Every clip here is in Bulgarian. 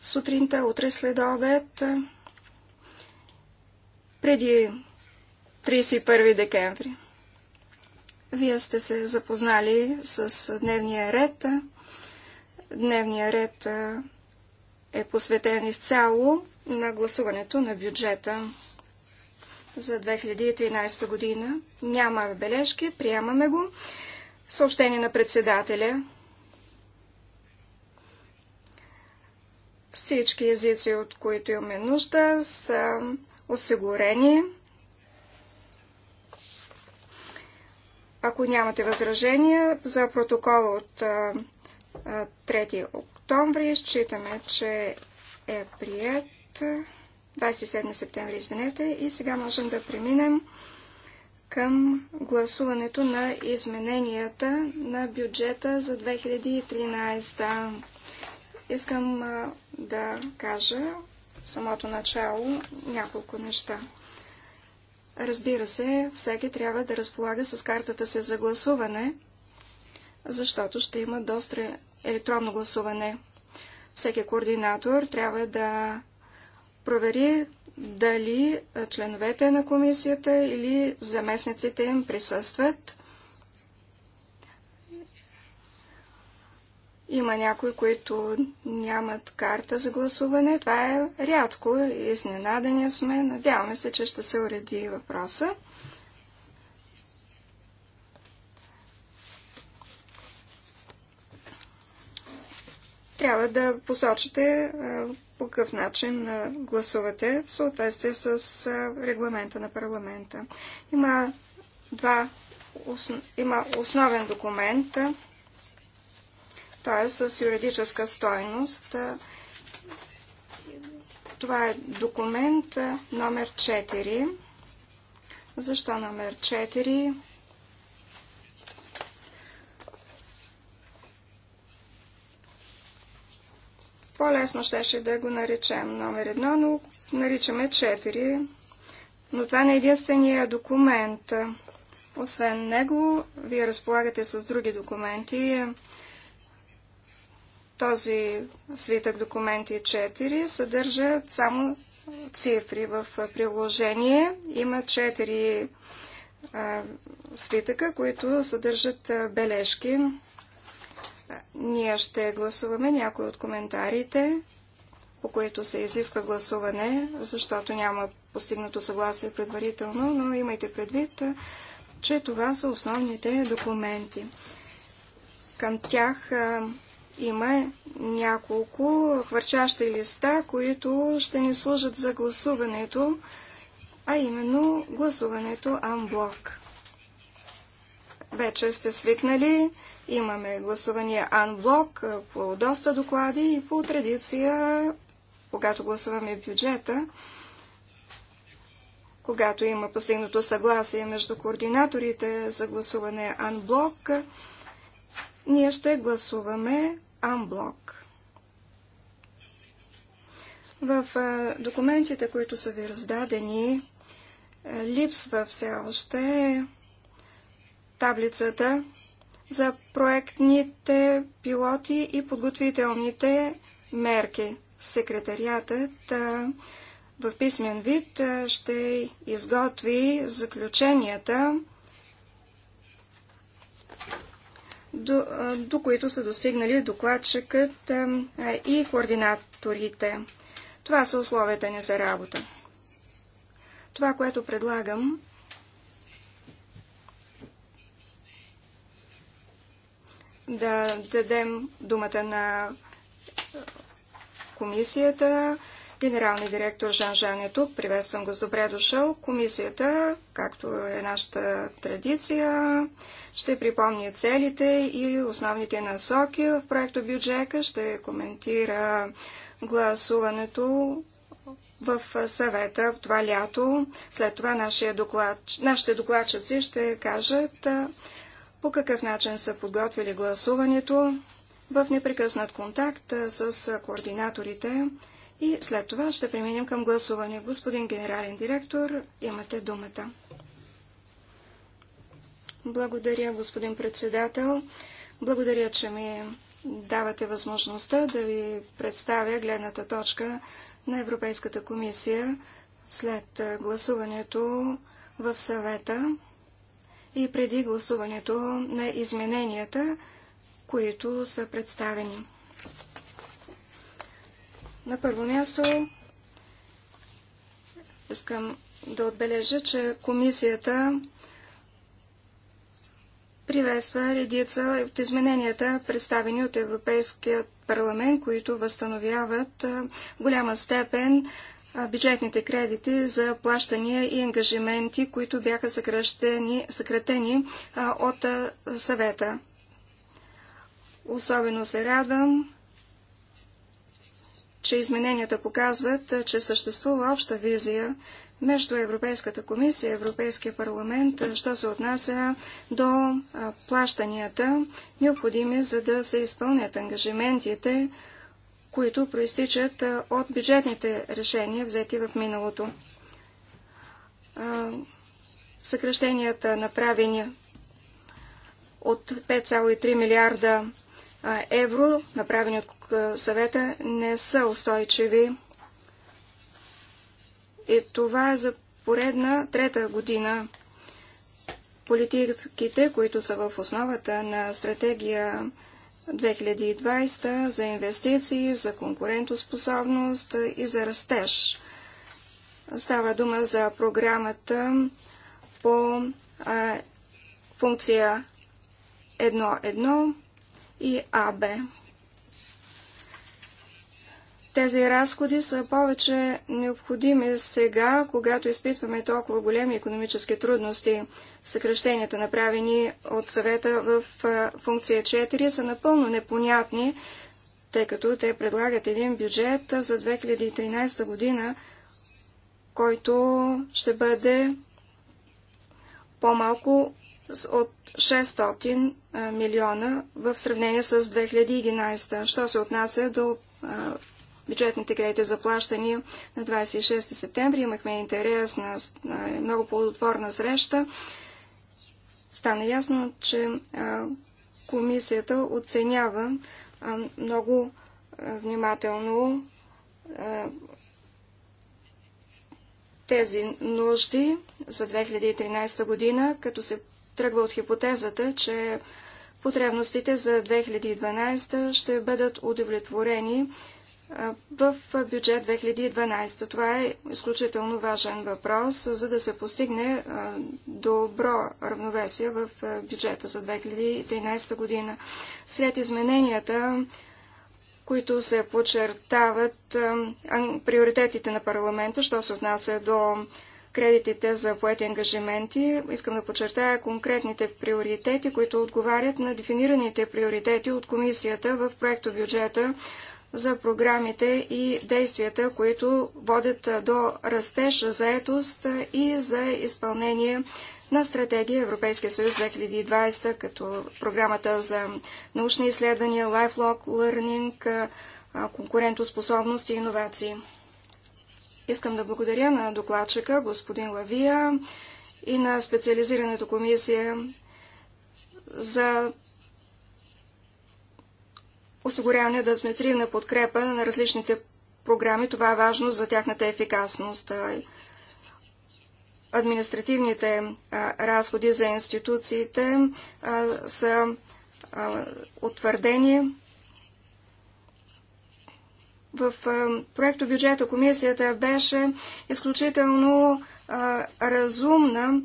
сутринта, утре след обед, преди 31 декември. Вие сте се запознали с дневния ред. Дневния ред е посветен изцяло на гласуването на бюджета за 2013 година. Няма бележки, приемаме го. Съобщение на председателя. Всички езици, от които имаме нужда, са осигурени. Ако нямате възражения за протокола от 3 октомври, считаме, че е прият 27 септември, извинете, и сега можем да преминем към гласуването на измененията на бюджета за 2013. Искам да кажа в самото начало няколко неща. Разбира се, всеки трябва да разполага с картата си за гласуване, защото ще има доста електронно гласуване. Всеки координатор трябва да провери дали членовете на комисията или заместниците им присъстват. Има някои, които нямат карта за гласуване. Това е рядко. Изненадени сме. Надяваме се, че ще се уреди въпроса. Трябва да посочите по какъв начин гласувате в съответствие с регламента на парламента. Има, два, има основен документ т.е. с юридическа стойност. Това е документ номер 4. Защо номер 4? По-лесно щеше да го наречем номер 1, но наричаме 4. Но това не е единствения документ. Освен него, вие разполагате с други документи, този свитък документи 4 съдържа само цифри в приложение. Има 4 свитъка, които съдържат бележки. Ние ще гласуваме някои от коментарите, по които се изисква гласуване, защото няма постигнато съгласие предварително, но имайте предвид, че това са основните документи. Към тях а, има няколко хвърчащи листа, които ще ни служат за гласуването, а именно гласуването Амблок. Вече сте свикнали, имаме гласувания Анблок по доста доклади и по традиция, когато гласуваме бюджета, когато има последното съгласие между координаторите за гласуване анблок, ние ще гласуваме Unblock. В документите, които са ви раздадени, е, липсва все още таблицата за проектните пилоти и подготвителните мерки. Секретариатът в писмен вид ще изготви заключенията до, до които са достигнали докладчикът и координаторите. Това са условията ни за работа. Това, което предлагам, да дадем думата на комисията. Генералният директор Жан Жан е тук. Приветствам го с добре дошъл. Комисията, както е нашата традиция, ще припомня целите и основните насоки в проекто бюджека. ще коментира гласуването в съвета в това лято. След това доклад, нашите докладчици ще кажат по какъв начин са подготвили гласуването в непрекъснат контакт с координаторите и след това ще преминем към гласуване. Господин генерален директор, имате думата. Благодаря, господин председател. Благодаря, че ми давате възможността да ви представя гледната точка на Европейската комисия след гласуването в съвета и преди гласуването на измененията, които са представени. На първо място искам да отбележа, че комисията приветства редица от измененията, представени от Европейският парламент, които възстановяват в голяма степен бюджетните кредити за плащания и ангажименти, които бяха съкратени от съвета. Особено се радвам, че измененията показват, че съществува обща визия между Европейската комисия и Европейския парламент, що се отнася до плащанията, необходими за да се изпълнят ангажиментите, които проистичат от бюджетните решения, взети в миналото. Съкрещенията направени от 5,3 милиарда евро, направени от съвета, не са устойчиви е това за поредна трета година. Политиките, които са в основата на стратегия 2020 за инвестиции, за конкурентоспособност и за растеж. Става дума за програмата по а, функция 1.1 и АБ. Тези разходи са повече необходими сега, когато изпитваме толкова големи економически трудности. Съкръщенията, направени от съвета в функция 4, са напълно непонятни, тъй като те предлагат един бюджет за 2013 година, който ще бъде по-малко от 600 милиона в сравнение с 2011. Що се отнася до бюджетните кредити за плащания. На 26 септември имахме интерес на много плодотворна среща. Стана ясно, че комисията оценява много внимателно тези нужди за 2013 година, като се тръгва от хипотезата, че потребностите за 2012 ще бъдат удовлетворени в бюджет 2012. Това е изключително важен въпрос, за да се постигне добро равновесие в бюджета за 2013 година. След измененията, които се подчертават приоритетите на парламента, що се отнася до кредитите за поети ангажименти. Искам да подчертая конкретните приоритети, които отговарят на дефинираните приоритети от комисията в проекто бюджета за програмите и действията, които водят до растеж, заетост и за изпълнение на стратегия Европейския съюз 2020, като програмата за научни изследвания, lifelong learning, конкурентоспособност и иновации. Искам да благодаря на докладчика господин Лавия и на специализираната комисия за осигуряване на административна подкрепа на различните програми. Това е важно за тяхната ефикасност. Административните разходи за институциите са утвърдени. В проекто бюджета комисията беше изключително разумна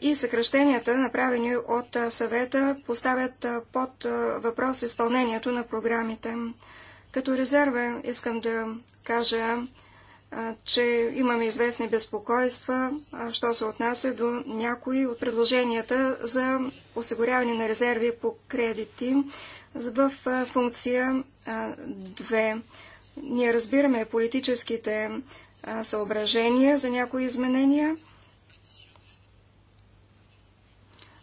и съкръщенията, направени от съвета, поставят под въпрос изпълнението на програмите. Като резерва искам да кажа, че имаме известни безпокойства, що се отнася до някои от предложенията за осигуряване на резерви по кредити в функция 2. Ние разбираме политическите съображения за някои изменения –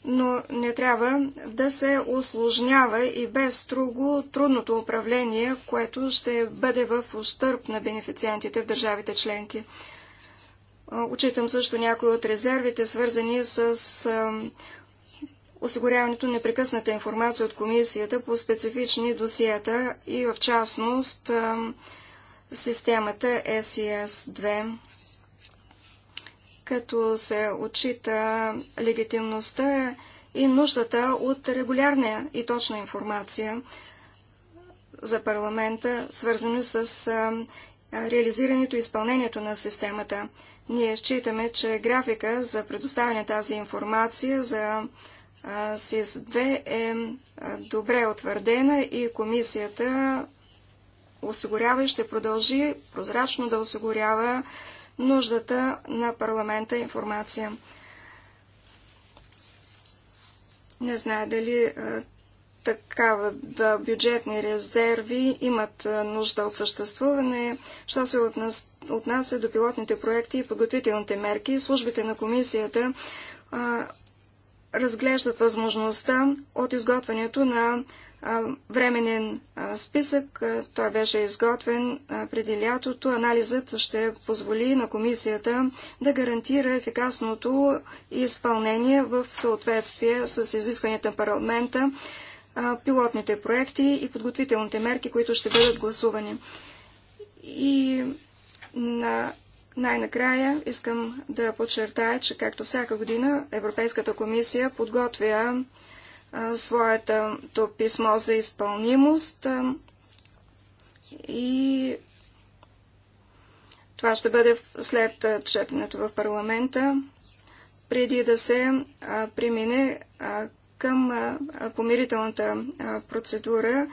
но не трябва да се осложнява и без друго трудното управление, което ще бъде в устърп на бенефициентите в държавите членки. Учитам също някои от резервите, свързани с осигуряването на непрекъсната информация от комисията по специфични досиета и в частност системата SES-2 като се отчита легитимността и нуждата от регулярна и точна информация за парламента, свързани с реализирането и изпълнението на системата. Ние считаме, че графика за предоставяне тази информация за СИС-2 е добре утвърдена и комисията осигурява и ще продължи прозрачно да осигурява нуждата на парламента информация. Не знае дали е, такава да, бюджетни резерви имат нужда от съществуване. Що се отнася до пилотните проекти и подготвителните мерки, службите на комисията а, разглеждат възможността от изготвянето на временен списък. Той беше изготвен преди лятото. Анализът ще позволи на комисията да гарантира ефикасното изпълнение в съответствие с изискванията на парламента, пилотните проекти и подготвителните мерки, които ще бъдат гласувани. И на най-накрая искам да подчертая, че както всяка година Европейската комисия подготвя своето писмо за изпълнимост и това ще бъде след четенето в парламента, преди да се премине към помирителната процедура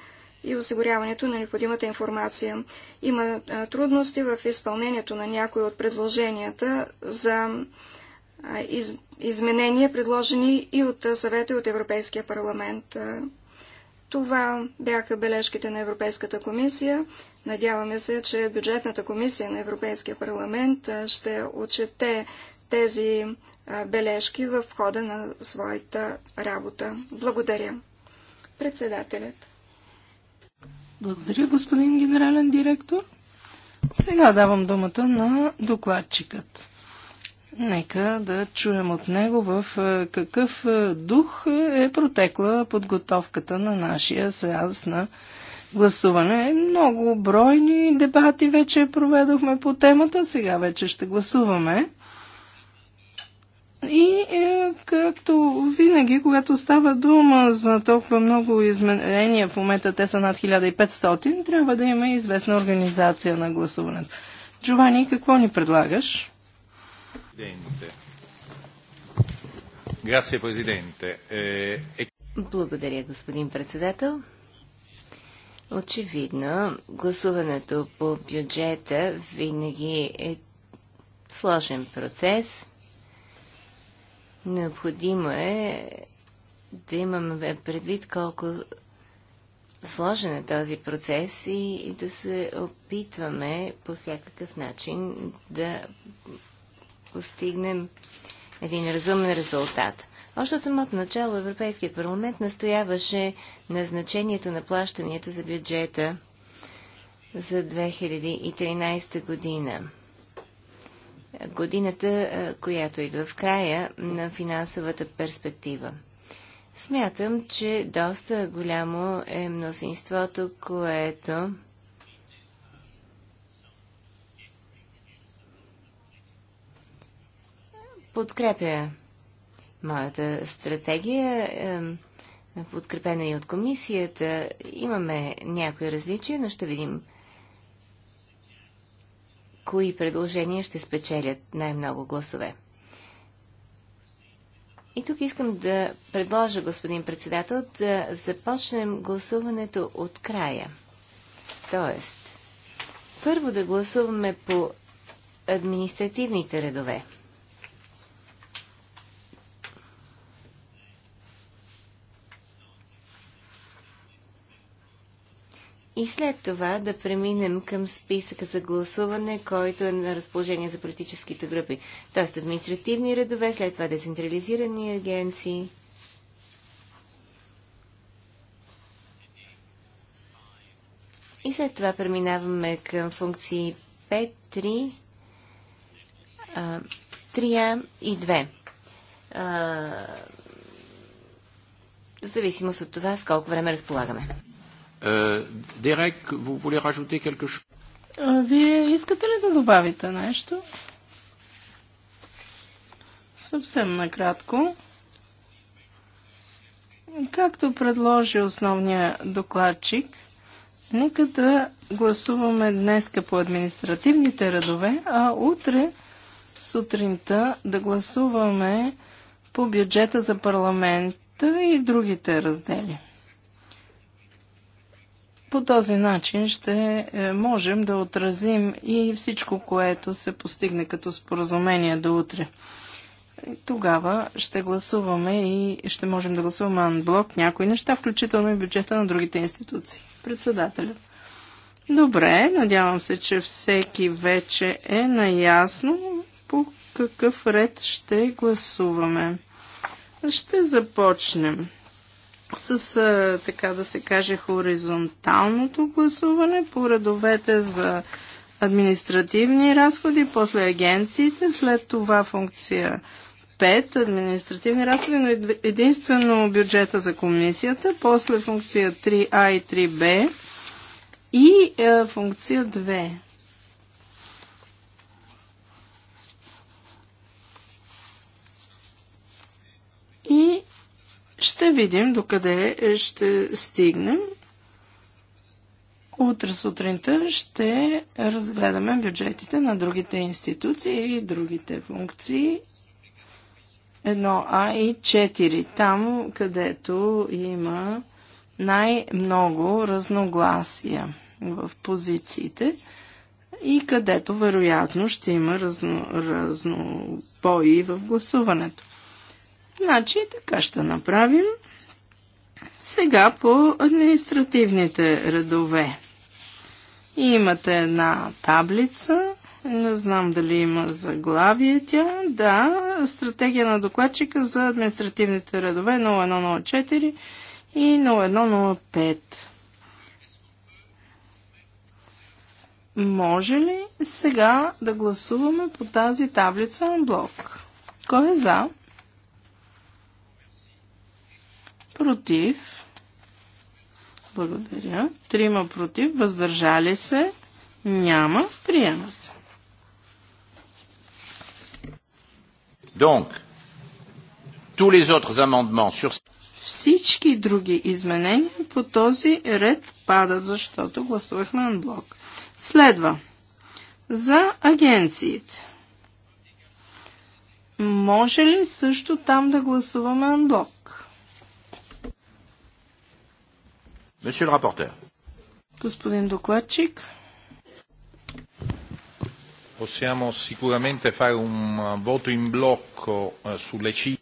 и осигуряването на необходимата информация. Има трудности в изпълнението на някои от предложенията за изпълнението изменения, предложени и от съвета и от Европейския парламент. Това бяха бележките на Европейската комисия. Надяваме се, че бюджетната комисия на Европейския парламент ще отчете тези бележки в хода на своята работа. Благодаря. Председателят. Благодаря, господин генерален директор. Сега давам думата на докладчикът. Нека да чуем от него в е, какъв е, дух е протекла подготовката на нашия сеанс на гласуване. Много бройни дебати вече проведохме по темата, сега вече ще гласуваме. И е, както винаги, когато става дума за толкова много изменения, в момента те са над 1500, трябва да има известна организация на гласуването. Джовани, какво ни предлагаш? Eh, e- Благодаря, господин председател. Очевидно, гласуването по бюджета винаги е сложен процес. Необходимо е да имаме предвид колко сложен е този процес и да се опитваме по всякакъв начин да постигнем един разумен резултат. Още от самото начало Европейският парламент настояваше на значението на плащанията за бюджета за 2013 година. Годината, която идва в края на финансовата перспектива. Смятам, че доста голямо е мнозинството, което подкрепя моята стратегия, подкрепена и от комисията. Имаме някои различия, но ще видим кои предложения ще спечелят най-много гласове. И тук искам да предложа, господин председател, да започнем гласуването от края. Тоест, първо да гласуваме по административните редове. И след това да преминем към списъка за гласуване, който е на разположение за политическите групи. Тоест административни редове, след това децентрализирани агенции. И след това преминаваме към функции 5, 3, 3А и 2. в зависимост от това с колко време разполагаме. Е, Дерек, vous voulez rajouter quelque chose? Вие искате ли да добавите нещо? Съвсем накратко. Както предложи основния докладчик, нека да гласуваме днеска по административните редове, а утре сутринта да гласуваме по бюджета за парламента и другите раздели. По този начин ще е, можем да отразим и всичко, което се постигне като споразумение до утре. Тогава ще гласуваме и ще можем да гласуваме анблок някои неща, включително и бюджета на другите институции. Председателя. Добре, надявам се, че всеки вече е наясно по какъв ред ще гласуваме. Ще започнем с, така да се каже, хоризонталното гласуване по редовете за административни разходи, после агенциите, след това функция 5, административни разходи, но единствено бюджета за комисията, после функция 3А и 3Б и а, е, функция 2. И ще видим докъде ще стигнем. Утре сутринта ще разгледаме бюджетите на другите институции и другите функции. Едно А и 4, там където има най-много разногласия в позициите и където вероятно ще има разно, разнобои в гласуването. Значи така ще направим. Сега по административните редове. Имате една таблица. Не знам дали има заглавие тя. Да, стратегия на докладчика за административните редове 0104 и 0105. Може ли сега да гласуваме по тази таблица на блок? Кой е за? против. Благодаря. Трима против. Въздържали се. Няма. Приема се. Donc, tous les autres amendements sur... Всички други изменения по този ред падат, защото гласувахме на блок. Следва. За агенциите. Може ли също там да гласуваме анблок? Monsieur le rapporteur. Господин докладчик. Possiamo sicuramente fare un uh, voto in blocco uh, sulle cifre.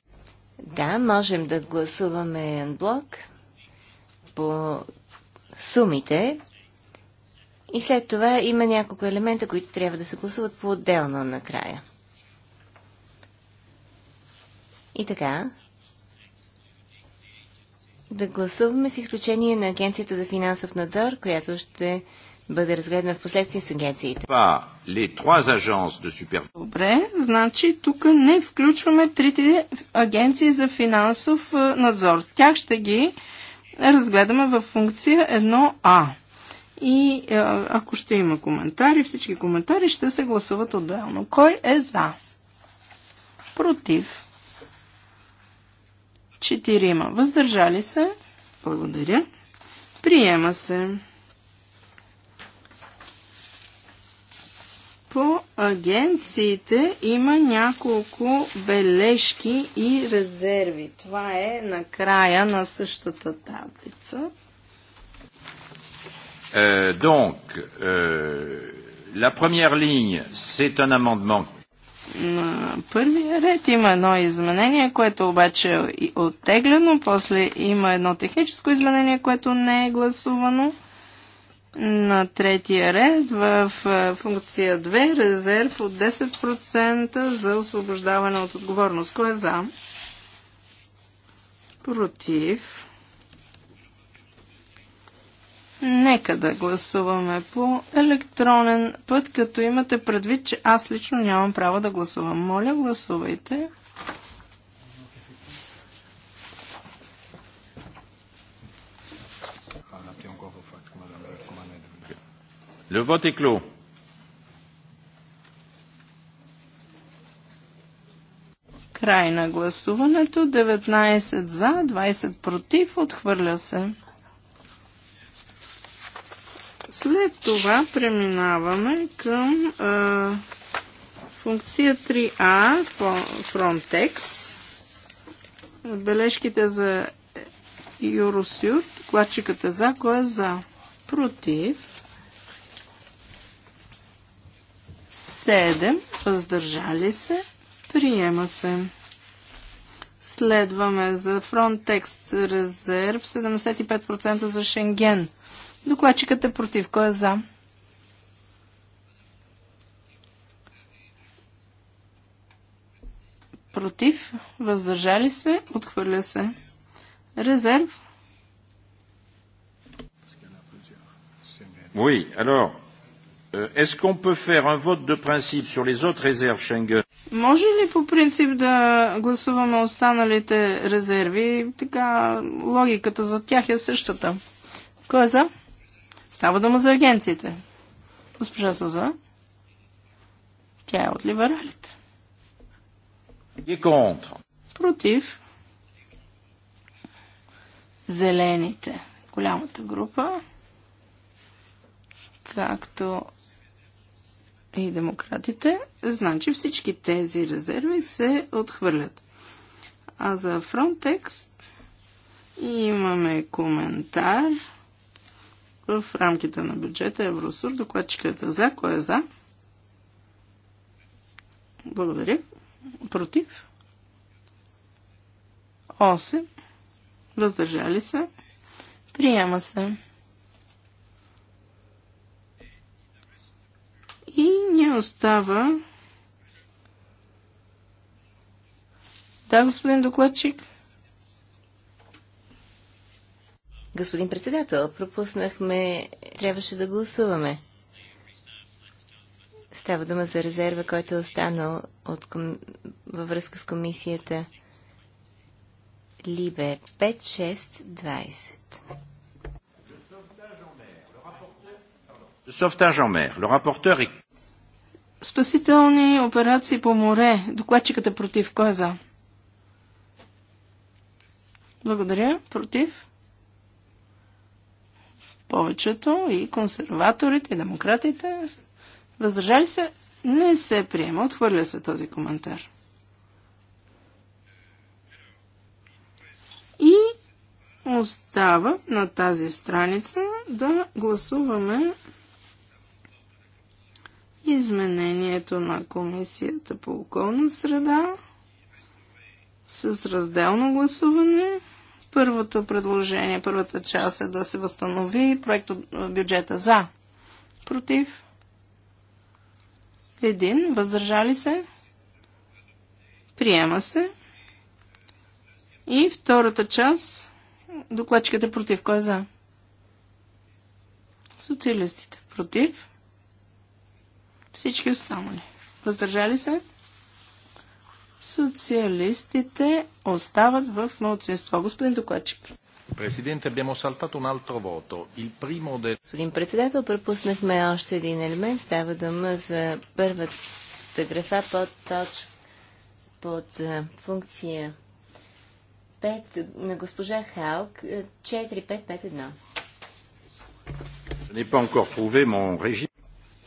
Да, можем да гласуваме блок по сумите. И след това има няколко елемента, които трябва да се гласуват по-отделно накрая. И така, да гласуваме с изключение на Агенцията за финансов надзор, която ще бъде разгледана в последствие с агенциите. Добре, значи тук не включваме трите агенции за финансов е, надзор. Тях ще ги разгледаме в функция 1А. И е, ако ще има коментари, всички коментари ще се гласуват отделно. Кой е за? Против? Четирима. Въздържали се. Благодаря. Приема се. По агенциите има няколко бележки и резерви. Това е на края на същата таблица. Е, donc, euh, la première ligne, c'est un amendement на първия ред има едно изменение, което обаче е оттеглено. После има едно техническо изменение, което не е гласувано. На третия ред в функция 2 резерв от 10% за освобождаване от отговорност. Кой е за? Против. Нека да гласуваме по електронен път, като имате предвид, че аз лично нямам право да гласувам. Моля, гласувайте. Le vote est clos. Край на гласуването. 19 за, 20 против. Отхвърля се. След това преминаваме към а, функция 3А Frontex. Бележките за Юросюд. Кладчиката за, кое е за? Против. 7. Въздържали се. Приема се. Следваме за Frontex резерв 75% за Шенген. Докладчикът е против. Кой е за? Против. Въздържали се. Отхвърля се. Резерв. Oui, alors, euh, est-ce qu'on peut faire un vote de principe sur les autres réserves Schengen Може ли по принцип да гласуваме останалите резерви? Така, логиката за тях е същата. Кой е за? Става дума за агенциите. Госпожа Соза, тя е от либералите. Против зелените, голямата група, както и демократите, значи всички тези резерви се отхвърлят. А за Frontex имаме коментар в рамките на бюджета Евросур. Докладчиката е за. Кой е за? Благодаря. Против? 8. Въздържали се. Приема се. И ни остава... Да, господин докладчик. Господин председател, пропуснахме, трябваше да гласуваме. Става дума за резерва, който е останал от ком... във връзка с комисията Либе 5620. Спасителни операции по море. Докладчиката е против. Кой е за? Благодаря. Против? повечето и консерваторите, и демократите. Въздържали се? Не се приема. Отхвърля се този коментар. И остава на тази страница да гласуваме изменението на Комисията по околна среда с разделно гласуване Първото предложение, първата част е да се възстанови проект бюджета за. Против. Един. Въздържали се. Приема се. И втората част. Докладчиката е против. Кой е за? Социалистите. Против. Всички останали. Въздържали се социалистите остават в младсинство. Господин докладчик. Президент, abbiamo saltato un altro voto. Il primo de... Господин председател, пропуснахме още един елемент. Става дума за първата графа под точ, под функция 5 на госпожа Халк 4551. Не n'ai pas encore trouvé mon régime.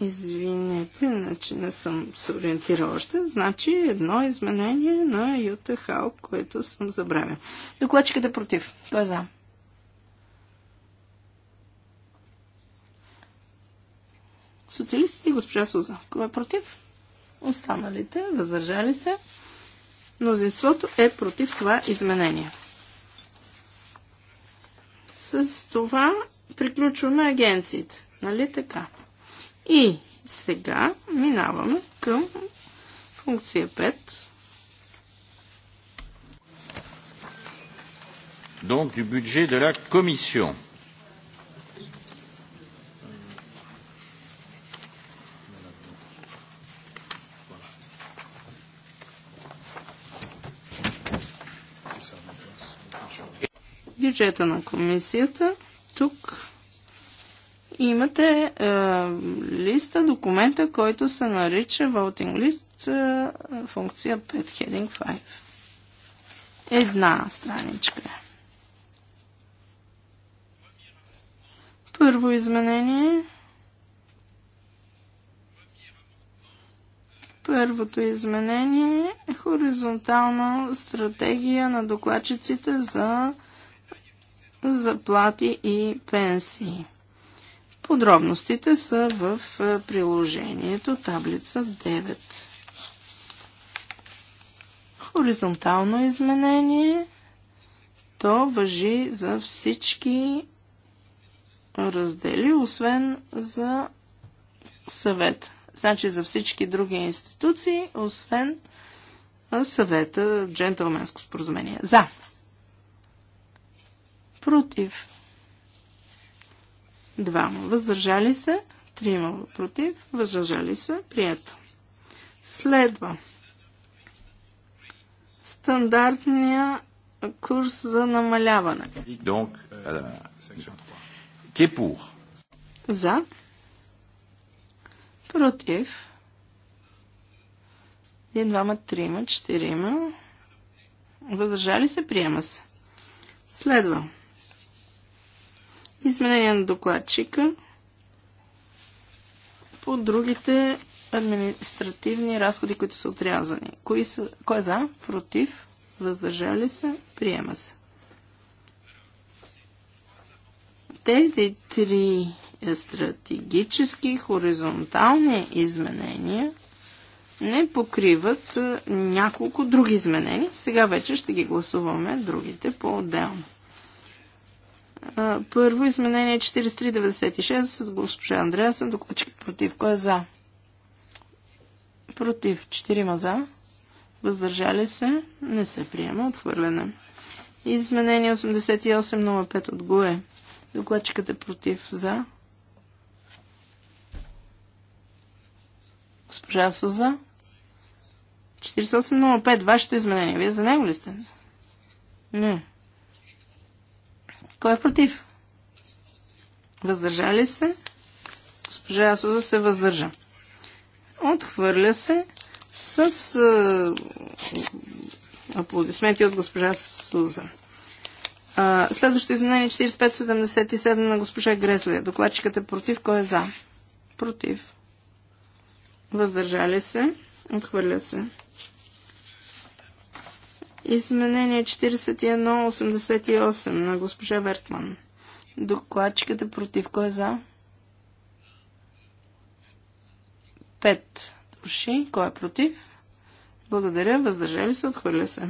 Извинете, значи не съм се ориентирала още. Значи едно изменение на Юта Халк, което съм забравя. Докладчикът е против. Той е за. Социалистите и госпожа Суза. Кой е против? Останалите, въздържали се. Мнозинството е против това изменение. С това приключваме агенциите. Нали така? И сега минаваме към функция 5. Donc du budget de la Commission. Бюджета на комисията. Тук имате е, листа, документа, който се нарича Voting List, е, функция 5, Heading 5. Една страничка. Първо изменение. Първото изменение е хоризонтална стратегия на докладчиците за заплати и пенсии. Подробностите са в е, приложението таблица 9. Хоризонтално изменение. То въжи за всички раздели, освен за съвет. Значи за всички други институции, освен съвета, джентълменско споразумение. За. Против двама. Въздържали се, трима против, въздържали се, прието. Следва стандартния курс за намаляване. Donc, euh, За против един, двама, трима, четирима. Въздържали се, приема се. Следва. Изменения на докладчика по другите административни разходи, които са отрязани. Кои са, кой е за? Против? Въздържали се? Приема се. Тези три стратегически хоризонтални изменения не покриват няколко други изменения. Сега вече ще ги гласуваме другите по-отделно. Първо изменение 4396 от госпожа Андреасен, докладчик против. Кой е за? Против. 4 за. Въздържали се. Не се приема. Отхвърляне. Изменение 8805 от ГУЕ. Докладчикът е против. За. Госпожа Суза. 4805. Вашето изменение. Вие за него ли сте? Не. Кой е против? Въздържали се? Госпожа Асуза се въздържа. Отхвърля се с а, аплодисменти от госпожа Суза. А, следващото изменение 4577 е на госпожа Гресле. Докладчикът е против. Кой е за? Против. Въздържали се. Отхвърля се. Изменение 4188 на госпожа Вертман. Докладчиката против кой е за? Пет души. Кой е против? Благодаря. Въздържали се. Отхвърля се.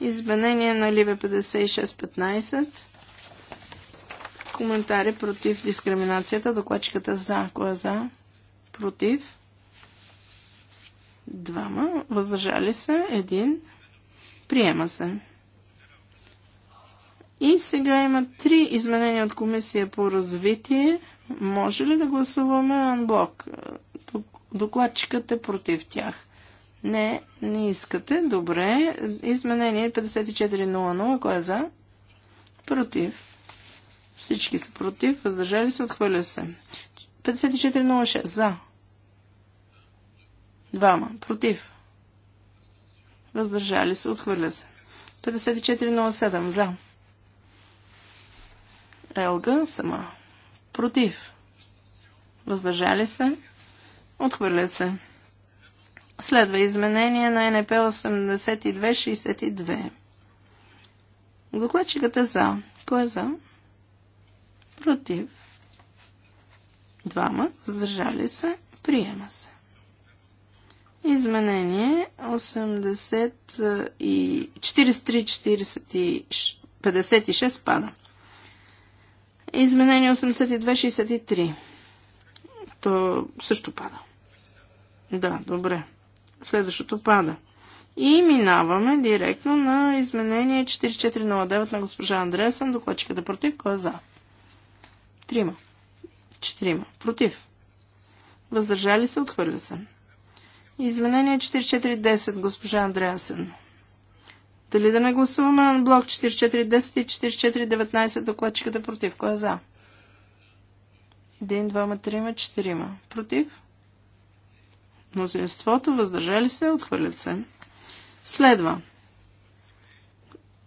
Изменение на Либе 5615. Коментари против дискриминацията. Докладчиката за. Кой е за? Против. Двама. Въздържали се. Един. Приема се. И сега има три изменения от Комисия по развитие. Може ли да гласуваме анблок? Докладчикът е против тях. Не, не искате. Добре. Изменение 5400. Кой е за? Против. Всички са против. Въздържали се. Отхвърля се. 5406. За. Двама. Против въздържали се, отхвърля се. 5407 за. Елга сама. Против. Въздържали се. Отхвърля се. Следва изменение на НП 8262. Докладчикът е за. Кой е за? Против. Двама. Въздържали се. Приема се. Изменение 80 и 43, 56 пада. Изменение 82-63. То също пада. Да, добре. Следващото пада. И минаваме директно на изменение 4409 на госпожа Андреасън, докладчиката е против, кой е за? Трима. Четирима. Против. Въздържали се, отхвърля се. Изменение 4410, госпожа Андреасен. Дали да не гласуваме на блок 4410 и 4419, докладчиката е против? Кой е за? Един, двама, трима, 4. Против? Мнозинството, въздържали се, отхвърлят се. Следва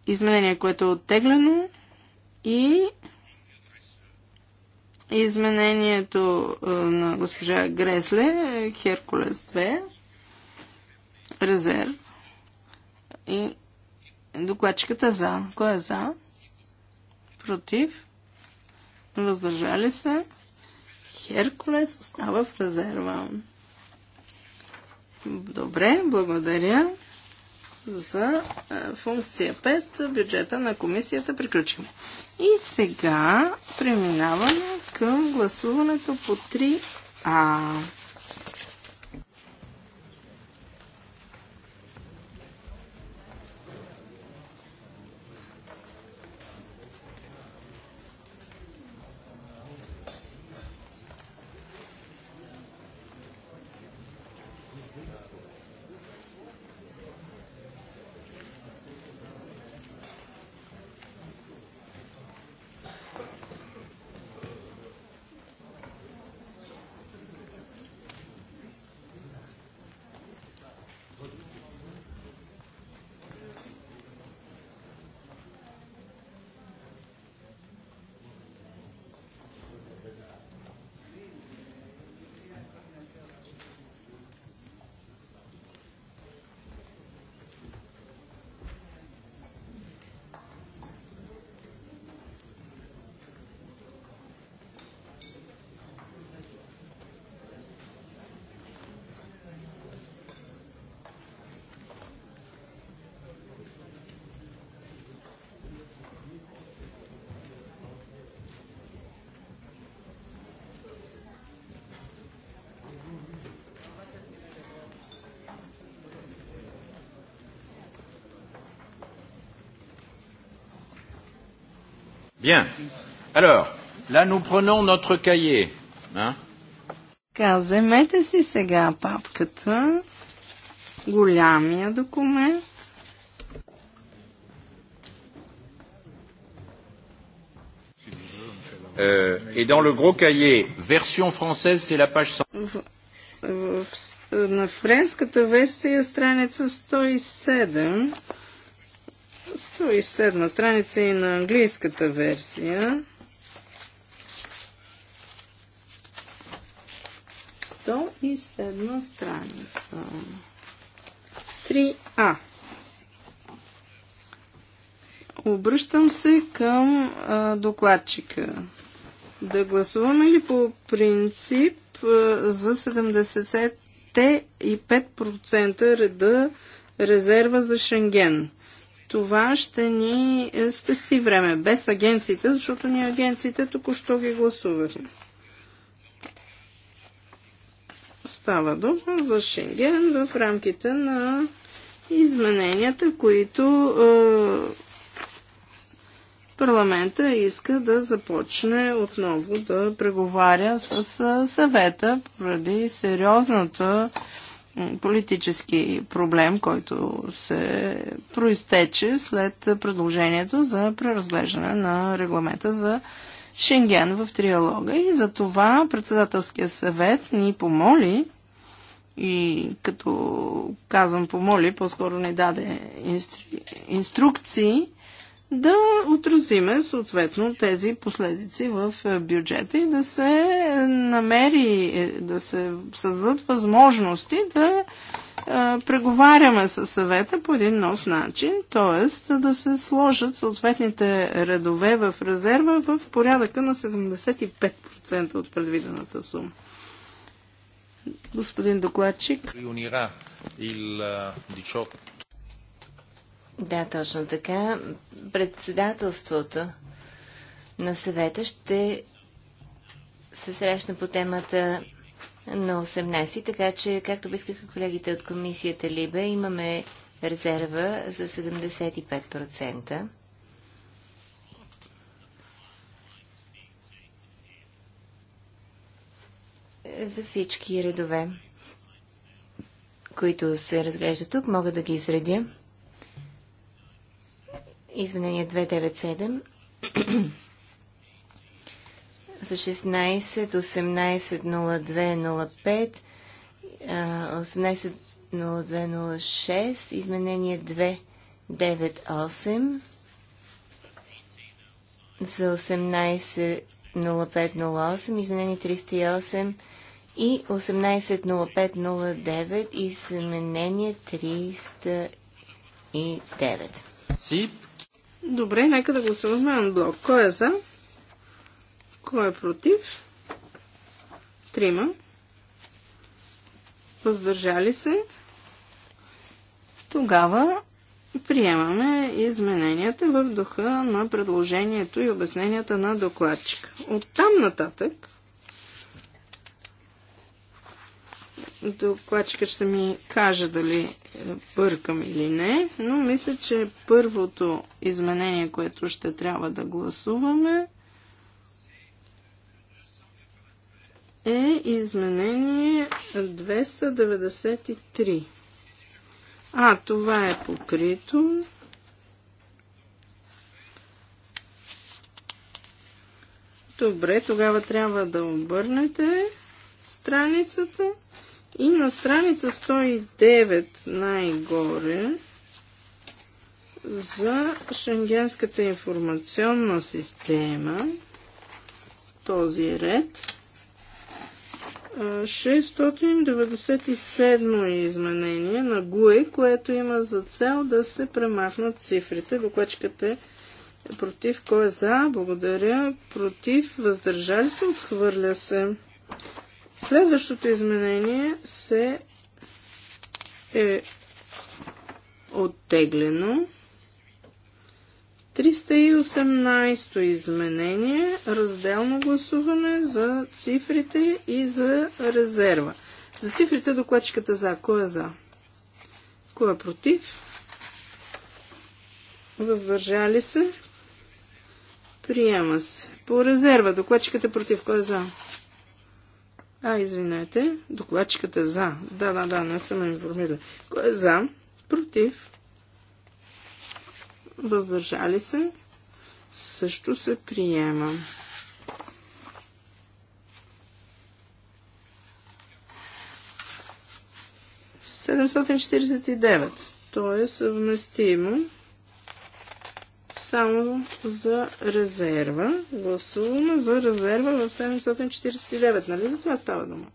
изменение, което е оттеглено и изменението е, на госпожа Гресле, Херкулес 2 резерв и докладчиката за. Кой е за? Против? Въздържали се? Херкулес остава в резерва. Добре, благодаря за е, функция 5, бюджета на комисията. Приключихме. И сега преминаваме към гласуването по 3А. Bien. Alors, là, nous prenons notre cahier. Hein? Така, вземете си сега папката, голямия документ. Euh, et dans le gros cahier, version française, c'est la page 100. На френската версия страница 107. 107 страница и на английската версия. 107 страница. 3А. Обръщам се към а, докладчика. Да гласуваме ли по принцип а, за 70 и 5% реда резерва за Шенген? Това ще ни е, спести време без агенциите, защото ние агенциите току-що ги гласувахме. Става дума за Шенген в рамките на измененията, които е, парламента иска да започне отново да преговаря с е, съвета поради сериозната политически проблем, който се проистече след предложението за преразглеждане на регламента за Шенген в триалога. И за това председателския съвет ни помоли и като казвам помоли, по-скоро не даде инстру... инструкции да отразиме съответно тези последици в е, бюджета и да се намери, е, да се създадат възможности да е, преговаряме със съвета по един нов начин, т.е. да се сложат съответните редове в резерва в порядъка на 75% от предвидената сума. Господин докладчик. Да, точно така. Председателството на съвета ще се срещна по темата на 18, така че, както искаха колегите от комисията Либе, имаме резерва за 75%. За всички редове, които се разглеждат тук, мога да ги изредя изменение 297 за 16 18 02 18-02-06, изменение 298 за 18.05.08, изменение 308 и 180509, изменение 309. Сип. Добре, нека да гласуваме анблок. Кой е за? Кой е против? Трима. Въздържали се. Тогава приемаме измененията в духа на предложението и обясненията на докладчика. От там нататък докладчика ще ми каже дали бъркам или не, но мисля, че първото изменение, което ще трябва да гласуваме, е изменение 293. А, това е покрито. Добре, тогава трябва да обърнете страницата и на страница 109 най-горе за Шенгенската информационна система, този ред, 697 изменение на ГУЕ, което има за цел да се премахнат цифрите. Буквачката е против. Кой е за? Благодаря. Против. Въздържали се? Отхвърля се. Следващото изменение се е оттеглено. 318-то изменение, разделно гласуване за цифрите и за резерва. За цифрите докладчиката за. Кой е за? Кой е против? Въздържали се? Приема се. По резерва докладчиката е против. Кой е за? А, извинете, докладчиката е за. Да, да, да, не съм информирана. Кой е за? Против? Въздържали се? Също се приема. 749. То е съвместимо само за резерва. Гласуваме за резерва в 749. Нали за това става дума?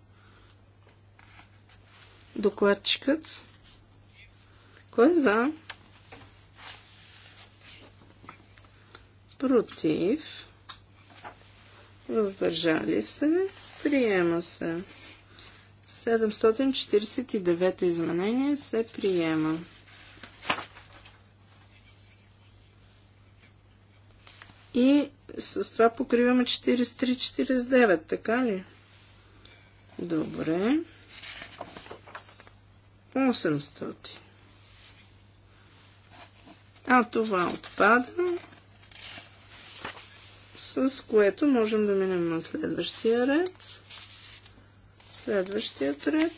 Докладчикът. Кой е за? Против. Въздържали се. Приема се. 749 изменение се приема. И с това покриваме 43-49, така ли? Добре. 800. А това отпада, с което можем да минем на следващия ред. Следващият ред.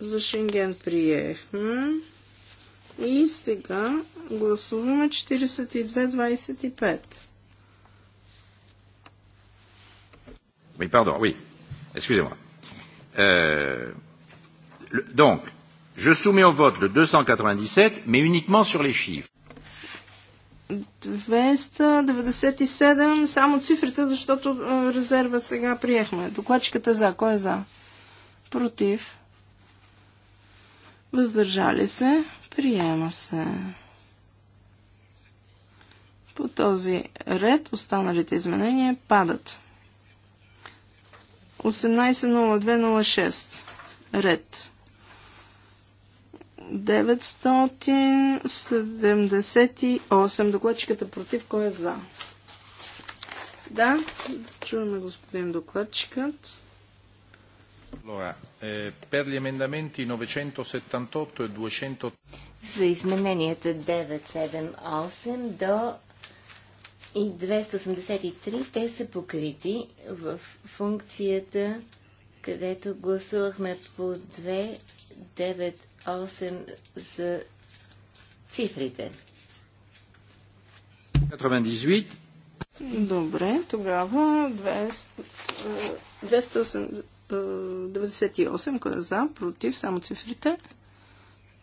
За Шенген приехме. И сега гласуваме 42-25. Oui, pardon, oui. Excusez-moi. Euh, donc, je soumets au vote le 297, mais uniquement sur les chiffres. 297, само цифрите, защото резерва сега приехме. Докладчиката е за. Кой е за? Против. Въздържали се. Приема се. По този ред останалите изменения падат. 18.02.06 ред. 978. Докладчиката против. Кой е за? Да, чуваме господин докладчикът. Allora, eh, per gli emendamenti 978 e 200... За измененията 978 до и 283, те са покрити в функцията, където гласувахме по 298 за цифрите. 98. Добре, тогава 200, 280, е, 98, кой е за, против, само цифрите.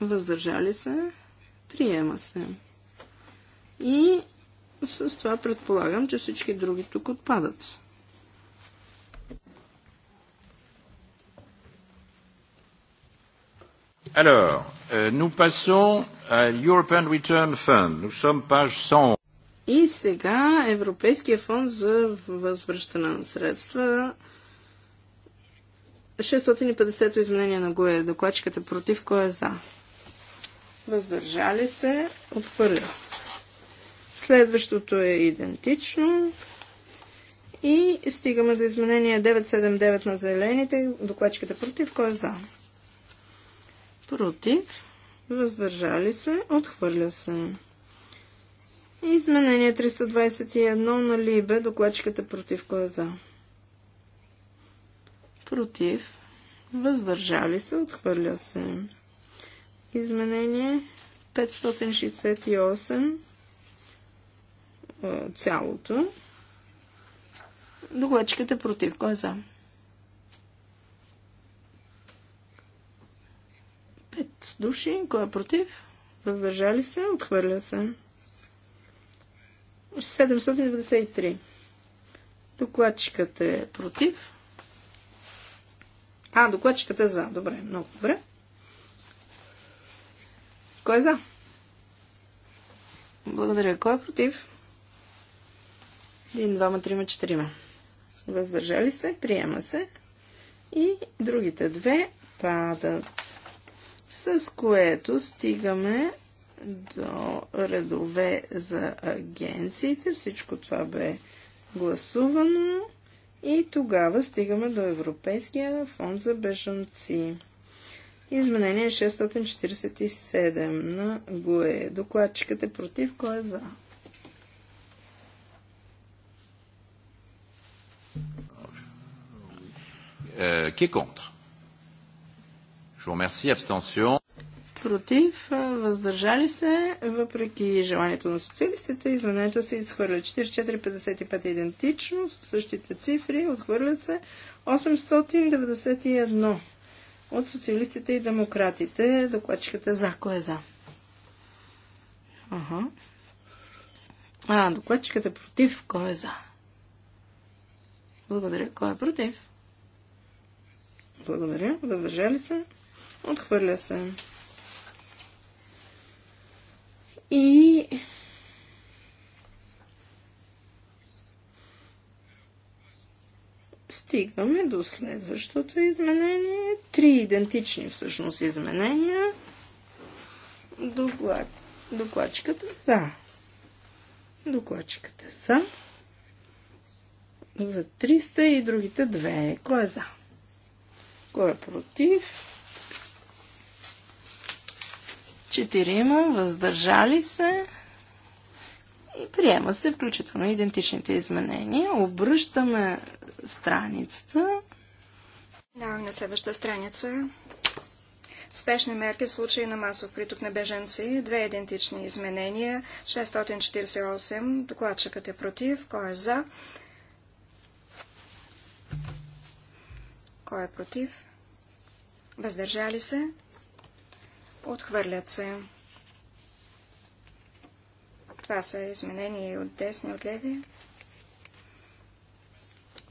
Въздържали се. Приема се. И с това предполагам, че всички други тук отпадат. Alors, euh, nous passons à l'European Return Fund. Nous sommes page 100. И сега Европейския фонд за възвръщане на средства 650-то изменение на ГОЕ. Докладчиката против, кой е за? Въздържали се, отхвърля се. Следващото е идентично. И стигаме до изменение 979 на зелените. Докладчиката против, кой е за? Против, въздържали се, отхвърля се. Изменение 321 на Либе. Докладчиката против, кой е за? против, въздържали се, отхвърля се. Изменение 568 цялото. Доглечката против. Кой е за? 5 души. Кой е против? Въздържали се? Отхвърля се. 793. Докладчикът е против. А, докладчиката е за. Добре, много добре. Кой е за? Благодаря. Кой е против? Един, двама, трима, четирима. Въздържали се, приема се. И другите две падат. С което стигаме до редове за агенциите. Всичко това бе гласувано. И тогава стигаме до Европейския фонд за бежанци. Изменение 647 на ГУЕ. Докладчикът е против, кой е за? Qui est contre Je vous remercie. Abstention против, въздържали се, въпреки желанието на социалистите, изменението се изхвърля. 44,55 идентично, същите цифри, отхвърлят се 891 от социалистите и демократите. Докладчиката за. Кой е за? Ага. А, докладчиката е против. Кой е за? Благодаря. Кой е против? Благодаря. Въздържали се? Отхвърля се. И стигаме до следващото изменение. Три идентични всъщност изменения. Доклад... Докладчиката за. Докладчиката за. За 300 и другите две. Кой е за? Кой е против? четирима, въздържали се и приема се включително идентичните изменения. Обръщаме страницата. Да, на следващата страница. Спешни мерки в случай на масов приток на беженци. Две идентични изменения. 648. Докладчикът е против. Кой е за? Кой е против? Въздържали се? Отхвърлят се. Това са изменения от десни и от леви.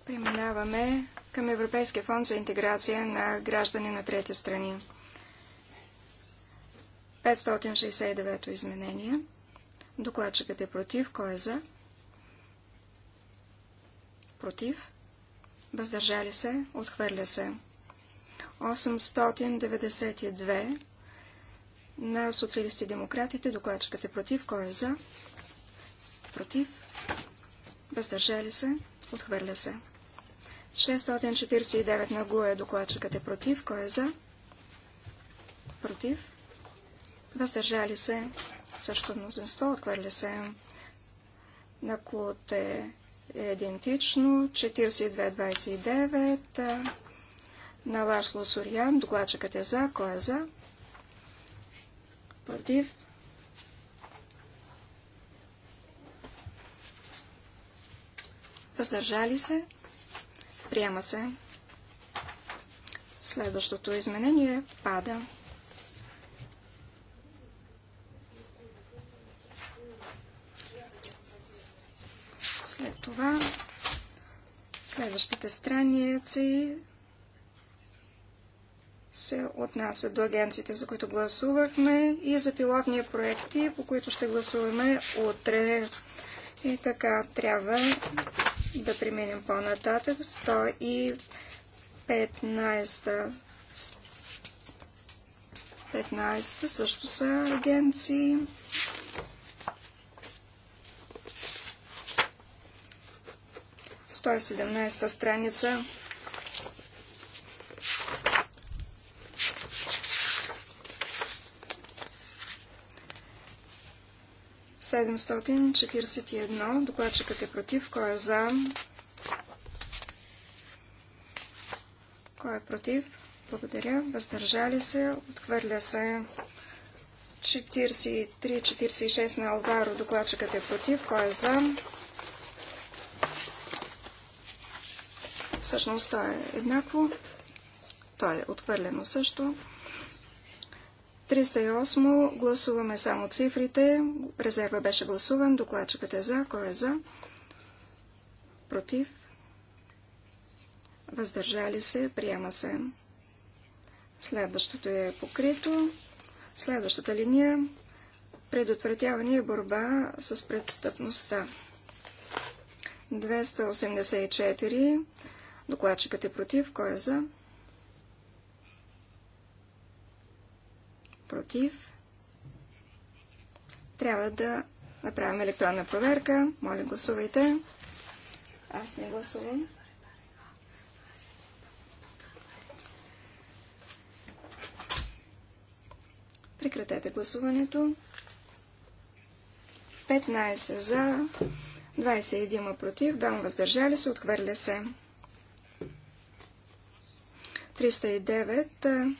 Преминаваме към Европейския фонд за интеграция на граждани на трети страни. 569 то изменение. Докладчикът е против. Кой е за? Против. Въздържали се. Отхвърля се. 892 на социалисти демократите. докладчиката е против. Кой е за? Против. Въздържали се. Отхвърля се. 649 на ГУЕ. докладчиката е против. Кой е за? Против. Въздържали се. Също мнозинство. Отхвърля се. На Клод е идентично. 4229. На Ларсло Сурян. Докладчикът е за. Кой е за? Против. Въздържали се. Приема се. Следващото изменение пада. След това следващите страници се отнася до агенциите, за които гласувахме и за пилотни проекти, по които ще гласуваме утре. И така, трябва да преминем по-нататък. 115 15 също са агенции. Сто страница. 741. Докладчикът е против. Кой е за? Кой е против? Благодаря. Въздържали се. Отхвърля се. 43-46 на Алваро. Докладчикът е против. Кой е за? Всъщност той е еднакво. Той е отхвърлено също. 308 гласуваме само цифрите. Резерва беше гласуван. Докладчикът е за. Кой е за? Против? Въздържали се? Приема се. Следващото е покрито. Следващата линия предотвратяване и борба с престъпността. 284. Докладчикът е против. Кой е за? против. Трябва да направим електронна проверка. Моля, гласувайте. Аз не гласувам. Прекратете гласуването. 15 за, 21 против, 2 въздържали се, отхвърля се. 309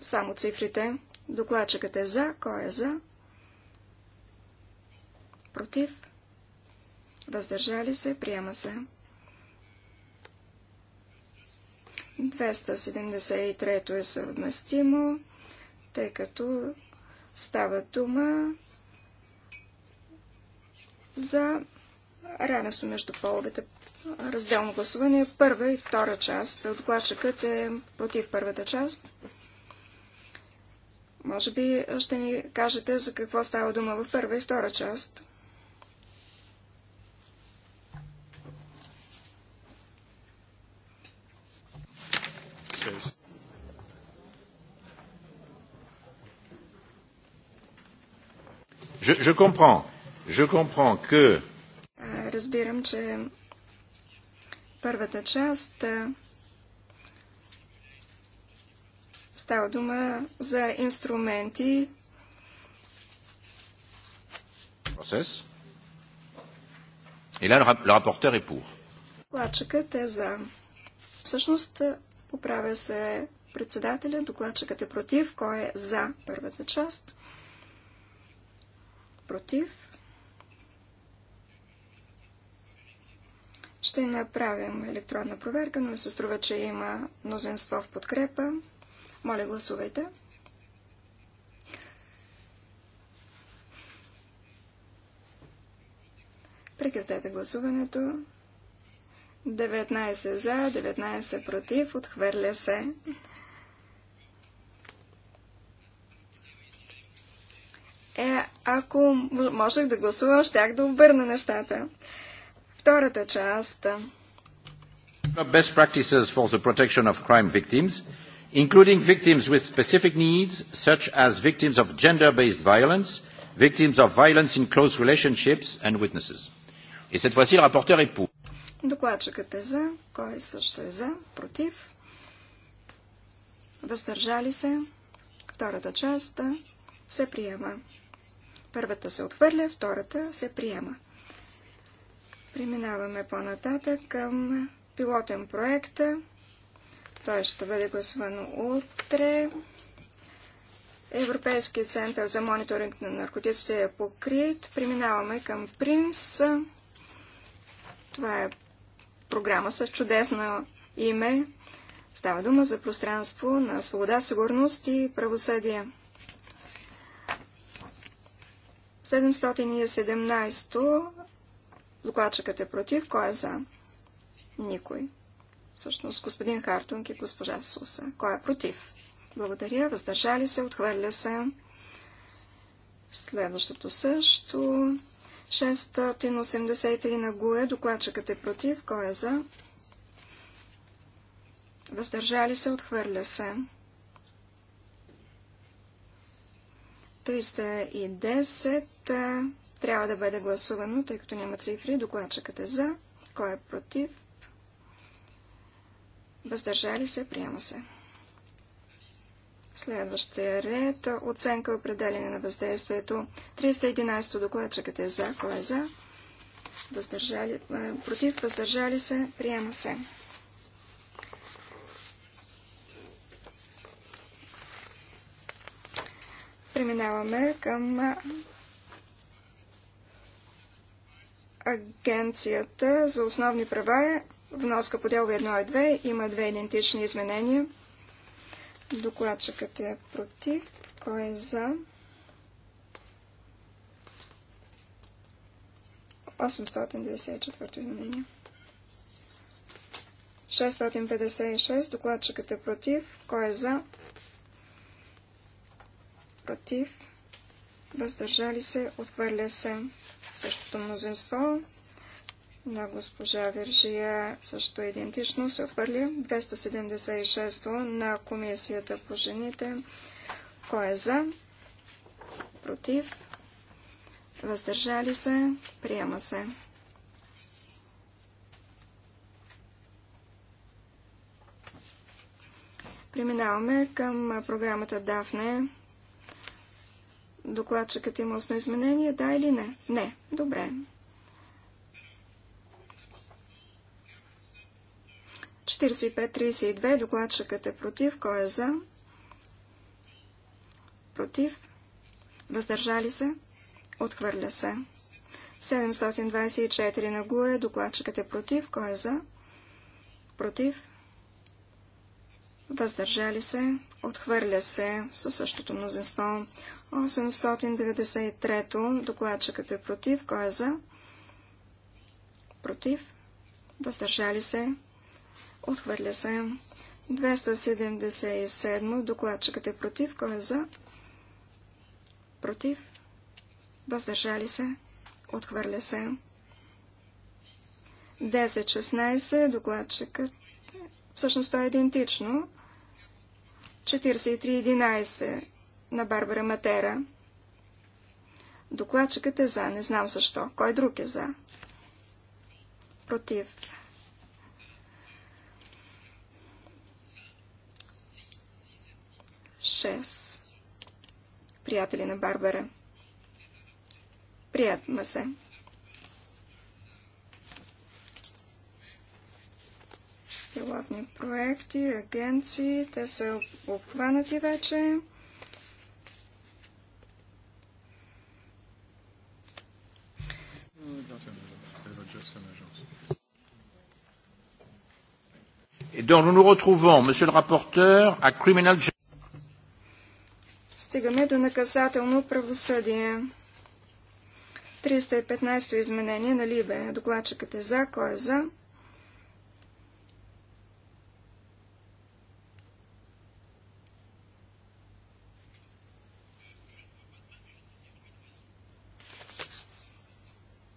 само цифрите. Докладчикът е за. Кой е за? Против. Въздържали се. Приема се. 273 е съвместимо, тъй като става дума за равенство между половете. Разделно гласуване първа и втора част. Отклачъкът е против първата част. Може би ще ни кажете за какво става дума в първа и втора част. Je, je comprends. Je comprends que... Разбирам, че първата част Става дума за инструменти. Процес. И ля, ля, рапортер е пур. Докладчикът е за. Всъщност, е, поправя се председателя, докладчикът е против, кой е за първата част. Против. Ще направим електронна проверка, но ми се струва, че има мнозинство в подкрепа. Моля, гласувайте. Прекратете гласуването. 19 за, 19 против, отхвърля се. Е, ако можех да гласувам, щях да обърна нещата. Втората част. Best practices for the protection of crime victims including victims with specific needs, such as victims of gender-based violence, victims of violence in close relationships and witnesses. Et cette fois-ci, le rapporteur est pour. Докладчикът е за, кой също е за, против, въздържали се, втората част се приема. Първата се отхвърля, втората се приема. Преминаваме по-нататък към пилотен проект той ще бъде гласвано утре. Европейският център за мониторинг на наркотиците е покрит. Преминаваме към Принс. Това е програма с чудесно име. Става дума за пространство на свобода, сигурност и правосъдие. 717 докладчикът е против. Кой е за? Никой. Всъщност господин Хартунг и госпожа Суса. Кой е против? Благодаря. Въздържали се. Отхвърля се. Следващото също. 683 на ГУЕ. Докладчикът е против. Кой е за? Въздържали се. Отхвърля се. 310 трябва да бъде гласувано, тъй като няма цифри. Докладчикът е за. Кой е против? Въздържали се, приема се. Следващия ред – оценка и определение на въздействието. 311 докладчикът е за, кой е за, въздържали, е, против, въздържали се, приема се. Преминаваме към е, Агенцията за основни права вноска по дело 1 и 2. Има две идентични изменения. Докладчикът е против. Кой е за? 894 изменение. 656. Докладчикът е против. Кой е за? Против. Въздържали се. Отхвърля се същото мнозинство на госпожа Виржия също идентично се отвърли. 276 на Комисията по жените. Кой е за? Против? Въздържали се? Приема се. Преминаваме към програмата Дафне. Докладчикът има основно изменение, да или не? Не. Добре. 45-32. Докладчикът е против. Кой е за? Против. Въздържали се? Отхвърля се. 724 на ГУЕ. Докладчикът е против. Кой е за? Против. Въздържали се? Отхвърля се със същото мнозинство. 893. Докладчикът е против. Кой е за? Против. Въздържали се? Отхвърля се. 277. Докладчикът е против. Кой е за? Против. Въздържали се. Отхвърля се. 10-16. Докладчикът. Всъщност той е идентично. 43-11 на Барбара Матера. Докладчикът е за. Не знам защо. Кой друг е за? Против. 6. Приятели на Барбара. Приятма се. Пилотни проекти, агенции, те са обхванати вече. Et donc nous nous retrouvons, Monsieur le rapporteur, à Criminal Justice. Стигаме до наказателно правосъдие. 315 изменение на Либе. Докладчикът е за. Кой е за?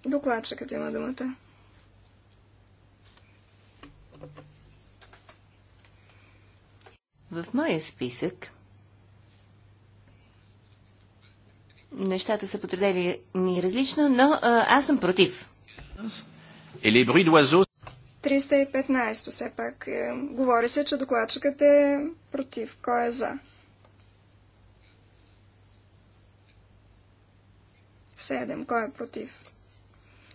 Докладчикът има думата. В моя списък нещата са потредели ни различно, но а, аз съм против. 315 все пак. Е, говори се, че докладчикът е против. Кой е за? Седем. Кой е против?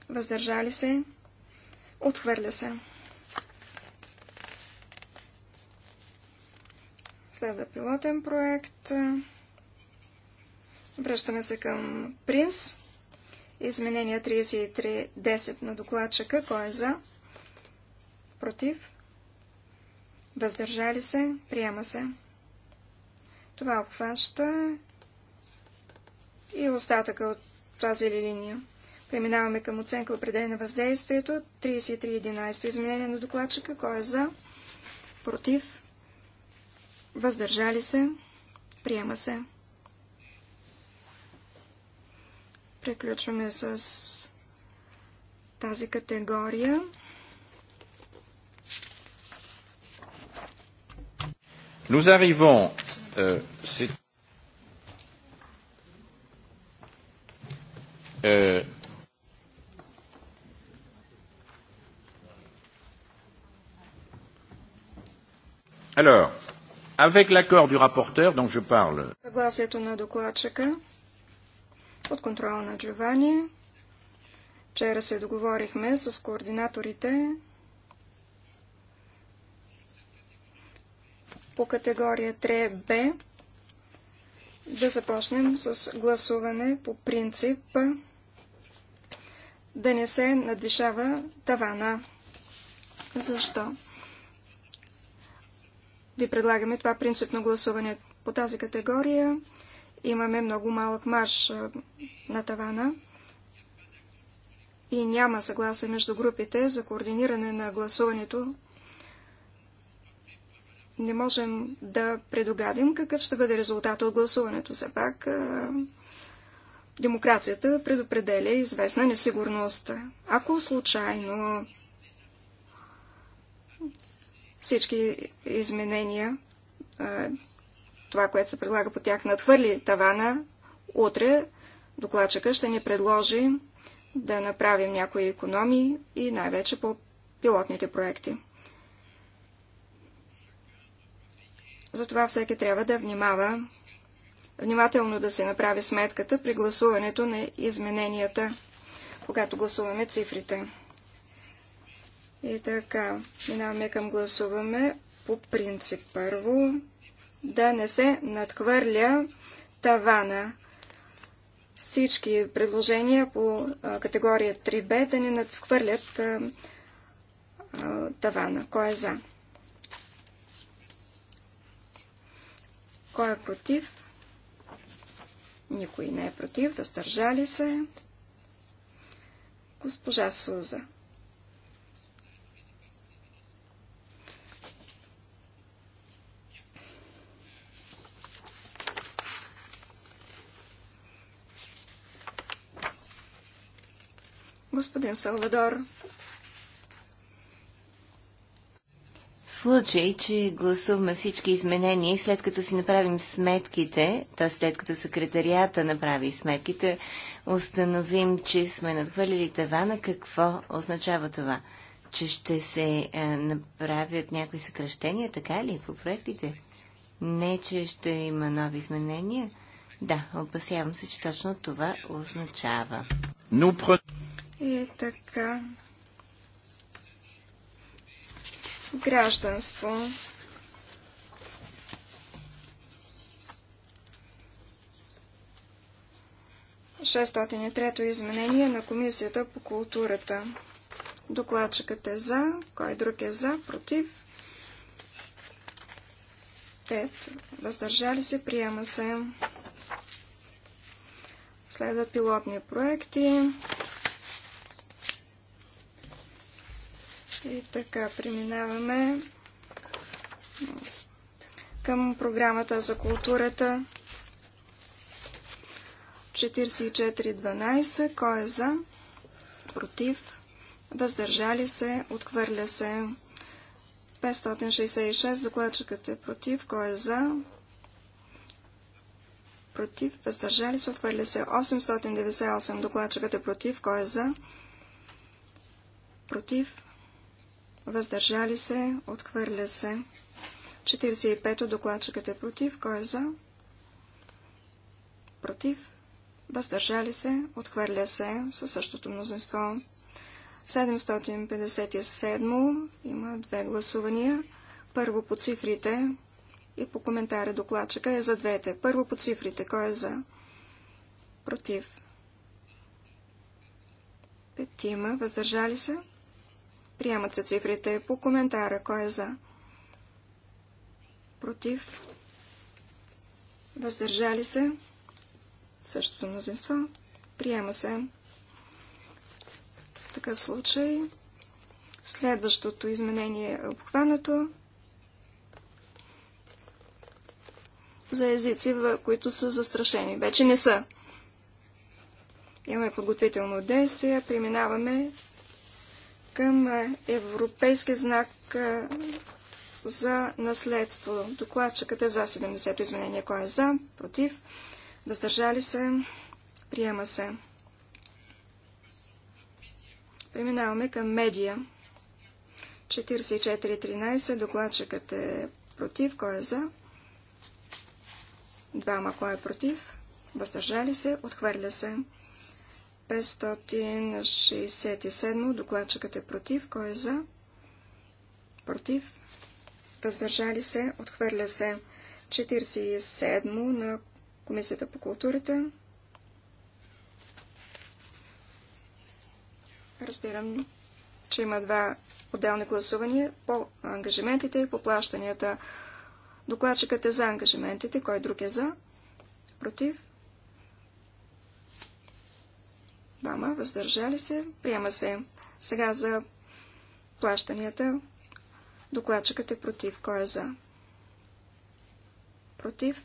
Въздържали се? Отхвърля се. Следва пилотен проект. Връщаме се към Принц. Изменение 33.10 на докладчика. Кой е за? Против? Въздържали се? Приема се. Това обхваща и остатъка от тази линия. Преминаваме към оценка определение на въздействието. 33.11 изменение на докладчика. Кой е за? Против? Въздържали се? Приема се. Преключваме с тази категория. Nous arrivons, euh, euh, alors, avec l'accord du rapporteur, dont je parle под контрола на Джовани. Вчера се договорихме с координаторите по категория 3Б да започнем с гласуване по принцип да не се надвишава тавана. Защо? Ви предлагаме това принципно гласуване по тази категория имаме много малък марш на тавана и няма съгласие между групите за координиране на гласуването, не можем да предогадим какъв ще бъде резултат от гласуването. Все пак демокрацията предопределя известна несигурност. Ако случайно всички изменения това, което се предлага по тях, надхвърли тавана, утре докладчика ще ни предложи да направим някои економии и най-вече по пилотните проекти. Затова всеки трябва да внимава, внимателно да се направи сметката при гласуването на измененията, когато гласуваме цифрите. И така, минаваме към гласуваме по принцип първо да не се надхвърля тавана. Всички предложения по категория 3Б да не надхвърлят тавана. Кой е за? Кой е против? Никой не е против. Въздържали се. Госпожа Суза. Господин Салвадор. случай, че гласуваме всички изменения и след като си направим сметките, т.е. след като секретарията направи сметките, установим, че сме надхвърлили тавана, какво означава това? Че ще се е, направят някои съкръщения, така ли, по проектите? Не, че ще има нови изменения? Да, опасявам се, че точно това означава. И така. Гражданство. Шестотен трето изменение на Комисията по културата. Докладчикът е за, кой друг е за, против. 5. Въздържали се, приема се. Следват пилотни проекти. И така, преминаваме към програмата за културата 4412. Кой е за? Против? Въздържали се? Отхвърля се? 566. Докладчикът е против. Кой е за? Против? Въздържали се? Отхвърля се? 898. Докладчикът е против. Кой е за? Против? въздържали се, отхвърля се. 45-то докладчикът е против, кой е за? Против, въздържали се, отхвърля се със същото мнозинство. 757 има две гласувания. Първо по цифрите и по коментаря докладчика е за двете. Първо по цифрите, кой е за? Против. Петима, въздържали се, Приемат се цифрите по коментара. Кой е за? Против? Въздържали се? Същото мнозинство. Приема се. В такъв случай следващото изменение е обхванато за езици, които са застрашени. Вече не са. Имаме подготвително действие. Преминаваме към европейски знак за наследство. Докладчикът е за 70 изменения. Кой е за? Против? Въздържали се? Приема се. Преминаваме към медия. 44.13. Докладчикът е против. Кой е за? Двама. Кой е против? Въздържали се? Отхвърля се. 567. Докладчикът е против. Кой е за? Против. Въздържали се. Отхвърля се. 47 на Комисията по културата. Разбирам, че има два отделни гласувания по ангажиментите и по плащанията. Докладчикът е за ангажиментите. Кой друг е за? Против? Двама въздържали се. Приема се. Сега за плащанията. Докладчикът е против. Кой е за? Против.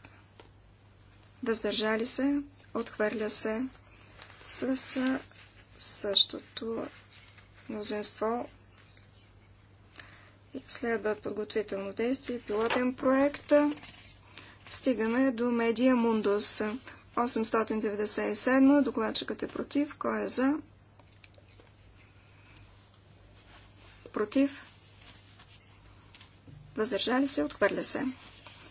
Въздържали се. Отхвърля се с същото мнозинство. Следват подготвително действие, пилотен проект. Стигаме до Медиа Мундус. 897. Докладчикът е против. Кой е за? Против. Въздържали се. Отхвърля се.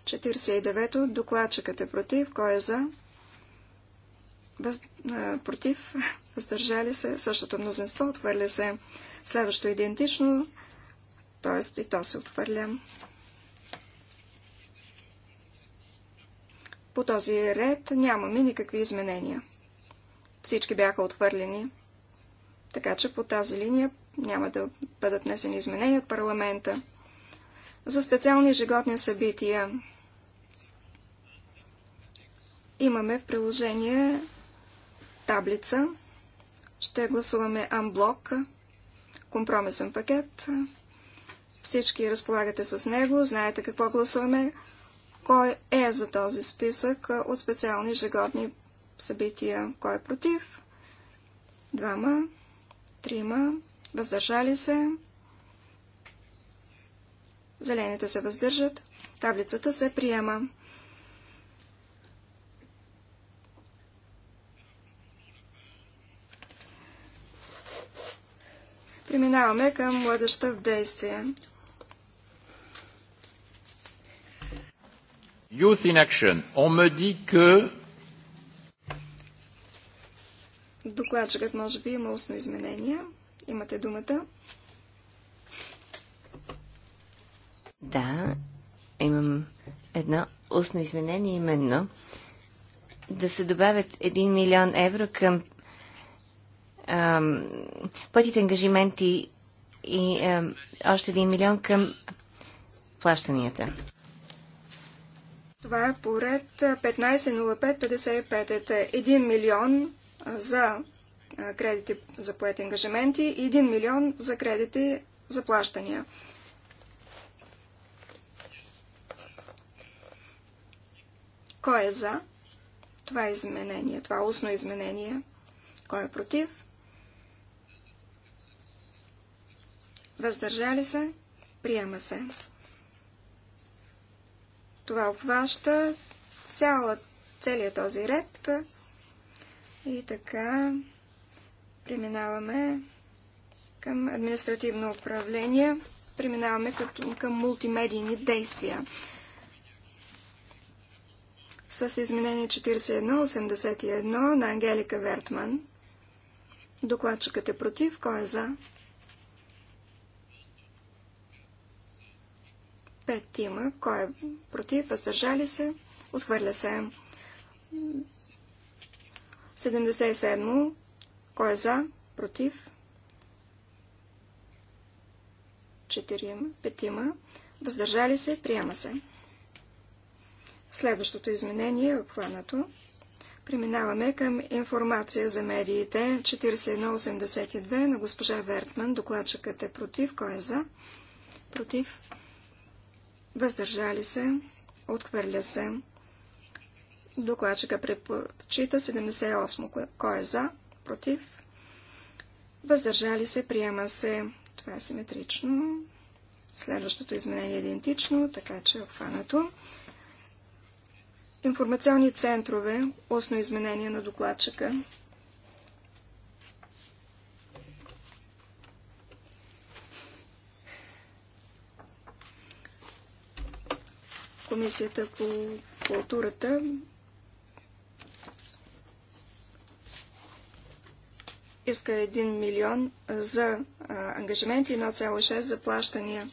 49. Докладчикът е против. Кой е за? Въз... Против. Въздържали се. Същото мнозинство. Отхвърля се. Следващо е идентично. Тоест и то се отхвърля. По този ред нямаме никакви изменения. Всички бяха отвърлени, Така че по тази линия няма да бъдат внесени изменения от парламента. За специални ежегодни събития имаме в приложение таблица. Ще гласуваме Амблок, компромисен пакет. Всички разполагате с него, знаете какво гласуваме. Кой е за този списък от специални ежегодни събития? Кой е против? Двама, трима, въздържали се. Зелените се въздържат. Таблицата се приема. Преминаваме към младеща в действие. Youth in Action. On me dit que... Докладчикът може би има устно изменение. Имате думата. Да, имам едно устно изменение именно да се добавят 1 милион евро към ам, платите ангажименти и ам, още 1 милион към плащанията. Това е поред ред 150555. 1 е милион за кредити за поети ангажименти и 1 милион за кредити за плащания. Кой е за? Това е изменение, това е устно изменение. Кой е против? Въздържали се? Приема се. Това обхваща цяла, целият този ред. И така преминаваме към административно управление. Преминаваме като, към мултимедийни действия. С изменение 4181 на Ангелика Вертман. Докладчикът е против. Кой е за? 5 има. Кой е против? Въздържали се? Отхвърля се. 77. Кой е за? Против? 4, 5 има. Въздържали се? Приема се. Следващото изменение е обхванато. Преминаваме към информация за медиите 4182 на госпожа Вертман. Докладчикът е против. Кой е за? Против въздържали се, отхвърля се. Докладчика предпочита 78. Кой е за? Против? Въздържали се, приема се. Това е симетрично. Следващото изменение е идентично, така че е обхванато. Информационни центрове, устно изменение на докладчика. Комисията по културата иска 1 милион за ангажименти и 1,6 за плащания.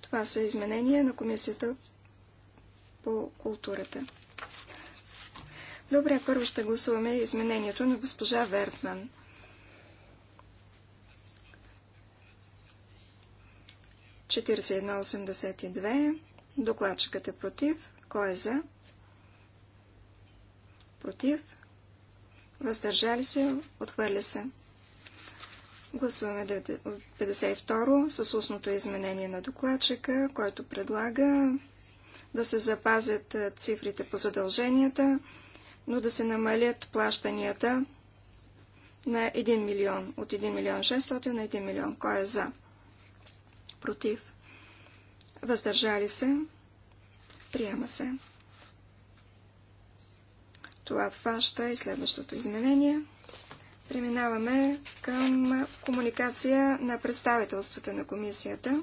Това са изменения на Комисията по културата. Добре, първо ще гласуваме изменението на госпожа Вертман. 4182. Докладчикът е против. Кой е за? Против. Въздържали се. Отхвърля се. Гласуваме 52 с устното изменение на докладчика, който предлага да се запазят цифрите по задълженията, но да се намалят плащанията на 1 милион, от 1 милион 600 на 1 милион. Кой е за? против, въздържали се, приема се. Това фаща и следващото изменение. Преминаваме към комуникация на представителствата на комисията.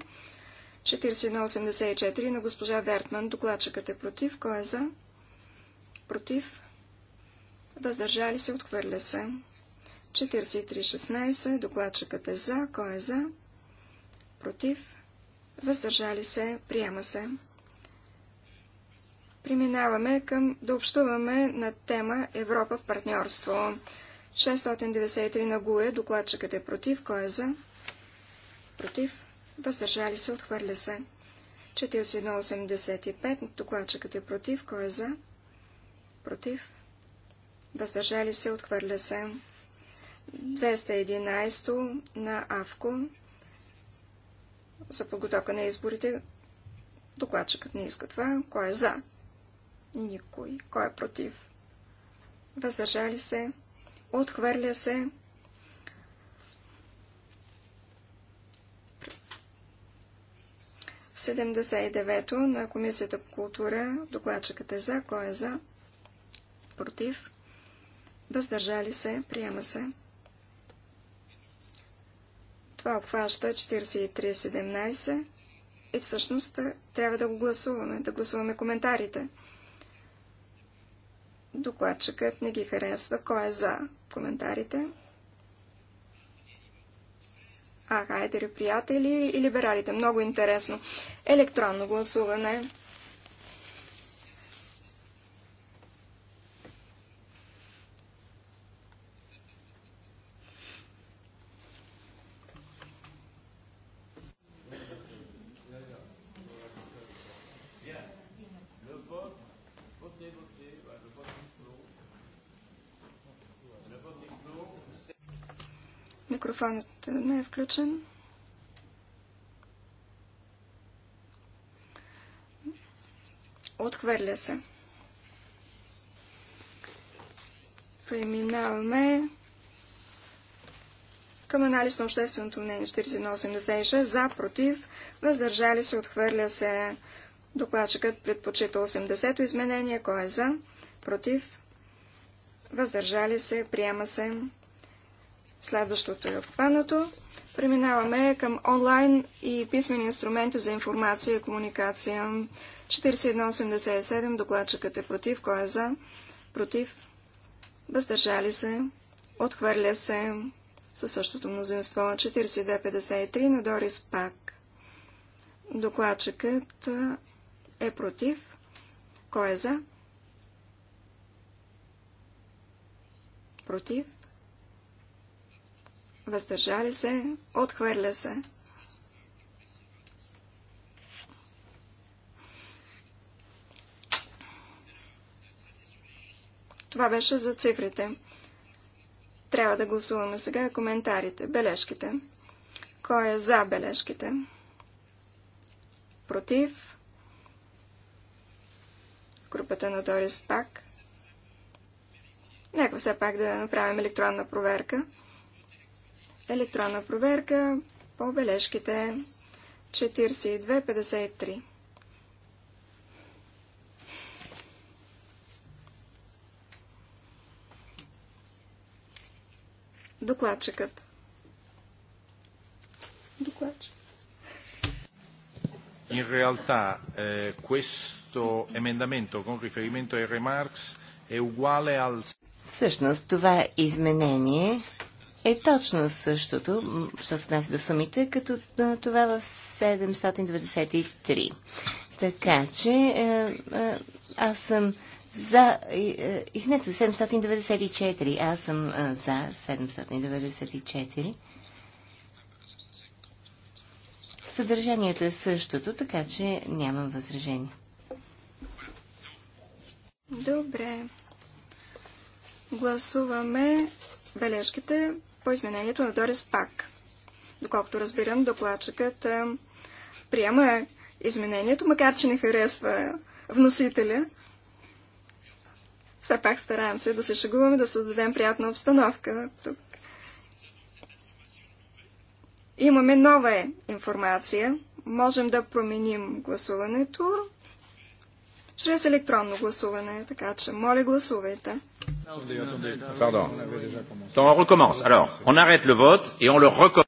4184 на госпожа Вертман. Докладчикът е против. Кой е за? Против. Въздържали се, отхвърля се. 4316. Докладчикът е за. Кой е за? против, въздържали се, приема се. Преминаваме към да общуваме на тема Европа в партньорство. 693 на ГУЕ, докладчикът е против, кой е за? Против, въздържали се, отхвърля се. 4185, докладчикът е против, кой е за? Против, въздържали се, отхвърля се. 211 на АВКО, за подготовка на изборите. Докладчикът не иска това. Кой е за? Никой. Кой е против? Въздържали се? Отхвърля се? В 79-то на Комисията по култура. Докладчикът е за. Кой е за? Против? Въздържали се? Приема се. Това обхваща 43.17 и всъщност трябва да го гласуваме, да гласуваме коментарите. Докладчикът не ги харесва. Кой е за коментарите? А, хайде, е, приятели и либералите. Много интересно. Електронно гласуване. Микрофонът не е включен. Отхвърля се. Преминаваме към анализ на общественото мнение 4186 за, против, въздържали се, отхвърля се. Докладчикът предпочита 80-то изменение. Кой е за? Против? Въздържали се? Приема се. Следващото е обхванато. Преминаваме към онлайн и писмени инструменти за информация и комуникация. 4187. Докладчикът е против. Кой е за? Против. Въздържали се. Отхвърля се. Със същото мнозинство. 4253 на Дорис Пак. Докладчикът е против. Кой е за? Против въздържали се, отхвърля се. Това беше за цифрите. Трябва да гласуваме сега коментарите, бележките. Кой е за бележките? Против? Групата на Дорис пак. Нека все пак да направим електронна проверка. Електронна проверка по бележките 42-53. Докладчикът. Докладчик. In realtà eh, questo emendamento con riferimento ai remarks è uguale al... Всъщност това изменение е точно същото, що се отнася до сумите, като това в 793. Така че е, е, аз съм за... Е, Извинете, 794. Аз съм е, за 794. Съдържанието е същото, така че нямам възражение. Добре. Гласуваме бележките по изменението на Дорис Пак. Доколкото разбирам, докладчикът приема изменението, макар че не харесва вносителя. Все пак стараем се да се шегуваме, да създадем приятна обстановка тук. Имаме нова информация. Можем да променим гласуването чрез електронно гласуване, така че моля гласувайте. Pardon. Donc on recommence. Alors, on arrête le vote et on le recommence.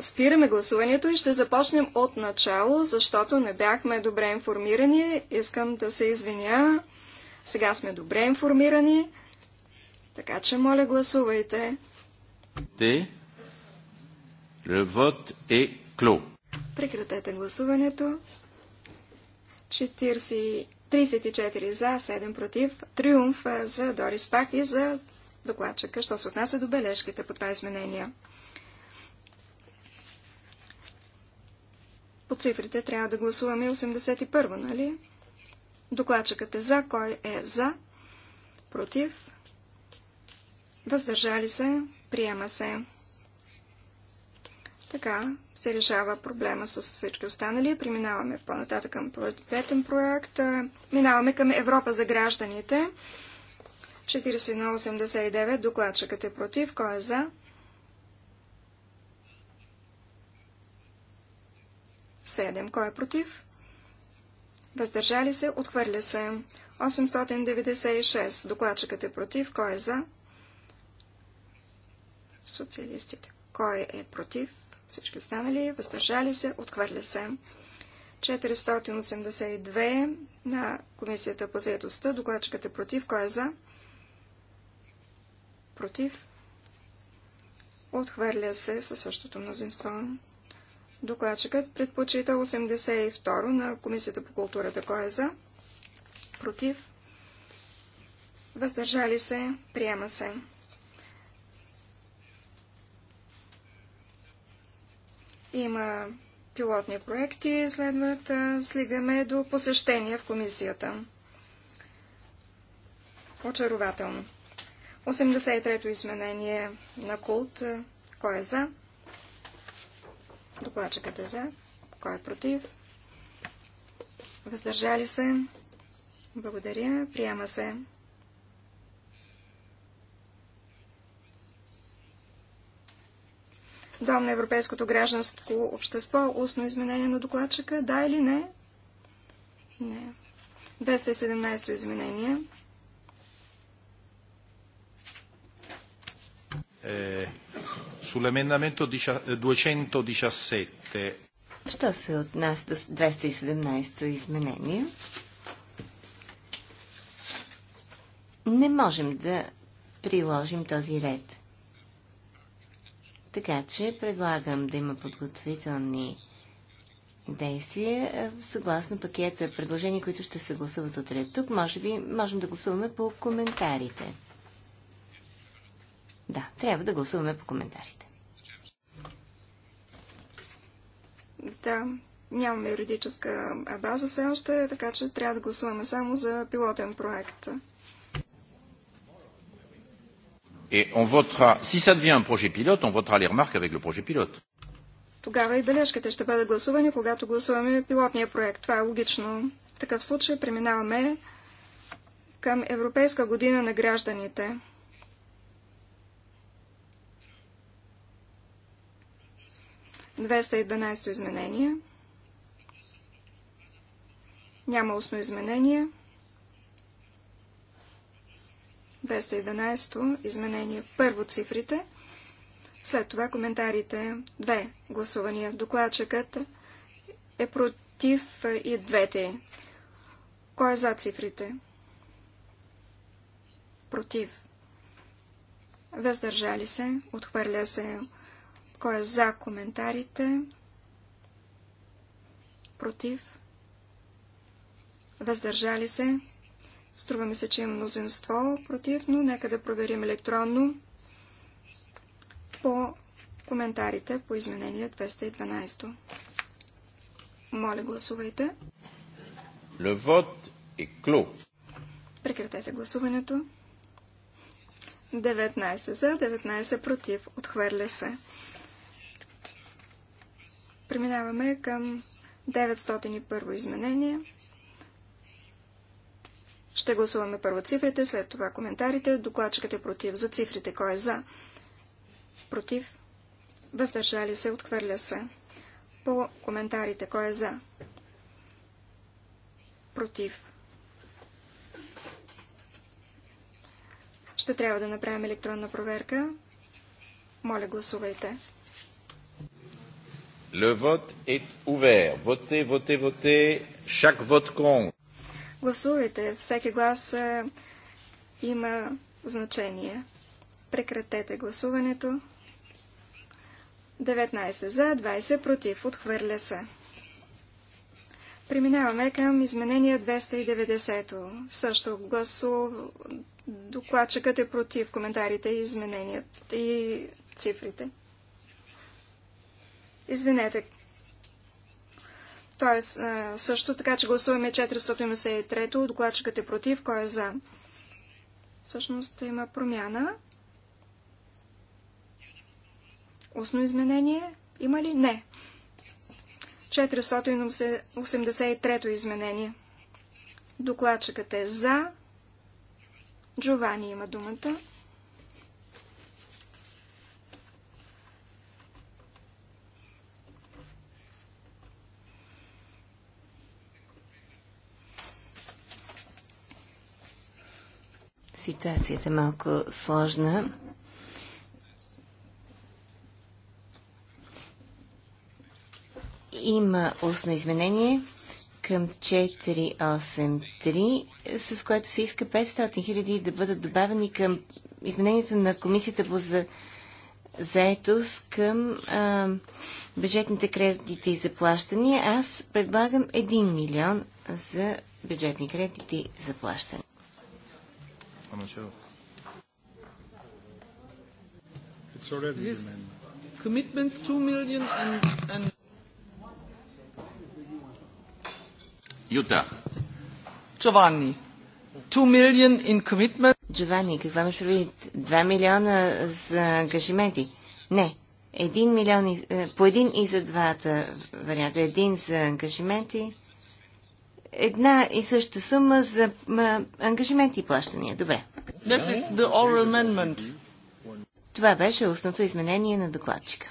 Спираме гласуването и ще започнем от начало, защото не бяхме добре информирани. Искам да се извиня. Сега сме добре информирани. Така че, моля, гласувайте. Le vote est clos. Прекратете гласуването. 34 за, 7 против. Триумф е, за Дорис Пак и за докладчика, що се отнася до бележките по това изменение. По цифрите трябва да гласуваме 81, нали? Докладчикът е за, кой е за, против, въздържали се, приема се. Така се решава проблема с всички останали. Преминаваме по-нататък към приоритетен проект. Минаваме към Европа за гражданите. 4189. Докладчикът е против. Кой е за? Седем. Кой е против? Въздържали се. Отхвърля се. 896. Докладчикът е против. Кой е за? Социалистите. Кой е против? Всички останали въздържали се, отхвърля се. 482 на Комисията по заедостта. Докладчикът е против. Кой е за? Против. Отхвърля се със същото мнозинство. Докладчикът предпочита 82 на Комисията по културата. Кой е за? Против. Въздържали се. Приема се. Има пилотни проекти, следват, слигаме до посещения в комисията. Очарователно. 83-то изменение на култ. Кой е за? Докладчикът е за. Кой е против? Въздържали се? Благодаря. Приема се. Дом на Европейското гражданско общество. Устно изменение на докладчика. Да или не? Не. 217 изменение. Е, 217. Е, Що се нас до 217 изменение? Не можем да приложим този ред. Така че предлагам да има подготвителни действия е, съгласно пакета предложения, които ще се гласуват утре. Тук може би можем да гласуваме по коментарите. Да, трябва да гласуваме по коментарите. Да, нямаме юридическа база все още, така че трябва да гласуваме само за пилотен проект. Et on votera, si ça devient un projet pilote, on votera les remarques avec le projet pilote. Тогава и бележките ще бъдат гласувани, когато гласуваме пилотния проект. Това е логично. В такъв случай преминаваме към Европейска година на гражданите. Двеста и дванайсто изменение. Няма устно изменение. 211 изменение. Първо цифрите, след това коментарите. Две гласувания. Докладчикът е против и двете. Кой е за цифрите? Против. Въздържали се. Отхвърля се. Кой е за коментарите? Против. Въздържали се. Струва ми се, че е мнозинство против, но нека да проверим електронно по коментарите по изменение 212. Моля, гласувайте. Le vote Прекратете гласуването. 19 за, 19 против. Отхвърля се. Преминаваме към 901 изменение. Ще гласуваме първо цифрите, след това коментарите. Докладчикът е против. За цифрите кой е за? Против. Въздържали се, отхвърля се. По коментарите кой е за? Против. Ще трябва да направим електронна проверка. Моля, гласувайте. Le vote est ouvert. Votez, votez, votez. Chaque vote compte. Гласувайте. Всеки глас е, има значение. Прекратете гласуването. 19 за, 20 против. Отхвърля се. Преминаваме към изменение 290. Също гласу докладчикът е против коментарите и измененията и цифрите. Извинете, той е също, така че гласуваме 483-то. Докладчикът е против. Кой е за? Всъщност има промяна. Устно изменение има ли? Не. 483-то изменение. Докладчикът е за. Джовани има думата. Ситуацията е малко сложна. Има устно изменение към 483, с което се иска 500 хиляди да бъдат добавени към изменението на Комисията по за заетост към а, бюджетните кредити и заплащания. Аз предлагам 1 милион за бюджетни кредити за плащане. It's already His commitments, two million and, and Юта. Джованни. 2 million in commitment. Джованни, какво имаш предвид? Два милиона за ангажименти? Не. един милион и, е, по един и за двата варианта. Един за ангажименти, една и съща сума за ангажименти и плащания. Добре. This is the oral amendment. Това беше устното изменение на докладчика.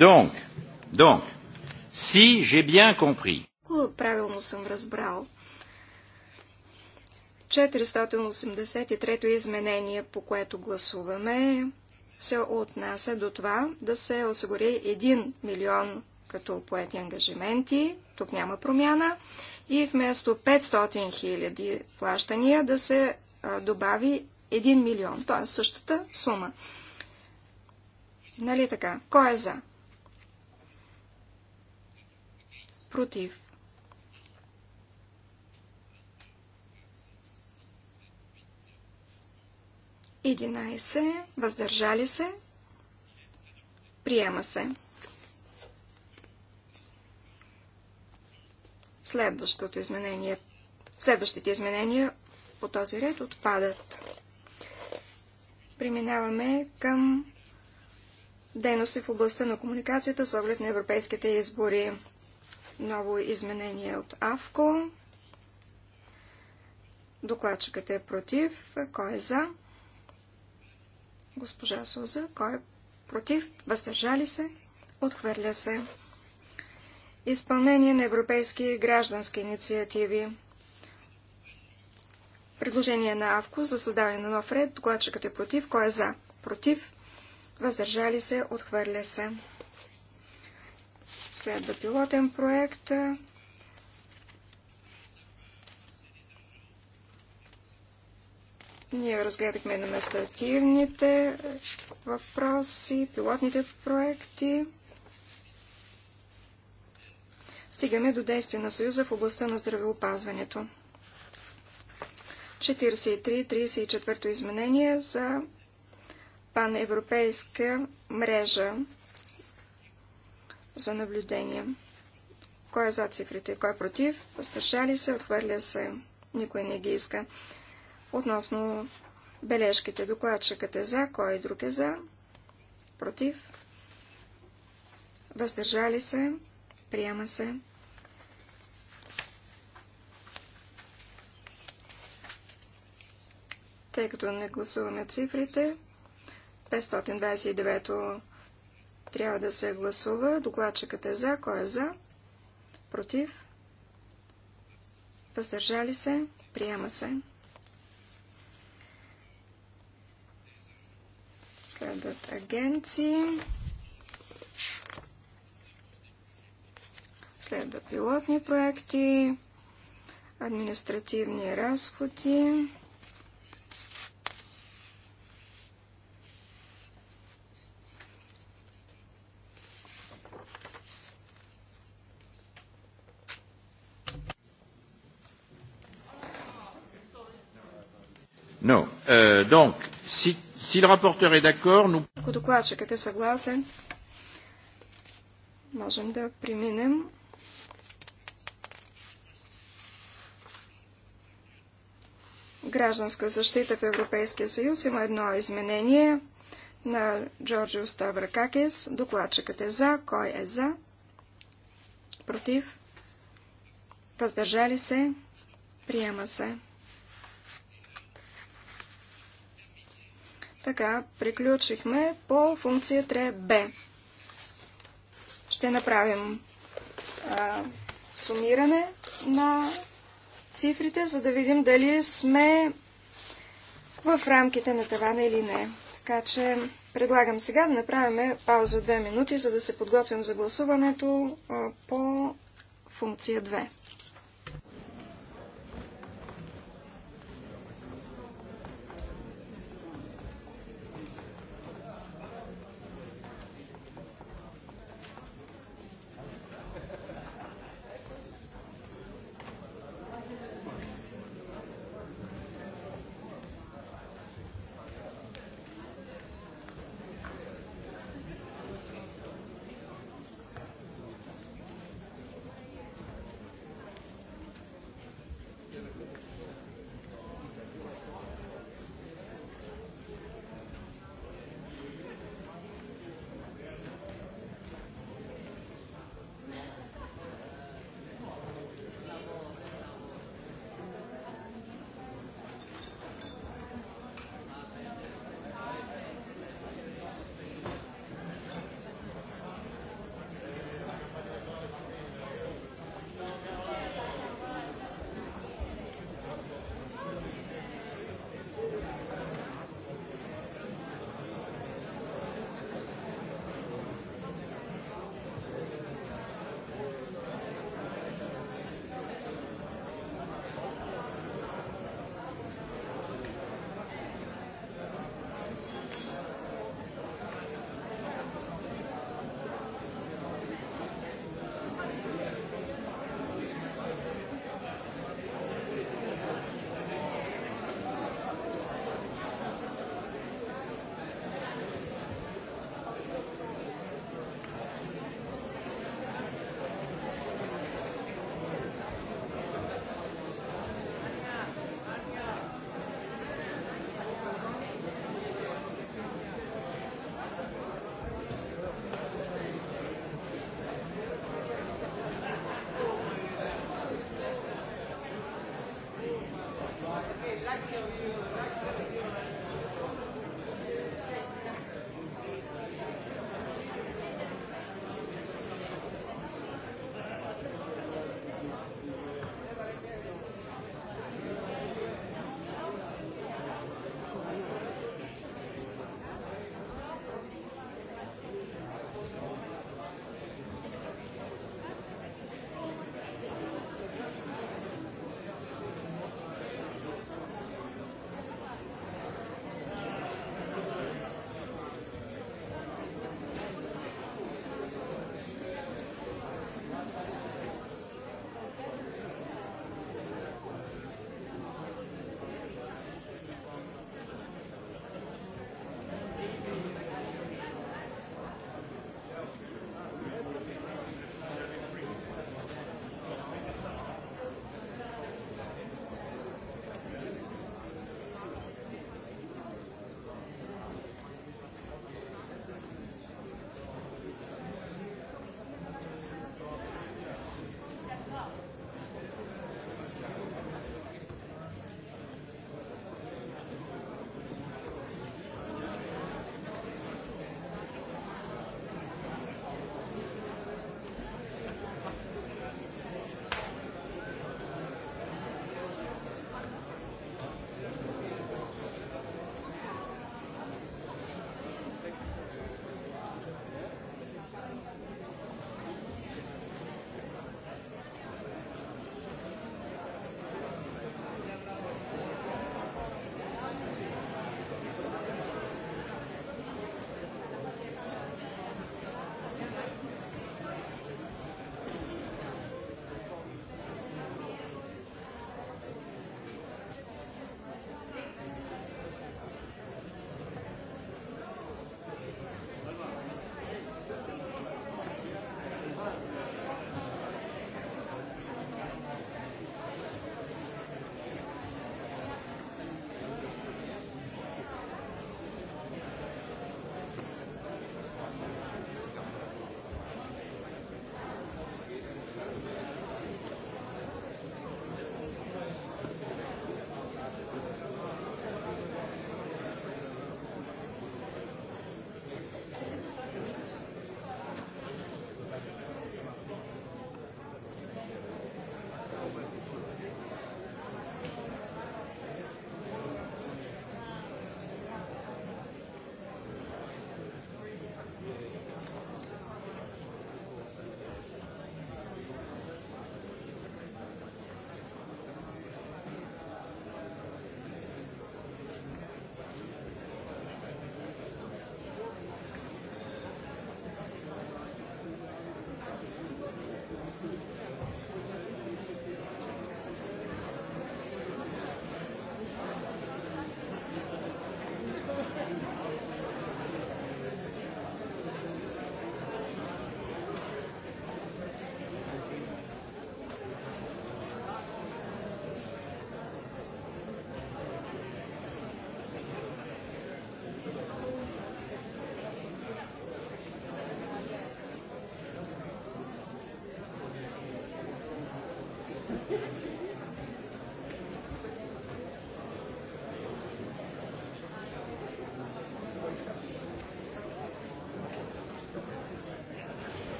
Donc, donc, si j'ai bien compris. Правилно съм разбрал. 483-то изменение, по което гласуваме, се отнася до това да се осигури 1 милион като поети ангажименти, тук няма промяна, и вместо 500 хиляди плащания да се добави 1 милион, т.е. същата сума. Нали така? Кой е за? Против. Единайсе. Въздържали се. Приема се. Следващото изменение. Следващите изменения по този ред отпадат. Преминаваме към дейности в областта на комуникацията с оглед на европейските избори ново изменение от АВКО. Докладчикът е против. Кой е за? Госпожа Суза. Кой е против? Въздържали се? Отхвърля се. Изпълнение на европейски граждански инициативи. Предложение на АВКО за създаване на нов ред. Докладчикът е против. Кой е за? Против. Въздържали се. Отхвърля се. Следва пилотен проект. Ние разгледахме административните въпроси, пилотните проекти. Стигаме до действия на Съюза в областта на здравеопазването. 43-34 изменение за паневропейска мрежа за наблюдение. Кой е за цифрите? Кой е против? Въздържали се? Отхвърля се. Никой не ги иска. Относно бележките, докладчикът е за, кой друг е за, против, въздържали се, приема се. Тъй като не гласуваме цифрите, 529-то трябва да се гласува. Докладчикът е за. Кой е за? Против? Въздържали се? Приема се. Следват агенции. Следват пилотни проекти. Административни разходи. Euh, donc, si, si le rapporteur est d'accord, nous... Ако докладчикът е съгласен, можем да преминем гражданска защита в Европейския съюз. Има едно изменение на Джорджио Ставракакис. Докладчикът е за. Кой е за? Против? Въздържали се? Приема се. Така, приключихме по функция 3b. Ще направим а, сумиране на цифрите, за да видим дали сме в рамките на тавана или не. Така че предлагам сега да направим пауза 2 минути, за да се подготвим за гласуването а, по функция 2.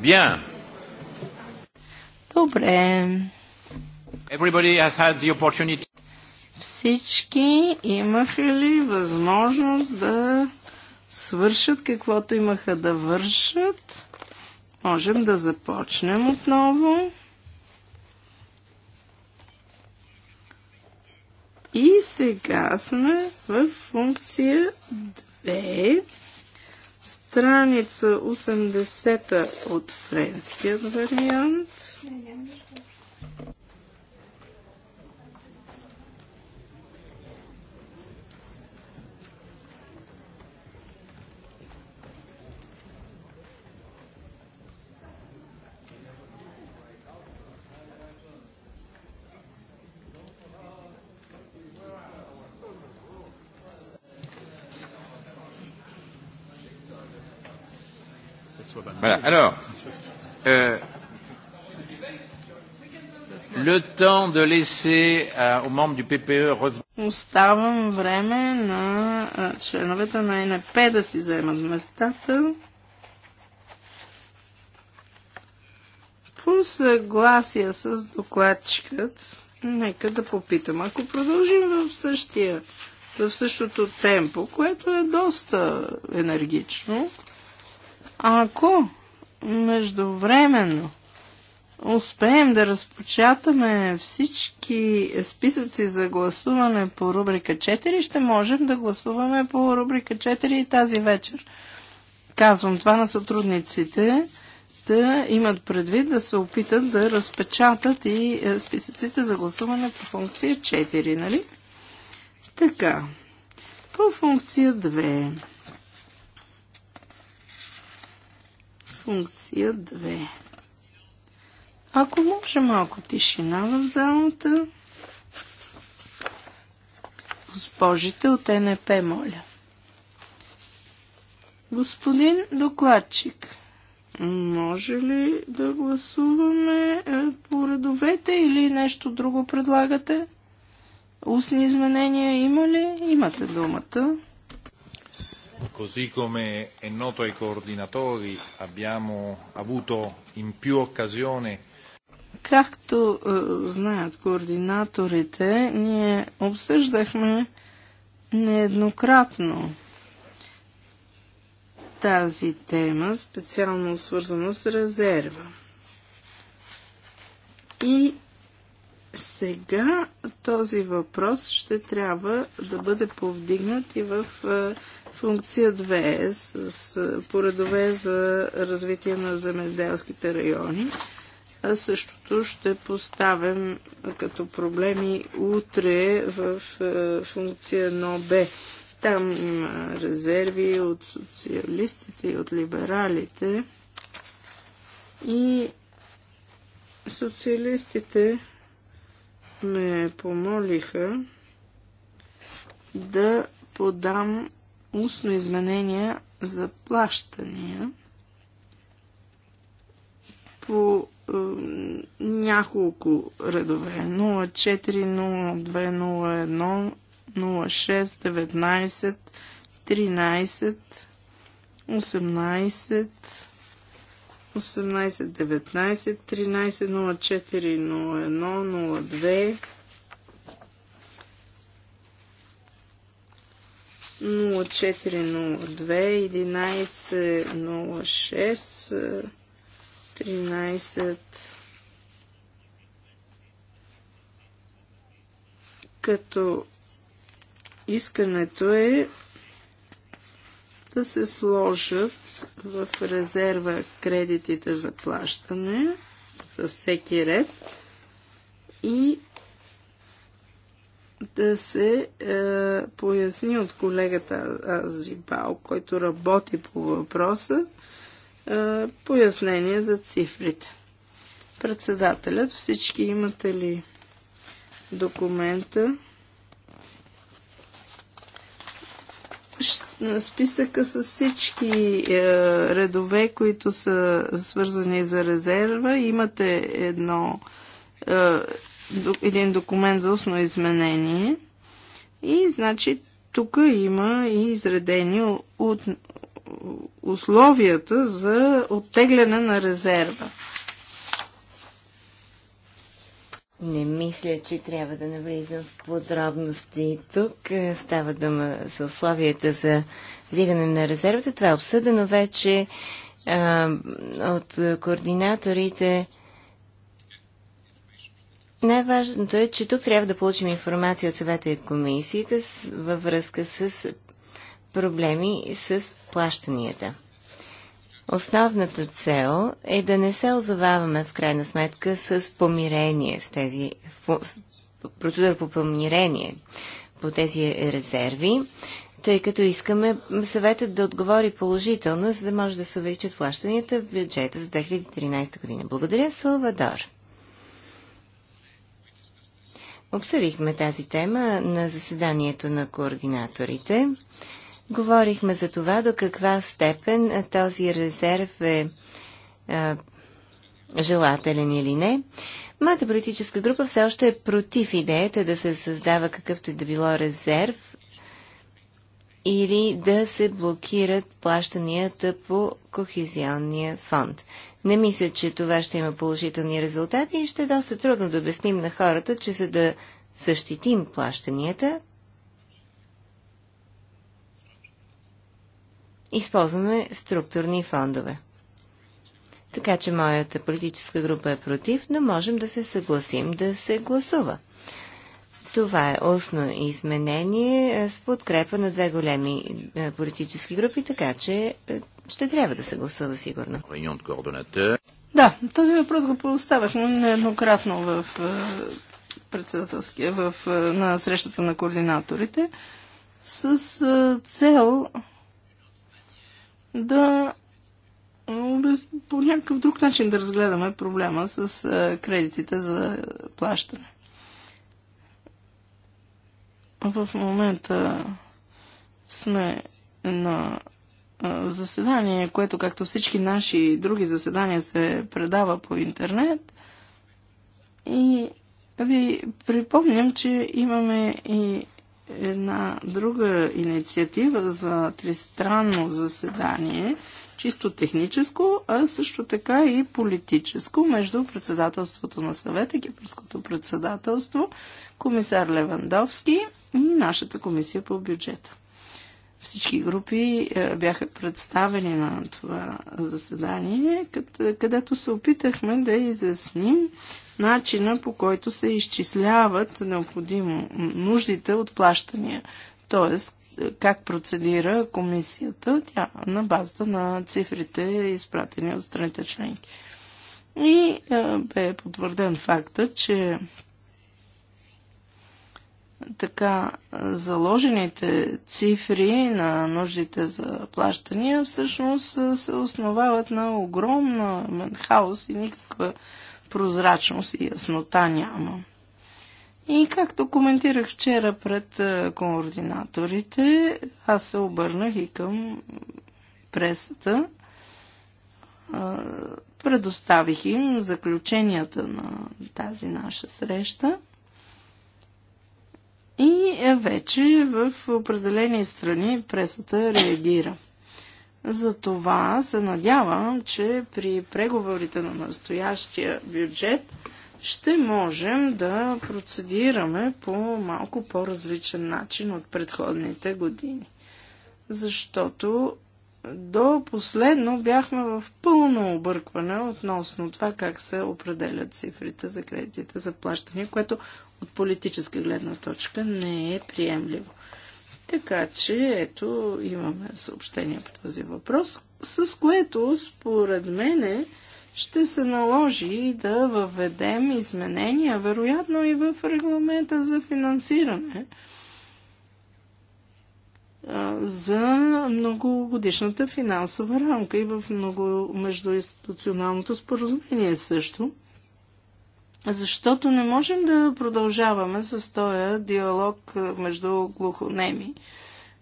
Bien. Добре. Everybody has had the opportunity. Всички имаха ли възможност да свършат каквото имаха да вършат? Можем да започнем отново. И сега сме в функция 2. Страница 80 от френския вариант. Alors, euh, le temps de laisser euh, aux membres du PPE revenir. Оставам време на членовете на НП да си вземат местата. По съгласие с докладчикът, нека да попитам. Ако продължим в същия, в същото темпо, което е доста енергично, ако междувременно успеем да разпочатаме всички списъци за гласуване по рубрика 4, ще можем да гласуваме по рубрика 4 и тази вечер. Казвам това на сътрудниците да имат предвид да се опитат да разпечатат и е, списъците за гласуване по функция 4, нали? Така. По функция 2. функция 2. Ако може малко тишина в залата. Госпожите от НП, моля. Господин докладчик, може ли да гласуваме е, по редовете или нещо друго предлагате? Устни изменения има ли? Имате думата. Così come è noto ai coordinatori, abbiamo avuto in più occasioni Както е, знаят координаторите, ние обсъждахме нееднократно тази тема, специално свързана с резерва. И сега този въпрос ще трябва да бъде повдигнат и в е, Функция 2 е с, с поредове за развитие на земеделските райони. А същото ще поставим като проблеми утре в а, е, функция 1Б. Там има резерви от социалистите и от либералите. И социалистите ме помолиха да подам устно изменение за плащания по е, няколко редове 04, 02, 01, 06, 19, 13, 18, 18, 19, 13, 04, 01, 02, 0402-1106, 13 като искането е да се сложат в резерва кредитите за плащане във всеки ред и да се е, поясни от колегата Азибал, който работи по въпроса, е, пояснение за цифрите. Председателят, всички имате ли документа? Списъка с всички е, редове, които са свързани за резерва, имате едно е, един документ за устно изменение. И значи тук има и изредени от условията за оттегляне на резерва. Не мисля, че трябва да навлизам в подробности. Тук е, става дума за условията за вдигане на резервата. Това е обсъдено вече а, от координаторите най-важното е, че тук трябва да получим информация от съвета и комисията във връзка с проблеми с плащанията. Основната цел е да не се озоваваме в крайна сметка с помирение, с тези процедура по помирение по тези резерви, тъй като искаме съветът да отговори положително, за да може да се увеличат плащанията в бюджета за 2013 година. Благодаря, Салвадор. Обсъдихме тази тема на заседанието на координаторите. Говорихме за това до каква степен този резерв е а, желателен или не. Моята политическа група все още е против идеята да се създава какъвто и да било резерв или да се блокират плащанията по Кохезионния фонд. Не мисля, че това ще има положителни резултати и ще е доста трудно да обясним на хората, че за да защитим плащанията, използваме структурни фондове. Така че моята политическа група е против, но можем да се съгласим да се гласува. Това е устно изменение е, с подкрепа на две големи е, политически групи, така че е, ще трябва да се гласува сигурно. Да, този въпрос го поставяхме нееднократно в председателския, в, на срещата на координаторите, с цел да по някакъв друг начин да разгледаме проблема с кредитите за плащане. В момента сме на заседание, което, както всички наши други заседания, се предава по интернет. И ви припомням, че имаме и една друга инициатива за тристранно заседание, чисто техническо, а също така и политическо, между председателството на съвета, кипърското председателство, комисар Левандовски – и нашата комисия по бюджета. Всички групи е, бяха представени на това заседание, където се опитахме да изясним начина по който се изчисляват необходимо нуждите от плащания. т.е. как процедира комисията тя, на базата на цифрите, изпратени от страните членки. И е, бе потвърден факта, че така, заложените цифри на нуждите за плащания всъщност се основават на огромна хаос и никаква прозрачност и яснота няма. И както коментирах вчера пред координаторите, аз се обърнах и към пресата. Предоставих им заключенията на тази наша среща – и вече в определени страни пресата реагира. Затова се надявам, че при преговорите на настоящия бюджет ще можем да процедираме по малко по-различен начин от предходните години. Защото до последно бяхме в пълно объркване относно това как се определят цифрите за кредитите за плащане, което от политическа гледна точка не е приемливо. Така че, ето, имаме съобщение по този въпрос, с което, според мене, ще се наложи да въведем изменения, вероятно и в регламента за финансиране за многогодишната финансова рамка и в много междуинституционалното споразумение също защото не можем да продължаваме с този диалог между глухонеми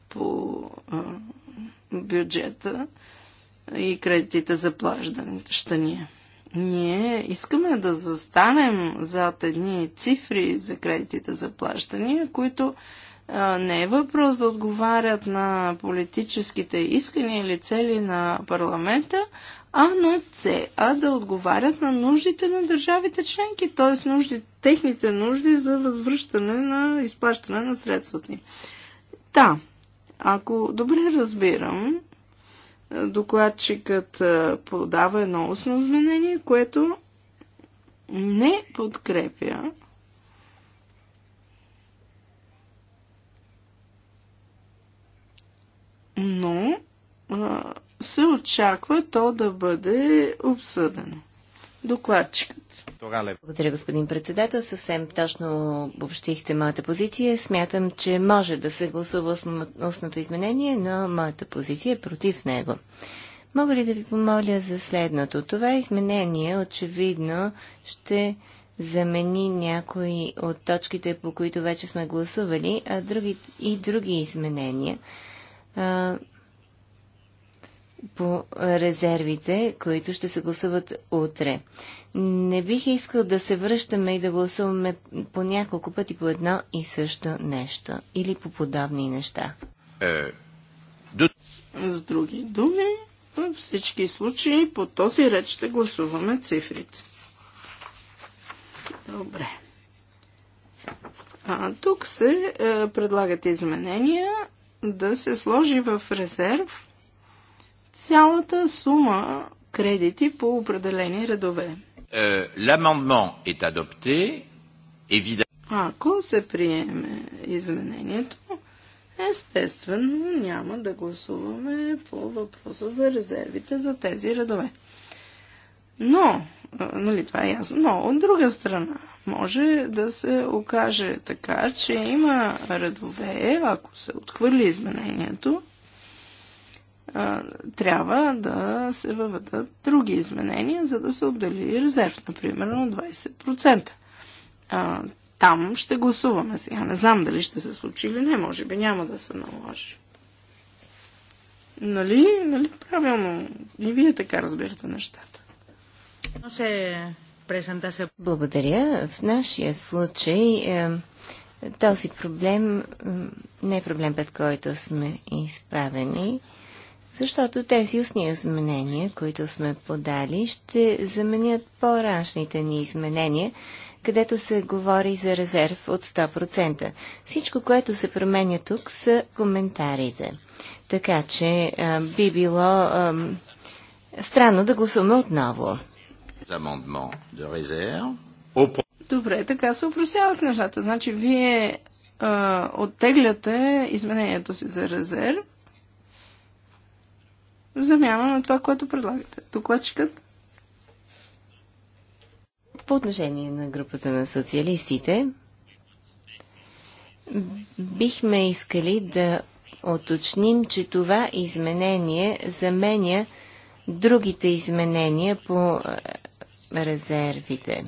по бюджета и кредитите за плащания. Ние искаме да застанем зад едни цифри за кредитите за плащания, които не е въпрос да отговарят на политическите искания или цели на парламента, а на С, а да отговарят на нуждите на държавите членки, т.е. Нужди, техните нужди за възвръщане на изплащане на средствата ни. Та, ако добре разбирам, докладчикът подава едно основно изменение, което не подкрепя но а, се очаква то да бъде обсъдено. Докладчикът. Благодаря, господин председател. Съвсем точно обобщихте моята позиция. Смятам, че може да се гласува устното изменение, но моята позиция е против него. Мога ли да ви помоля за следното? Това изменение очевидно ще замени някои от точките, по които вече сме гласували, а други, и други изменения – по резервите, които ще се гласуват утре. Не бих искал да се връщаме и да гласуваме по няколко пъти по едно и също нещо или по подобни неща. Е, С други думи, във всички случаи по този ред ще гласуваме цифрите. Добре. А, тук се е, предлагат изменения да се сложи в резерв цялата сума кредити по определени редове. Е, l'amendement est adopté, évidemment. Ако се приеме изменението, естествено няма да гласуваме по въпроса за резервите за тези редове. Но нали, това е ясно. Но от друга страна, може да се окаже така, че има редове, ако се отхвърли изменението, трябва да се въведат други изменения, за да се отдели резерв, например, на 20%. там ще гласуваме сега. Не знам дали ще се случи или не. Може би няма да се наложи. Нали? Нали правилно? И вие така разбирате нещата. Благодаря. В нашия случай е, този проблем не е проблем, пред който сме изправени, защото тези устни изменения, които сме подали, ще заменят по-рашните ни изменения, където се говори за резерв от 100%. Всичко, което се променя тук, са коментарите. Така че е, би било странно да гласуваме отново. Добре, така се упростяват нещата. Значи, вие а, оттегляте изменението си за резерв в замяна на това, което предлагате. Докладчикът? По отношение на групата на социалистите, бихме искали да оточним, че това изменение заменя другите изменения по резервите.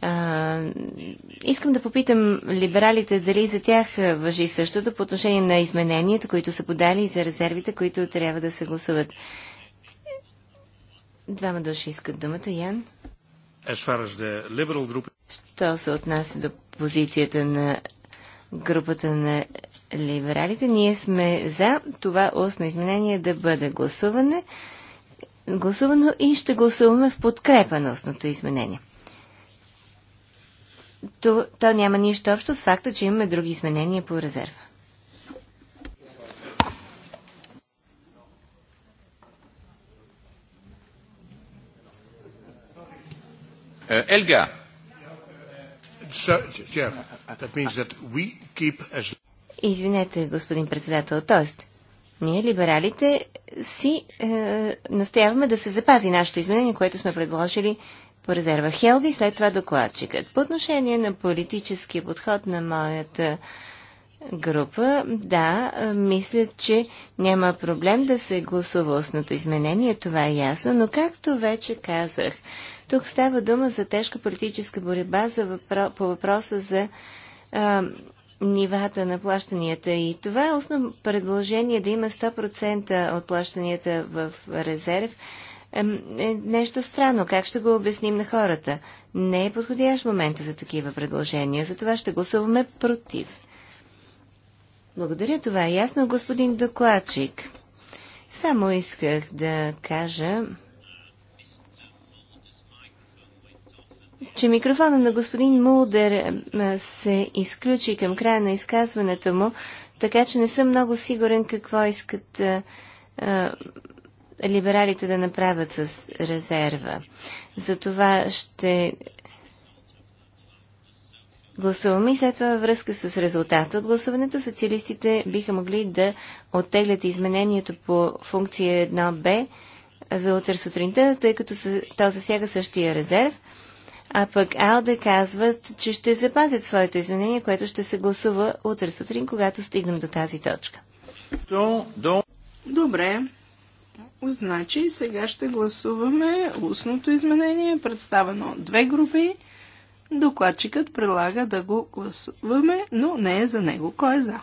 А, искам да попитам либералите дали за тях въжи същото по отношение на измененията, които са подали и за резервите, които трябва да се гласуват. Двама души искат думата. Ян? Що се отнася до позицията на групата на либералите, ние сме за това устно изменение да бъде гласуване гласувано и ще гласуваме в подкрепа на устното изменение. То, то няма нищо общо с факта, че имаме други изменения по резерва. Е, Елга. Извинете, господин председател. т.е. Ние, либералите, си е, настояваме да се запази нашето изменение, което сме предложили по резерва Хелви, след това докладчикът. По отношение на политическия подход на моята група, да, е, мисля, че няма проблем да се гласува устното изменение, това е ясно, но както вече казах, тук става дума за тежка политическа борьба за въпро... по въпроса за е, нивата на плащанията. И това е основно предложение да има 100% от плащанията в резерв е нещо странно. Как ще го обясним на хората? Не е подходящ момента за такива предложения. Затова ще гласуваме против. Благодаря, това е ясно, господин докладчик. Само исках да кажа, че микрофона на господин Мулдер е, се изключи към края на изказването му, така че не съм много сигурен какво искат а, е, а, е, либералите да направят с резерва. Затова ще гласуваме и след това във връзка с резултата от гласуването социалистите биха могли да оттеглят изменението по функция 1б за утре сутринта, тъй като то засяга същия резерв – а пък Алде казват, че ще запазят своето изменение, което ще се гласува утре сутрин, когато стигнем до тази точка. Добре. Значи сега ще гласуваме устното изменение, представено от две групи. Докладчикът предлага да го гласуваме, но не е за него. Кой е за?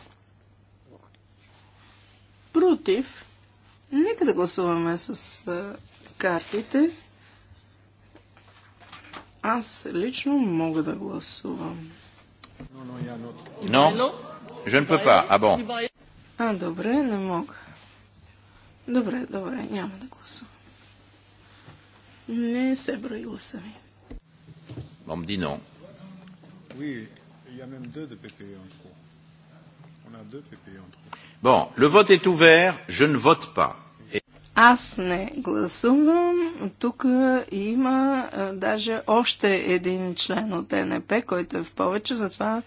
Против. Нека да гласуваме с картите. Аз лично мога да гласувам. Но, je ne peux pas. А, bon. А, добре, не мога. Добре, добре, няма да гласувам. Не се брои гласа ми. On me dit non. Oui, il y a même deux de PPE en trop. On a deux PPE en trop. Bon, le vote est ouvert, je ne vote pas. Аз не гласувам. Тук има а, даже още един член от НП, който е в повече, затова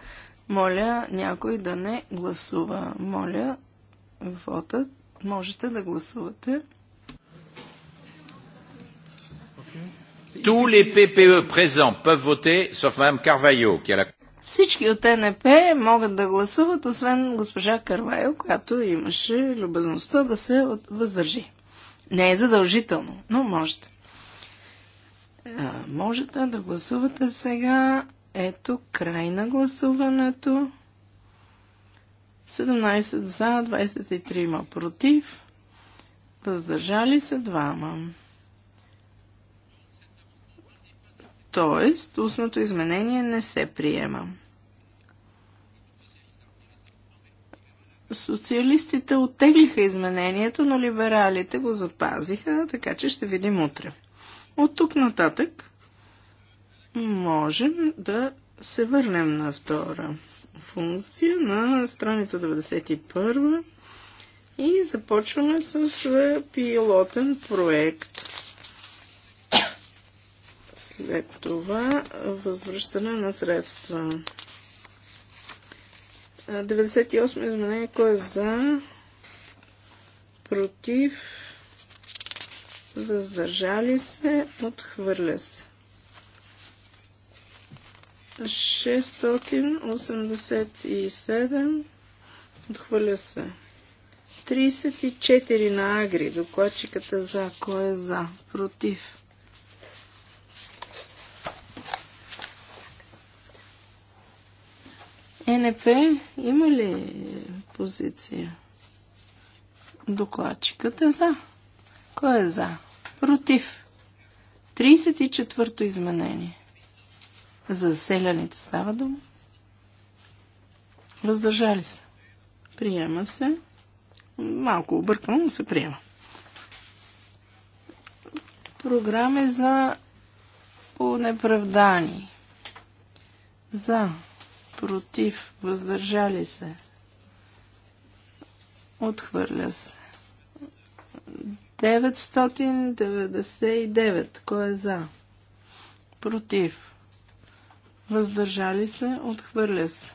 моля някой да не гласува. Моля, вотът. Можете да гласувате. Tous les PPE présents peuvent voter, sauf Mme Carvalho, qui a la... Всички от ЕНП могат да гласуват, освен госпожа Карвайо, която имаше любезността да се въздържи. Не е задължително, но можете. А, можете да гласувате сега. Ето, край на гласуването. 17 за, 23 ма против. Въздържали се двама. Тоест, устното изменение не се приема. Социалистите оттеглиха изменението, но либералите го запазиха, така че ще видим утре. От тук нататък можем да се върнем на втора функция на страница 91 и започваме с е, пилотен проект. След това възвръщане на средства. 98 изменение, кой е за, против, въздържали се, отхвърля се. 687 отхвърля се. 34 на Агри. Докладчиката за. Кой е за? Против. Е НП има ли позиция? Докладчикът е за. Кой е за? Против. 34-то изменение. За селяните става дума. Въздържали се. Приема се. Малко объркано, но се приема. Програми за неправдани. За против, въздържали се, отхвърля се. 999, кой е за? Против, въздържали се, отхвърля се.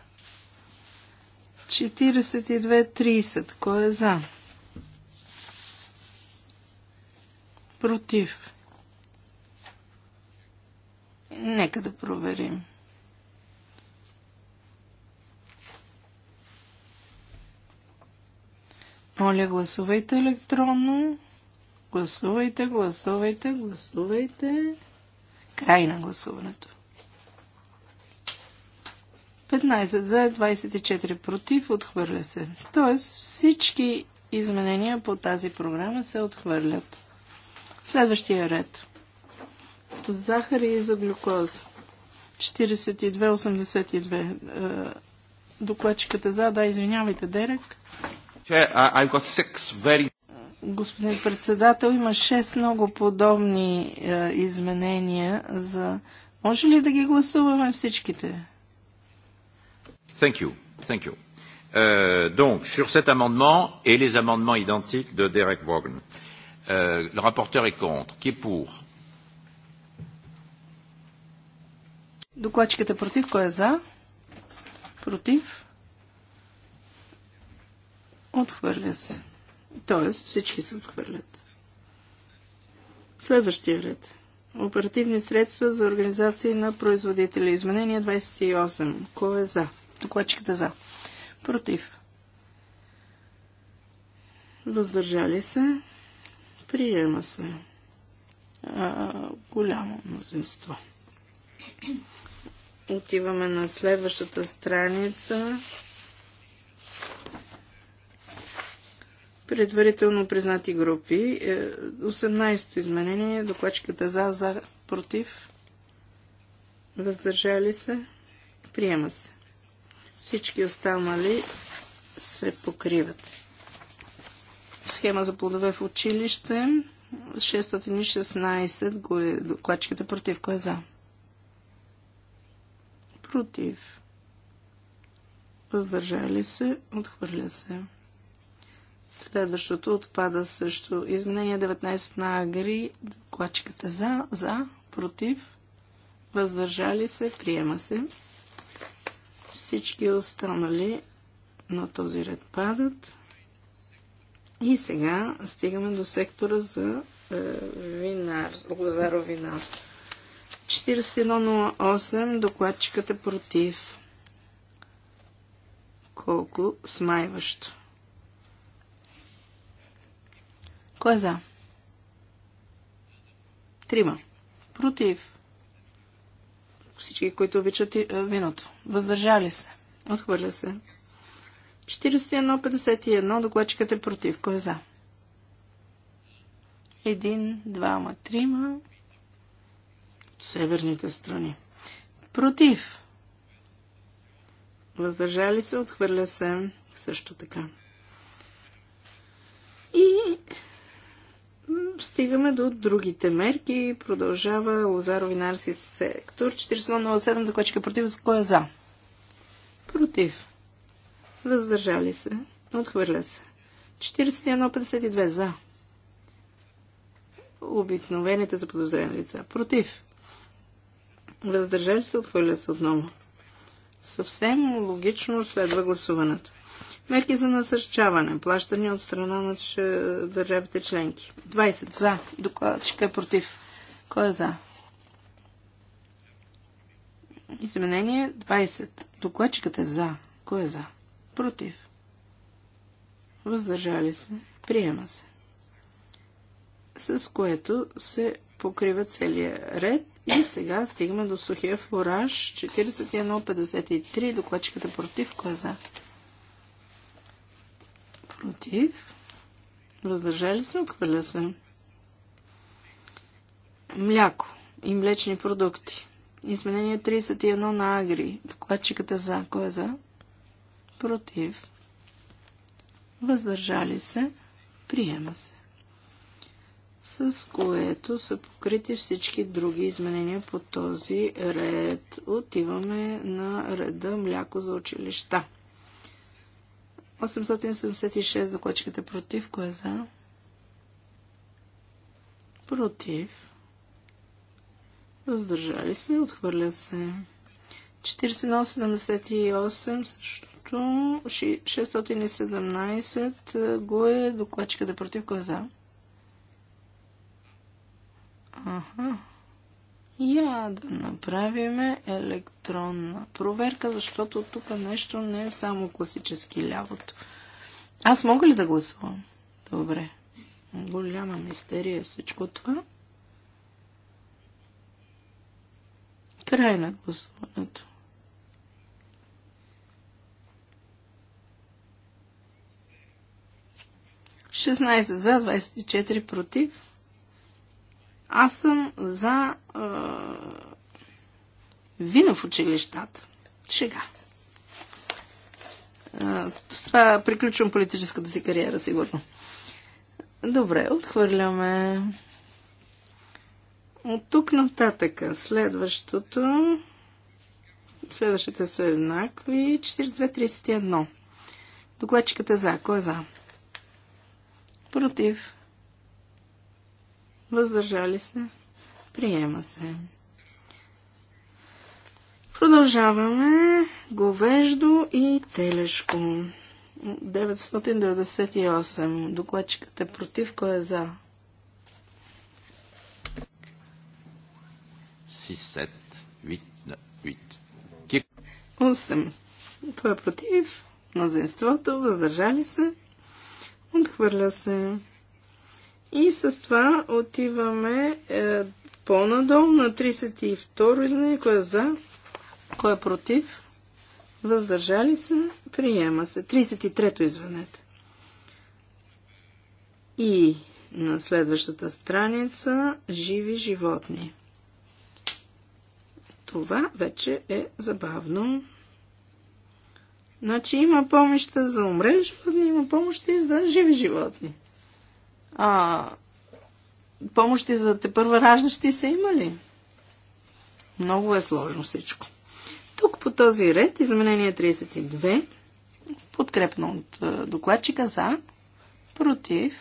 42-30, кой е за? Против. Нека да проверим. 4230. Моля, гласувайте електронно. Гласувайте, гласувайте, гласувайте. Край на гласуването. 15 за, 24 против, отхвърля се. Тоест всички изменения по тази програма се отхвърлят. Следващия ред. Захар и за глюкоза. 42,82. Докладчиката за, да, извинявайте, Дерек. Господин председател, има шест много подобни е, изменения за... Може ли да ги гласуваме всичките? Thank you. Thank you. Euh, donc, sur cet amendement et les amendements identiques de Derek Vaughan, euh, le rapporteur est contre. Qui est pour Докладчикът е против. Кой е за? Против. Отхвърля се. Тоест всички се отхвърлят. Следващия ред. Оперативни средства за организации на производители. Изменение 28. Кой е за? Докладчиката е за. Против. Въздържали се. Приема се. А, голямо мнозинство. Отиваме на следващата страница. предварително признати групи. 18-то е, изменение, докладчиката е за, за, против, въздържали се, приема се. Всички останали се покриват. Схема за плодове в училище. 616 го е докладчиката е против. Кой е за? Против. Въздържали се. Отхвърля се. Следващото отпада също. Изменение 19 на Агри. Докладчиката за, за, против. Въздържали се, приема се. Всички останали на този ред падат. И сега стигаме до сектора за е, винар, лозаро вина. 4108, докладчиката е против. Колко смайващо. Кой е за? Трима. Против. Всички, които обичат е, виното. Въздържали се. Отхвърля се. 41-51. Докладчикът е против. Кой е за? Един, двама, трима. Северните страни. Против. Въздържали се. Отхвърля се. Също така. И стигаме до другите мерки. Продължава Лозаро Винарси сектор 4107, кочка против, за кой е за? Против. Въздържали се. Отхвърля се. 4152 за. Обикновените за подозрени лица. Против. Въздържали се, отхвърля се отново. Съвсем логично следва гласуването. Мерки за насърчаване. Плащане от страна на държавите членки. 20 за. Докладчика е против. Кой е за? Изменение 20. Докладчикът е за. Кой е за? Против. Въздържали се. Приема се. С което се покрива целия ред. И сега стигаме до сухия фураж 41.53. Докладчиката е против. Кой е за? Против. Въздържали се, отхвърля се. Мляко и млечни продукти. Изменение 31 на Агри. Докладчиката за. Кой е за? Против. Въздържали се. Приема се. С което са покрити всички други изменения по този ред. Отиваме на реда мляко за училища. 876 докладчиката е против. Кое за? Против. Въздържали се. Отхвърля се. 4178 същото. 617 го е докладчиката е против. Кое за? Аха. Я да направим електронна проверка, защото тук нещо не е само класически лявото. Аз мога ли да гласувам? Добре. Голяма мистерия е всичко това. Край на гласуването. Шестнайсет за, 24 против. Аз съм за е, вина в училищата. Шега. Е, с това приключвам политическата си кариера, сигурно. Добре, отхвърляме. От тук нататъка следващото. Следващите са еднакви. 42-31. Докладчиката е за. Кой е за? Против въздържали се, приема се. Продължаваме говеждо и телешко. 998. Докладчикът е против, кой е за? 6, на 8, 9. 8. Кой е против? Мнозинството, въздържали се. Отхвърля се. И с това отиваме е, по-надолу на 32 изменение, кое е за, кое е против, въздържали се, приема се. 33-то извънете. И на следващата страница живи животни. Това вече е забавно. Значи има помощта за умрели животни, има помощта и за живи животни. А, помощи за те първа раждащи са имали. Много е сложно всичко. Тук по този ред, изменение 32, подкрепно от докладчика за, против,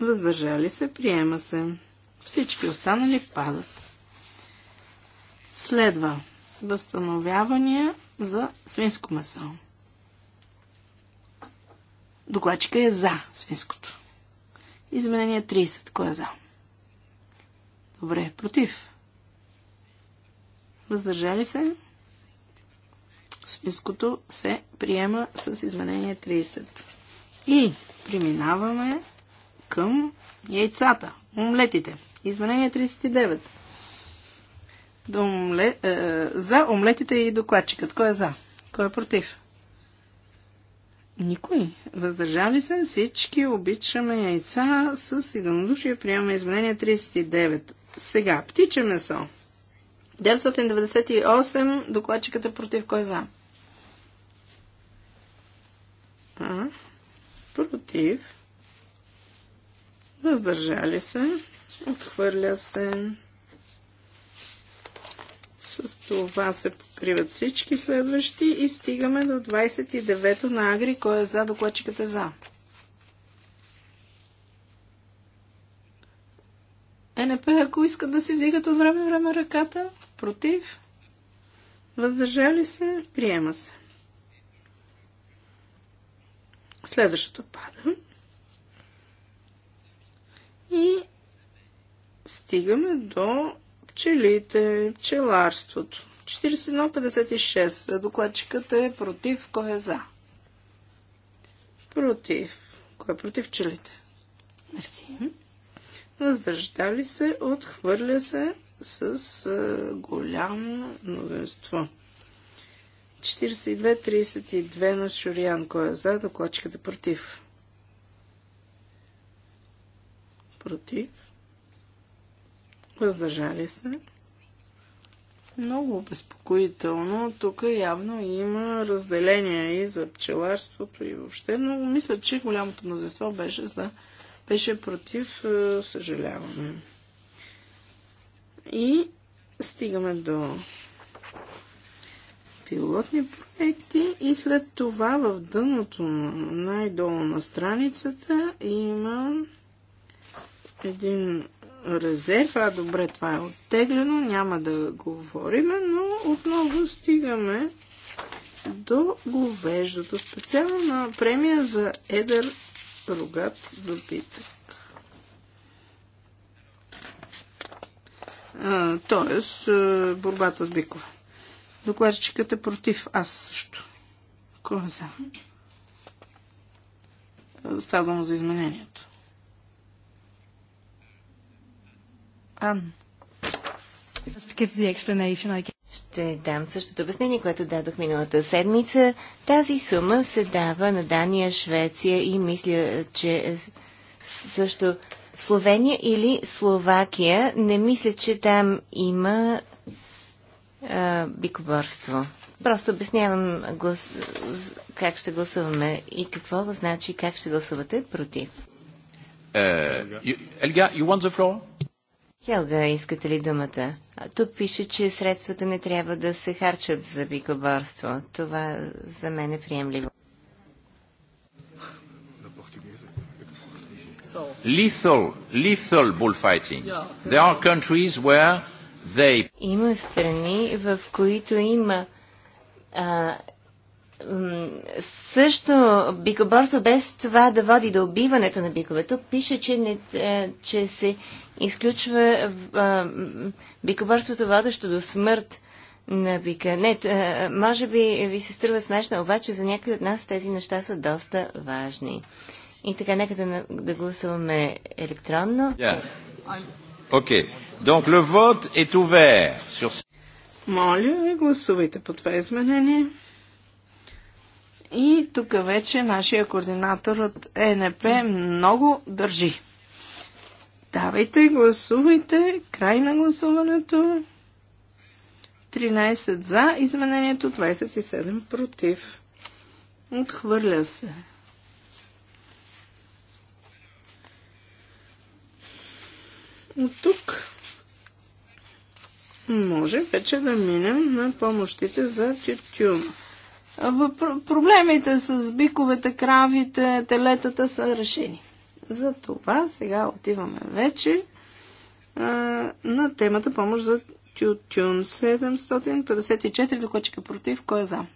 въздържали се, приема се. Всички останали падат. Следва възстановявания за свинско месо. Докладчика е за свинското. Изменение 30. Кой е за? Добре. Против? Въздържали се? Спиското се приема с изменение 30. И преминаваме към яйцата, омлетите. Изменение 39. До омле... Е, за омлетите и докладчикът. Кой е за? Кой е против? Никой. Въздържали се всички. Обичаме яйца. С единодушие приемаме изменение 39. Сега, птиче месо. 998. Докладчикът е против. Кой е за? А? Против. Въздържали се. Отхвърля се. С това се покриват всички следващи и стигаме до 29-то на Агри. Кой е за? Докладчикът е за. Е, НП, ако искат да си вдигат от време време ръката, против, въздържали се, приема се. Следващото пада. И стигаме до пчелите, пчеларството. 41.56. Докладчикът е против. Кой е за? Против. Кой е против пчелите? Мерси. Въздържали се, отхвърля се с а, голямо мнозинство. 42.32 на Шориан, Кой е за? Докладчикът е против. Против. Въздържали се. Много безпокоително. Тук явно има разделения и за пчеларството и въобще, но мисля, че голямото мнозинство беше, за, беше против е, съжаляване. И стигаме до пилотни проекти и след това в дъното най-долу на страницата има един резерв. А добре, това е оттеглено, няма да говорим, но отново стигаме до говеждото. Специална премия за едър рогат добитък. Тоест, борбата с бикове. Докладчикът е против. Аз също. Кой е за? Ставам за изменението. Ан. Ще дам същото обяснение, което дадох миналата седмица. Тази сума се дава на Дания, Швеция и мисля, че също Словения или Словакия. Не мисля, че там има а, бикоборство. Просто обяснявам глас... как ще гласуваме и какво значи как ще гласувате против. Uh, е, you, you want the floor? Хелга, искате ли думата? А, тук пише, че средствата не трябва да се харчат за бикоборство. Това за мен е приемливо. Lethal, lethal bullfighting. There are countries where they... Има страни, в които има а, също бикоборство без това да води до убиването на бикове. Тук пише, че, не, е, че се изключва бикоборството водещо до смърт на бика. Не, е, може би ви се струва смешно, обаче за някои от нас тези неща са доста важни. И така, нека да, да гласуваме електронно. Окей. Donc, le vote est ouvert sur... Моля, гласувайте по това изменение. И тук вече нашия координатор от ЕНП много държи. Давайте, гласувайте. Край на гласуването. 13 за, изменението 27 против. Отхвърля се. От тук може вече да минем на помощите за тютюна. Проблемите с биковете, кравите, телетата са решени. За това сега отиваме вече а, на темата помощ за тютюн. 754 докладчика против, кой е за?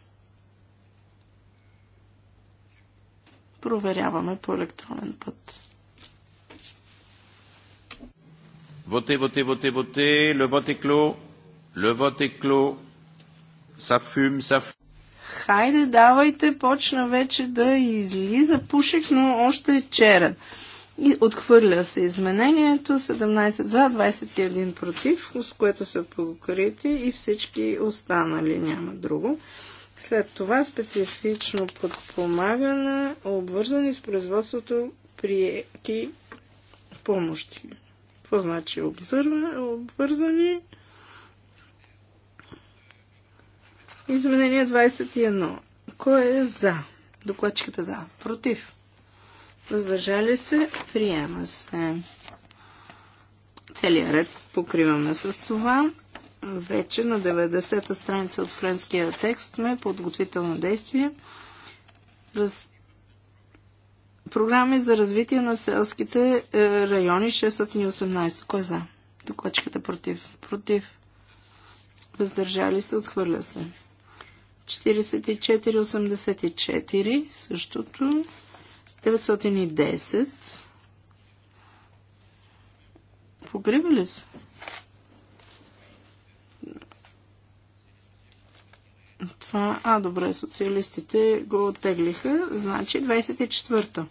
Проверяваме по електронен път. Votez, votez, воте, votez. Le vote est clos. Le vote est clos. Ça fume, ça fume хайде, давайте, почна вече да излиза пушек, но още е черен. И отхвърля се изменението, 17 за, 21 против, с което са покрити и всички останали, няма друго. След това специфично подпомагане, обвързани с производството приеки помощи. Какво значи обвързани? Изменение 21. Кой е за? Докладчиката за. Против. Въздържали се. Приема се. Целият ред покриваме с това. Вече на 90-та страница от френския текст сме подготвително действие. Раз... Програми за развитие на селските е, райони 618. Кой е за? Докладчиката против. Против. Въздържали се. Отхвърля се. 4484, същото. 910. Покрива ли се? Това, а, добре, социалистите го оттеглиха. Значи 24-та.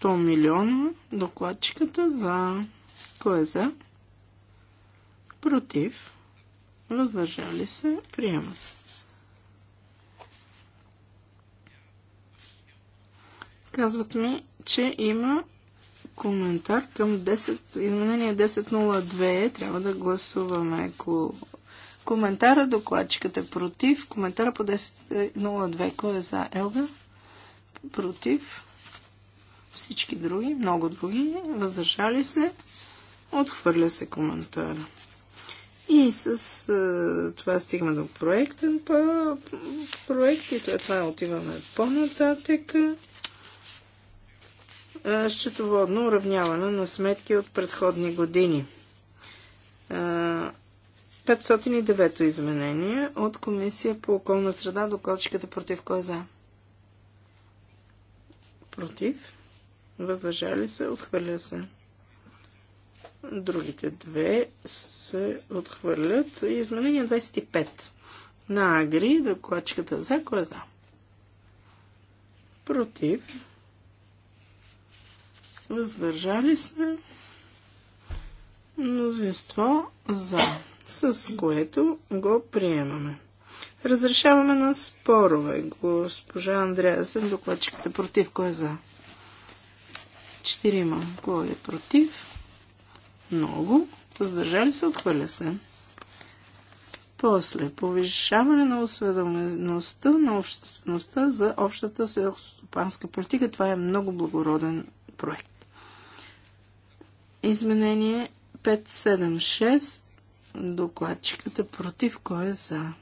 100 милиона. Докладчиката за... Кой е за? Против. Въздържали се. Приема се. Казват ми, че има коментар към 10, изменение 10.02. Трябва да гласуваме ко... коментара. Докладчикът е против. Коментара по 10.02. Кой е за Елга? Против. Всички други, много други, въздържали се. Отхвърля се коментар. И с е, това стигаме до проекта, проект и след това отиваме по-нататък. Е, счетоводно уравняване на сметки от предходни години. 509 е, изменение от Комисия по околна среда. Докладчиката против кой е за? Против. Въздържали се. Отхвърля се. Другите две се отхвърлят. Изменение 25 на Агри. Докладчиката за. Кой е за? Против въздържали се, мнозинство за, с което го приемаме. Разрешаваме на спорове. Госпожа Андрея Съм докладчиката против, кой е за? Четирима. Кой е против? Много. Въздържали се, отхвърля се. После, повишаване на осведомеността на обществеността за общата село-стопанска политика. Това е много благороден проект. Изменение 576. Докладчиката е против. Кой е за?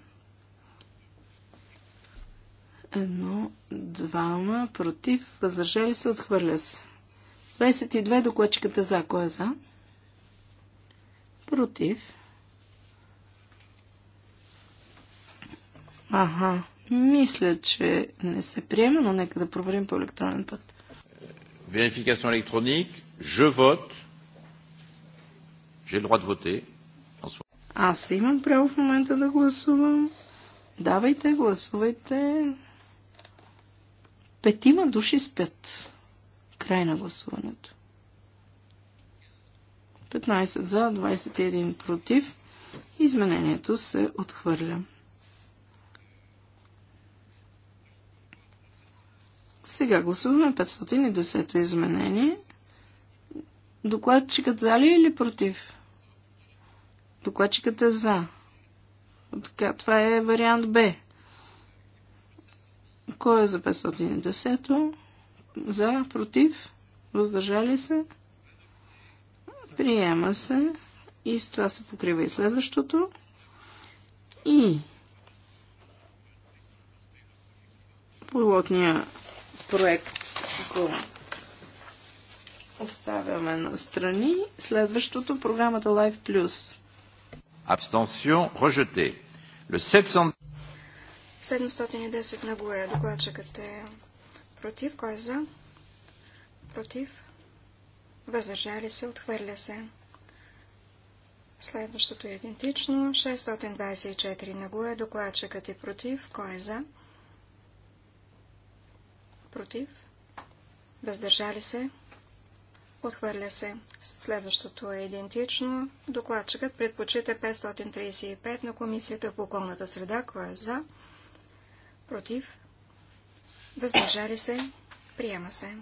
Едно, двама, против. Въздържали се, отхвърля се. 22. докладчиката е за. Кой е за? Против. Ага. Мисля, че не се приема, но нека да проверим по електронен път. Верификация електроник. Je vote. Аз имам право в момента да гласувам. Давайте, гласувайте. Петима души спят. Край на гласуването. 15 за, 21 против. Изменението се отхвърля. Сега гласуваме 510 изменение. Докладчикът за ли или против? Докладчикът е за. Така, това е вариант Б. Кой е за 510-то? За, против, въздържали се, приема се и с това се покрива и следващото. И пилотния проект го оставяме на страни. Следващото програмата Live Plus. Abstention rejeté. Le 700... 710 на Гоя. Докладчикът е против. Кой е за? Против. Въздържали се. Отхвърля се. Следващото е идентично. 624 на Гоя. Докладчикът е против. Кой е за? Против. Въздържали се. Отхвърля се. Следващото е идентично. Докладчикът предпочита 535 на Комисията по околната среда. Кой е за? Против? Въздържали се? Приема се.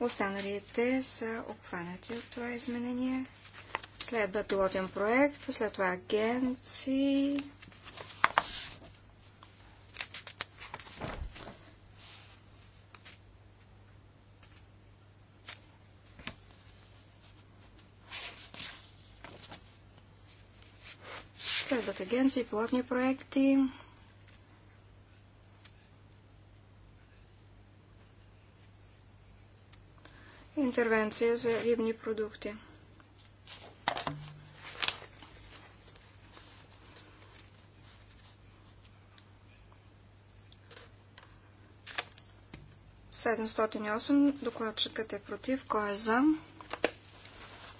Останалите са обхванати от това изменение. Следва пилотен проект, след това агенции, агенции, пилотни проекти. Интервенция за рибни продукти. Докладчикът е против. Кой е за?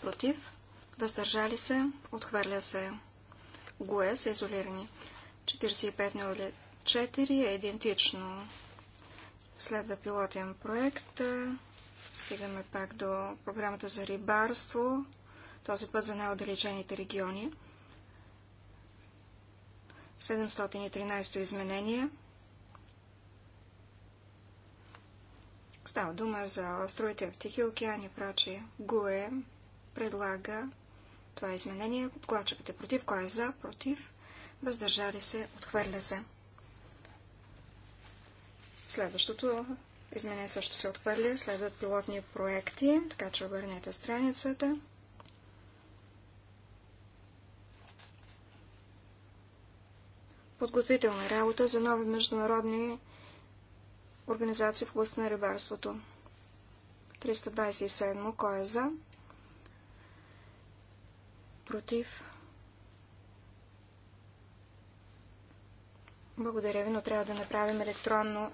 Против. Въздържали се. Отхвърля се. ГУЕ са изолирани. 4504 е идентично. Следва пилотен проект. Стигаме пак до програмата за рибарство, този път за най-отдалечените региони. 713 изменение. Става дума за островите в Тихи океан и прочие. ГУЕ предлага това е изменение. отклачвате против. Кой е за? Против. Въздържали се. Отхвърля се. Следващото изменение също се отхвърля. Следват пилотни проекти, така че обърнете страницата. Подготвителна работа за нови международни организации в областта на рибарството. 327. Кой е за? Против. Благодаря ви, но трябва да направим електронно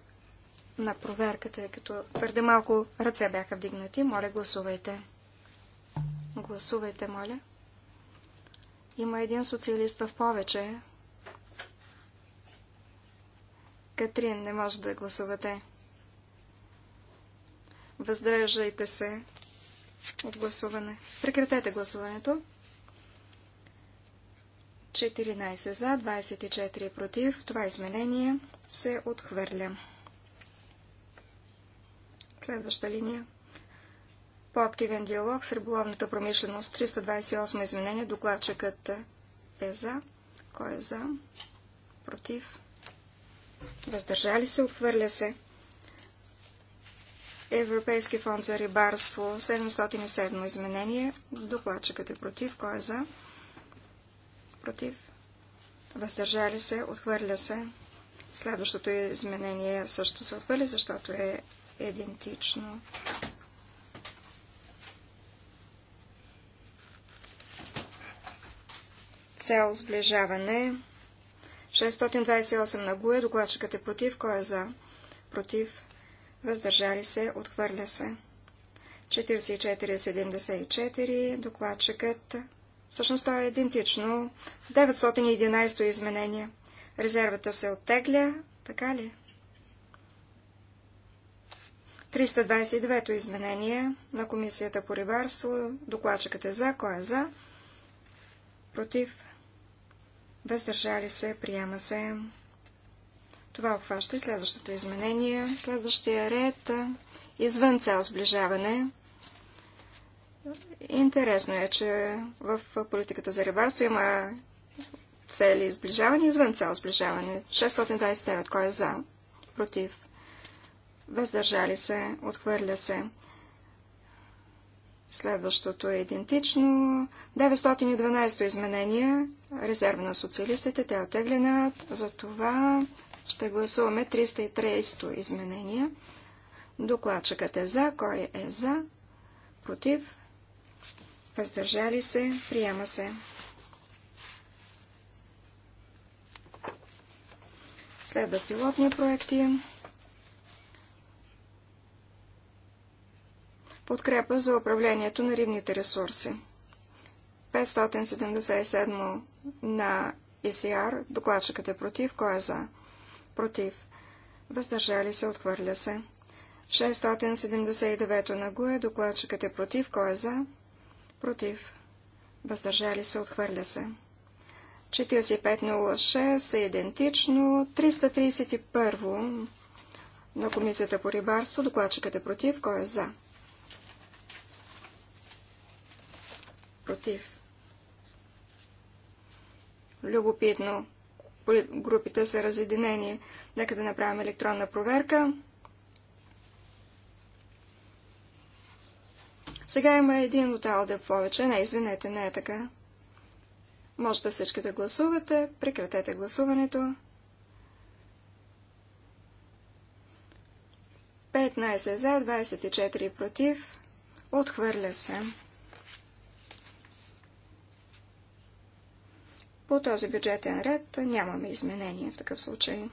на проверката, тъй като твърде малко ръце бяха вдигнати. Моля, гласувайте. Гласувайте, моля. Има един социалист в повече. Катрин, не може да гласувате. Въздържайте се от гласуване. Прекратете гласуването. 14 за, 24 против. Това изменение се отхвърля. Следваща линия. По-активен диалог с риболовната промишленост. 328 изменение. Докладчикът е за. Кой е за? Против. Въздържали се, отхвърля се. Европейски фонд за рибарство. 707 изменение. Докладчикът е против. Кой е за? против, въздържали се, отхвърля се. Следващото изменение също се отхвърли, защото е идентично. Цел сближаване. 628 на ГУЕ. Докладчикът е против. Кой е за? Против. Въздържали се. Отхвърля се. 4474. Докладчикът Всъщност то е идентично. 911 изменение. Резервата се оттегля, така ли? 329-то изменение на Комисията по рибарство. Докладчикът е за. Кой е за? Против? Въздържали се. Приема се. Това обхваща и следващото изменение. Следващия ред. Извън цел сближаване. Интересно е, че в политиката за рибарство има цели сближаване, извън цел сближаване. 629, кой е за, против, въздържали се, отхвърля се. Следващото е идентично. 912 изменение, резерва на социалистите, те е отеглена, за това ще гласуваме 330 изменения. Докладчикът е за, кой е за, против, въздържали се, приема се. Следва пилотни проекти. Подкрепа за управлението на рибните ресурси. 577 на ИСР. Докладчикът е против. Кой е за? Против. Въздържали се. Отхвърля се. 679 на ГУЕ. Докладчикът е против. Кой е за? против, въздържали се, отхвърля се. 4506 е идентично. 331 на Комисията по рибарство. Докладчикът е против. Кой е за? Против. Любопитно. Групите са разединени. Нека да направим електронна проверка. Сега има един от Алде повече. Не, извинете, не е така. Можете всички да гласувате. Прекратете гласуването. 15 за, 24 против. Отхвърля се. По този бюджетен ред нямаме изменения в такъв случай.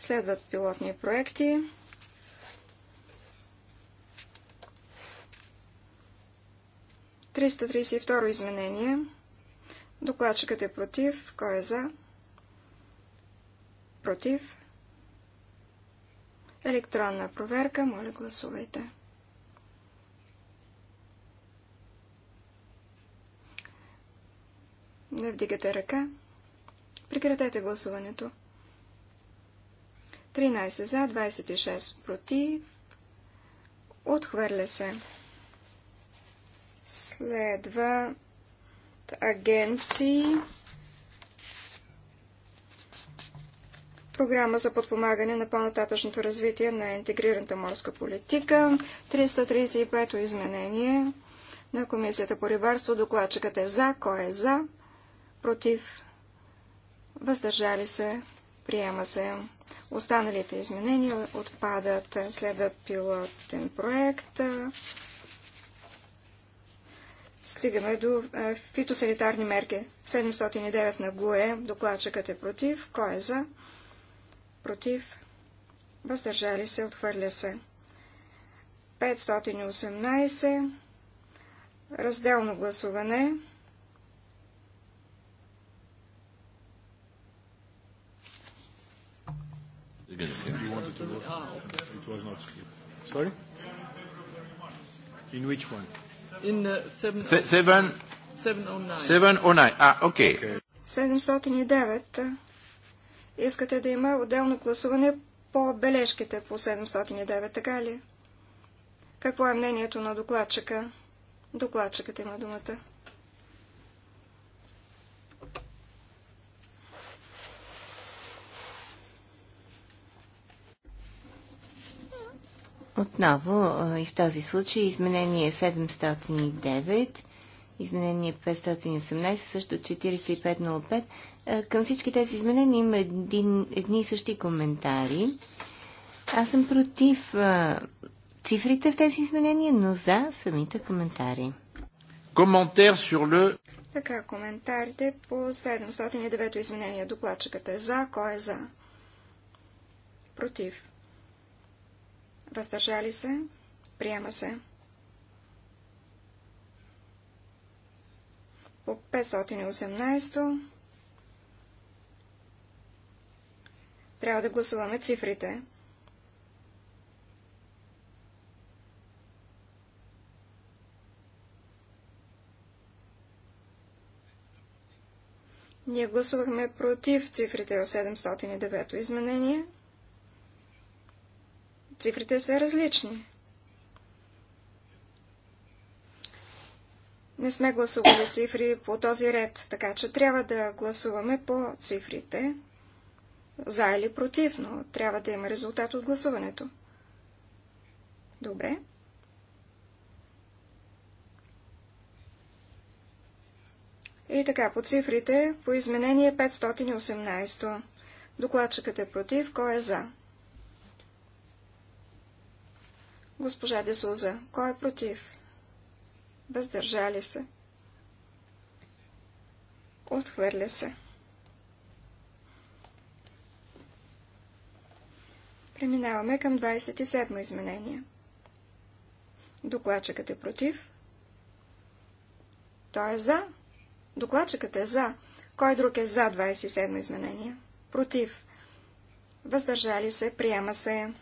Следват пилотни проекти. 332 изменение. Докладчикът е против. Кой е за? Против. Електронна проверка. Моля, гласувайте. Не вдигате ръка. Прекратете гласуването. 13 за, 26 против. Отхвърля се. Следва агенции. Програма за подпомагане на по-нататъчното развитие на интегрираната морска политика. 335-то изменение на Комисията по рибарство. Докладчикът е за. Кой е за? Против? Въздържали се? Приема се. Останалите изменения отпадат. Следват пилотен проект стигаме до е, фитосанитарни мерки. 709 на ГУЕ, докладчикът е против. Кой е за? Против. Въздържали се, отхвърля се. 518. Разделно гласуване. Sorry? In which one? 709. А, окей. 709. Искате да има отделно гласуване по бележките по 709, така ли? Какво е мнението на докладчика? Докладчикът има думата. Отново и в този случай изменение 709, изменение 518, също 4505. Към всички тези изменения има един, едни и същи коментари. Аз съм против цифрите в тези изменения, но за самите коментари. Коментар sur le... Така, коментарите по 709 изменение. Докладчиката е за, кой е за? Против въздържали се, приема се. По 518 трябва да гласуваме цифрите. Ние гласувахме против цифрите в 709 изменение. Цифрите са различни. Не сме гласували цифри по този ред, така че трябва да гласуваме по цифрите. За или против, но трябва да има резултат от гласуването. Добре. И така, по цифрите, по изменение 518. Докладчикът е против, кой е за? Госпожа Десуза, кой е против? Въздържали се. Отхвърля се. Преминаваме към 27 изменение. Докладчикът е против. Той е за. Докладчикът е за. Кой друг е за 27 изменение? Против. Въздържали се. Приема се.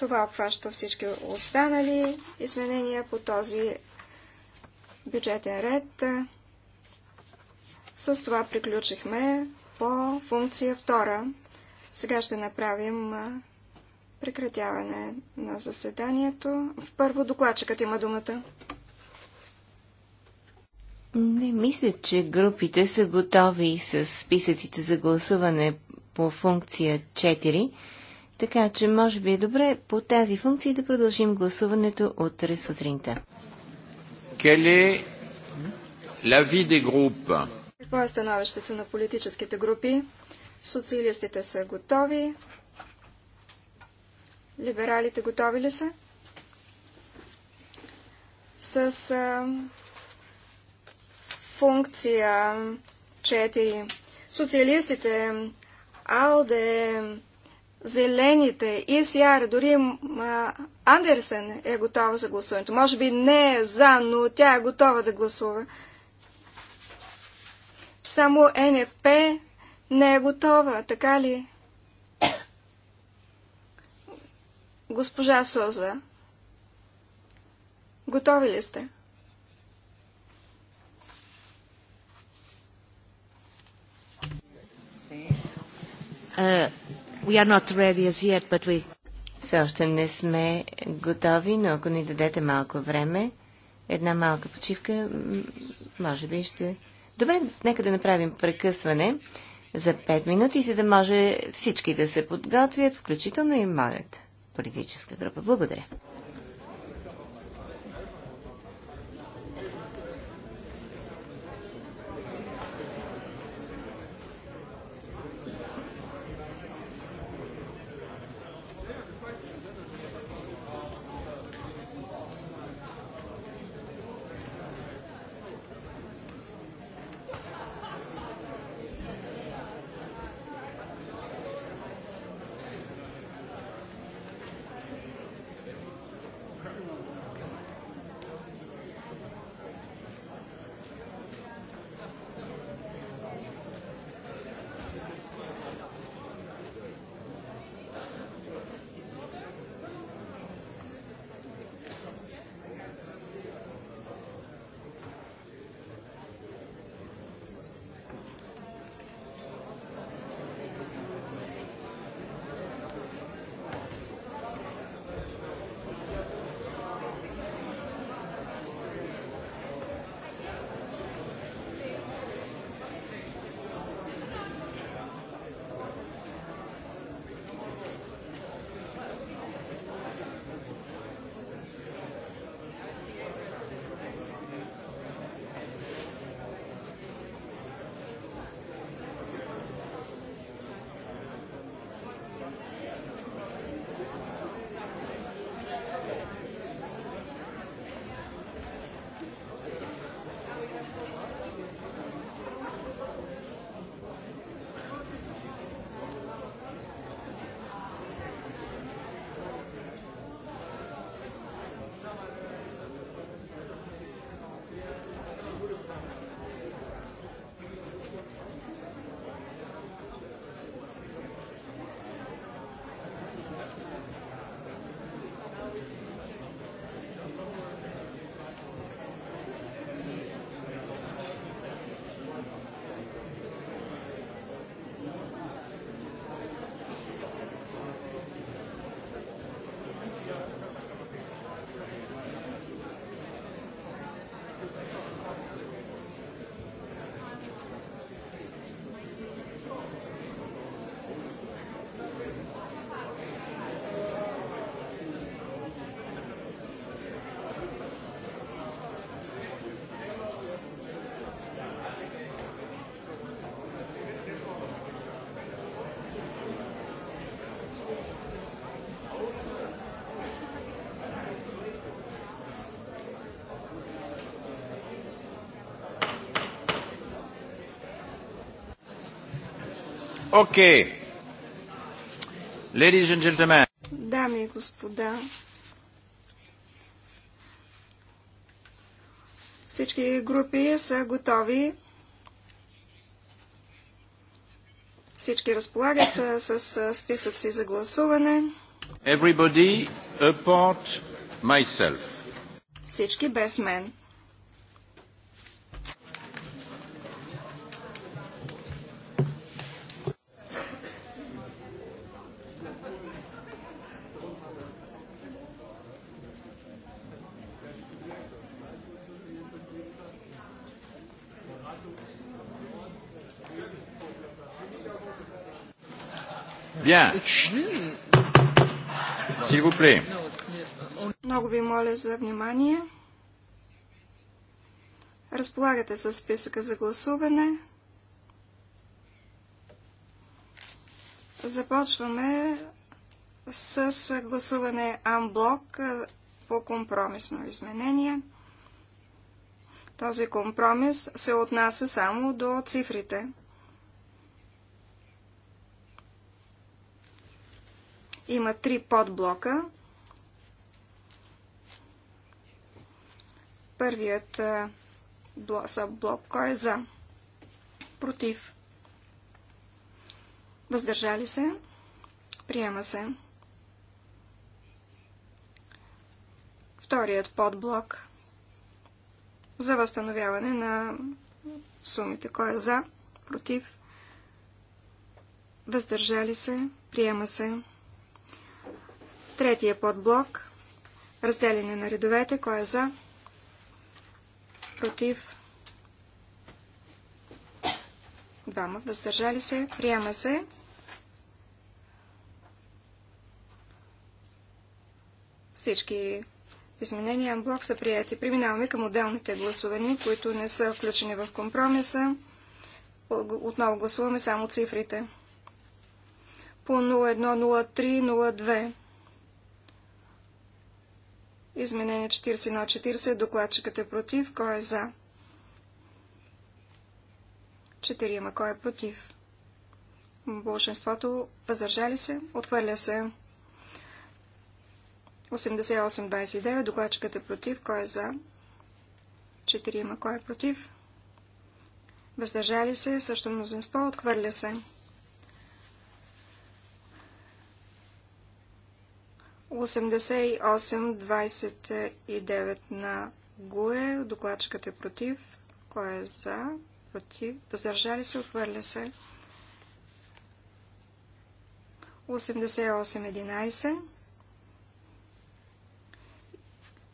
Това обхваща всички останали изменения по този бюджетен ред. С това приключихме по функция 2. Сега ще направим прекратяване на заседанието. Първо докладчикът има думата. Не мисля, че групите са готови с списъците за гласуване по функция 4. Така че може би е добре по тази функция да продължим гласуването утре сутринта. група? Какво е становището на политическите групи? Социалистите са готови. Либералите готови ли са? С а, функция 4. Социалистите, АЛДЕ, Зелените, е и ИСЯР, дори а, Андерсен е готова за гласуването. Може би не е за, но тя е готова да гласува. Само НФП не е готова, така ли? Госпожа Соза, готови ли сте? Uh, yet, we... Все още не сме готови, но ако ни дадете малко време, една малка почивка, може би ще... Добре, нека да направим прекъсване за 5 минути, за да може всички да се подготвят, включително и моята политическа група. Благодаря. Окей. Okay. Ladies and gentlemen. Дами и господа, всички групи са готови. Всички разполагат с списъци за гласуване. Everybody apart myself. Всички без мен. Bien. S'il vous plaît. Много ви моля за внимание. Разполагате с списъка за гласуване. Започваме с гласуване Амблок по компромисно изменение. Този компромис се отнася само до цифрите. Има три подблока. Първият блок, кой е за? Против. Въздържали се? Приема се. Вторият подблок за възстановяване на сумите. Кой е за? Против? Въздържали се? Приема се. Третия подблок. Разделяне на редовете. Кой е за? Против. Двама. Въздържали се. Приема се. Всички изменения блок са прияти. Преминаваме към отделните гласувания, които не са включени в компромиса. Отново гласуваме само цифрите. По 010302. Изменение 41-40. Докладчикът е против. Кой е за? 4 Има Кой е против? Большинството въздържали се. Отхвърля се. 88-29. Докладчикът е против. Кой е за? Има Кой е против? Въздържали се. Също мнозинство. Отхвърля се. 88-29 на ГУЕ. Докладчикът е против. Кой е за? Против. Въздържали се? Отхвърля се. 88-11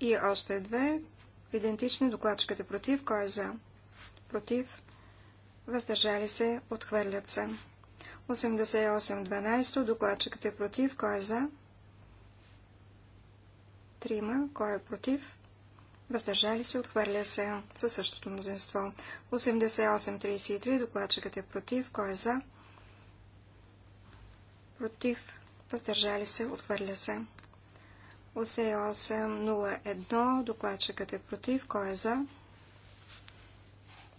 и още две. Идентични. Докладчикът е против. Кой е за? Против. Въздържали се? Отхвърлят се. 88-12. Докладчикът е против. Кой е за? Против трима, Кой е против? Въздържали се, отхвърля се със същото мнозинство. 88-33. Докладчикът е против. Кой е за? Против. Въздържали се, отхвърля се. 88-01. Докладчикът е против. Кой е за?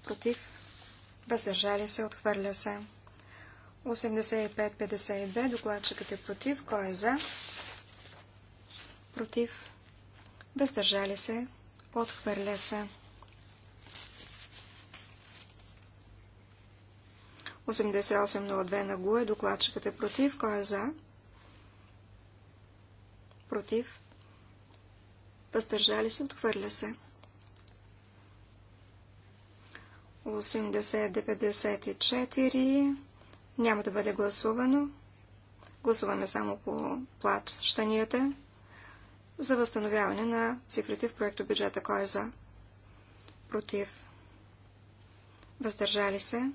Против. Въздържали се, отхвърля се. 85-52. Докладчикът е против. Кой е за? Против въздържали се, отхвърля се. 88.02 на ГУЕ, докладчикът е против, кой е за? Против. Въздържали се, отхвърля се. 80-94 няма да бъде гласувано. Гласуваме само по плат щанията за възстановяване на цифрите в проекто бюджета. Кой е за? Против. Въздържали се.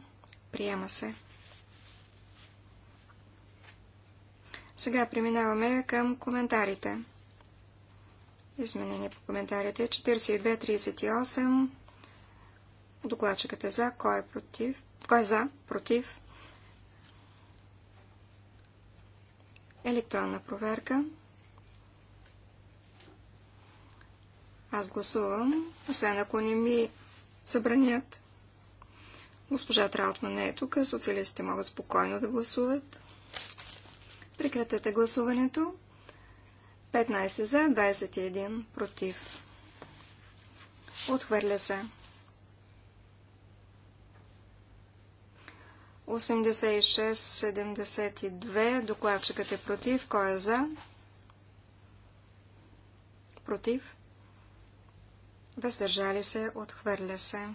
Приема се. Сега преминаваме към коментарите. Изменение по коментарите 42-38. Докладчикът е за. Кой е против? Кой е за? Против. Електронна проверка. Аз гласувам, освен ако не ми събранят. Госпожа Траутман не е тук, социалистите могат спокойно да гласуват. Прекратете гласуването. 15 за, 21 против. Отхвърля се. 86-72. Докладчикът е против. Кой е за? Против въздържали се, отхвърля се.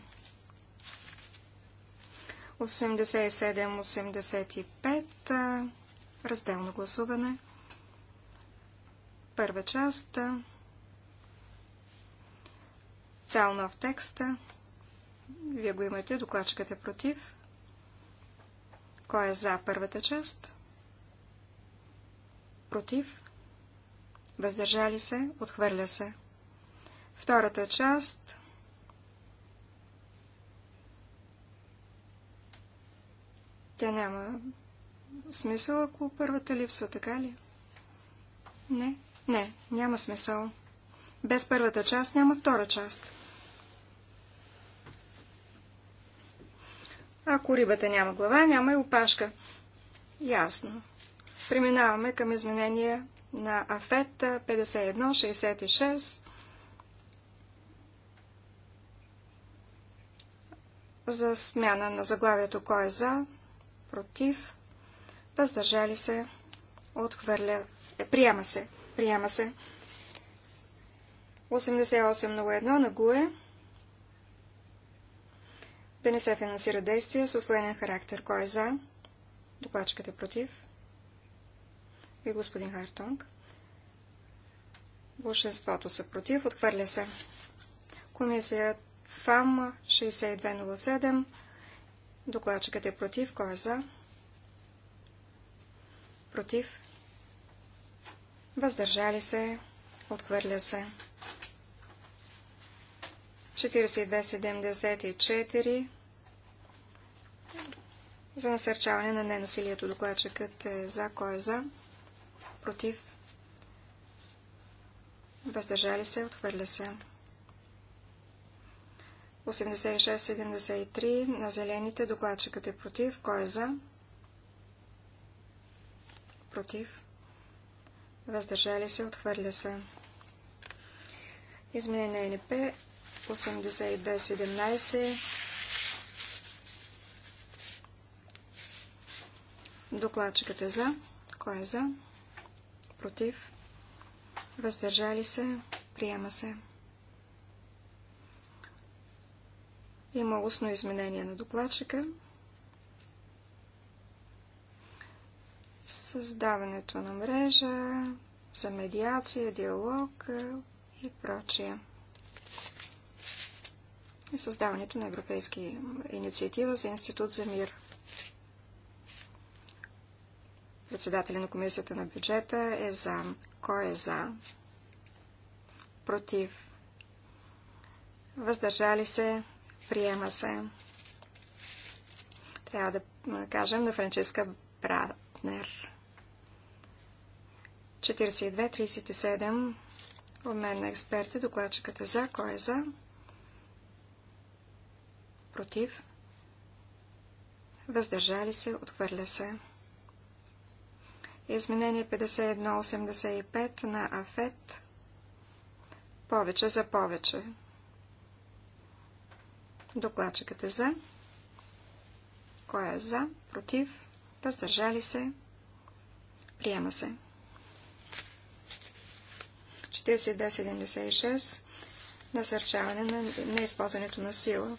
87-85, разделно гласуване. Първа част, цял нов текст. Вие го имате, докладчикът е против. Кой е за първата част? Против. Въздържали се, отхвърля се. Втората част. Тя няма смисъл, ако първата липсва, така ли? Не, не, няма смисъл. Без първата част няма втора част. Ако рибата няма глава, няма и опашка. Ясно. Преминаваме към изменения на АФЕТ 66. за смяна на заглавието кой е за, против, въздържали се, отхвърля, е, приема се, приема се. 8801 на ГУЕ да не се финансира действия с военен характер. Кой е за? Докладчикът е против. И господин Хартонг. Большинството са против. Отхвърля се. Комисията ФАМ 6207. Докладчикът е против. Кой е за? Против. Въздържали се. Отхвърля се. 4274 за насърчаване на ненасилието. Докладчикът е за, кой е за, против, въздържали се, отхвърля се. 86-73 на зелените. Докладчикът е против. Кой е за? Против. Въздържали се. Отхвърля се. Изменение НП 82-17. Докладчикът е за. Кой е за? Против. Въздържали се. Приема се. Има устно изменение на докладчика. Създаването на мрежа за медиация, диалог и прочие. И създаването на Европейски инициатива за Институт за мир. Председателя на Комисията на бюджета е за. Кой е за? Против. Въздържали се. Приема се. Трябва да кажем на Франческа Братнер. 42-37. Обмен на експерти. Докладчиката за. Кой е за? Против. Въздържали се. Отхвърля се. Изменение 51, 85 на АФЕТ. Повече за повече. Докладчикът е за. Кой е за? Против? Въздържали се? Приема се. 4276. Насърчаване на неизползването на сила.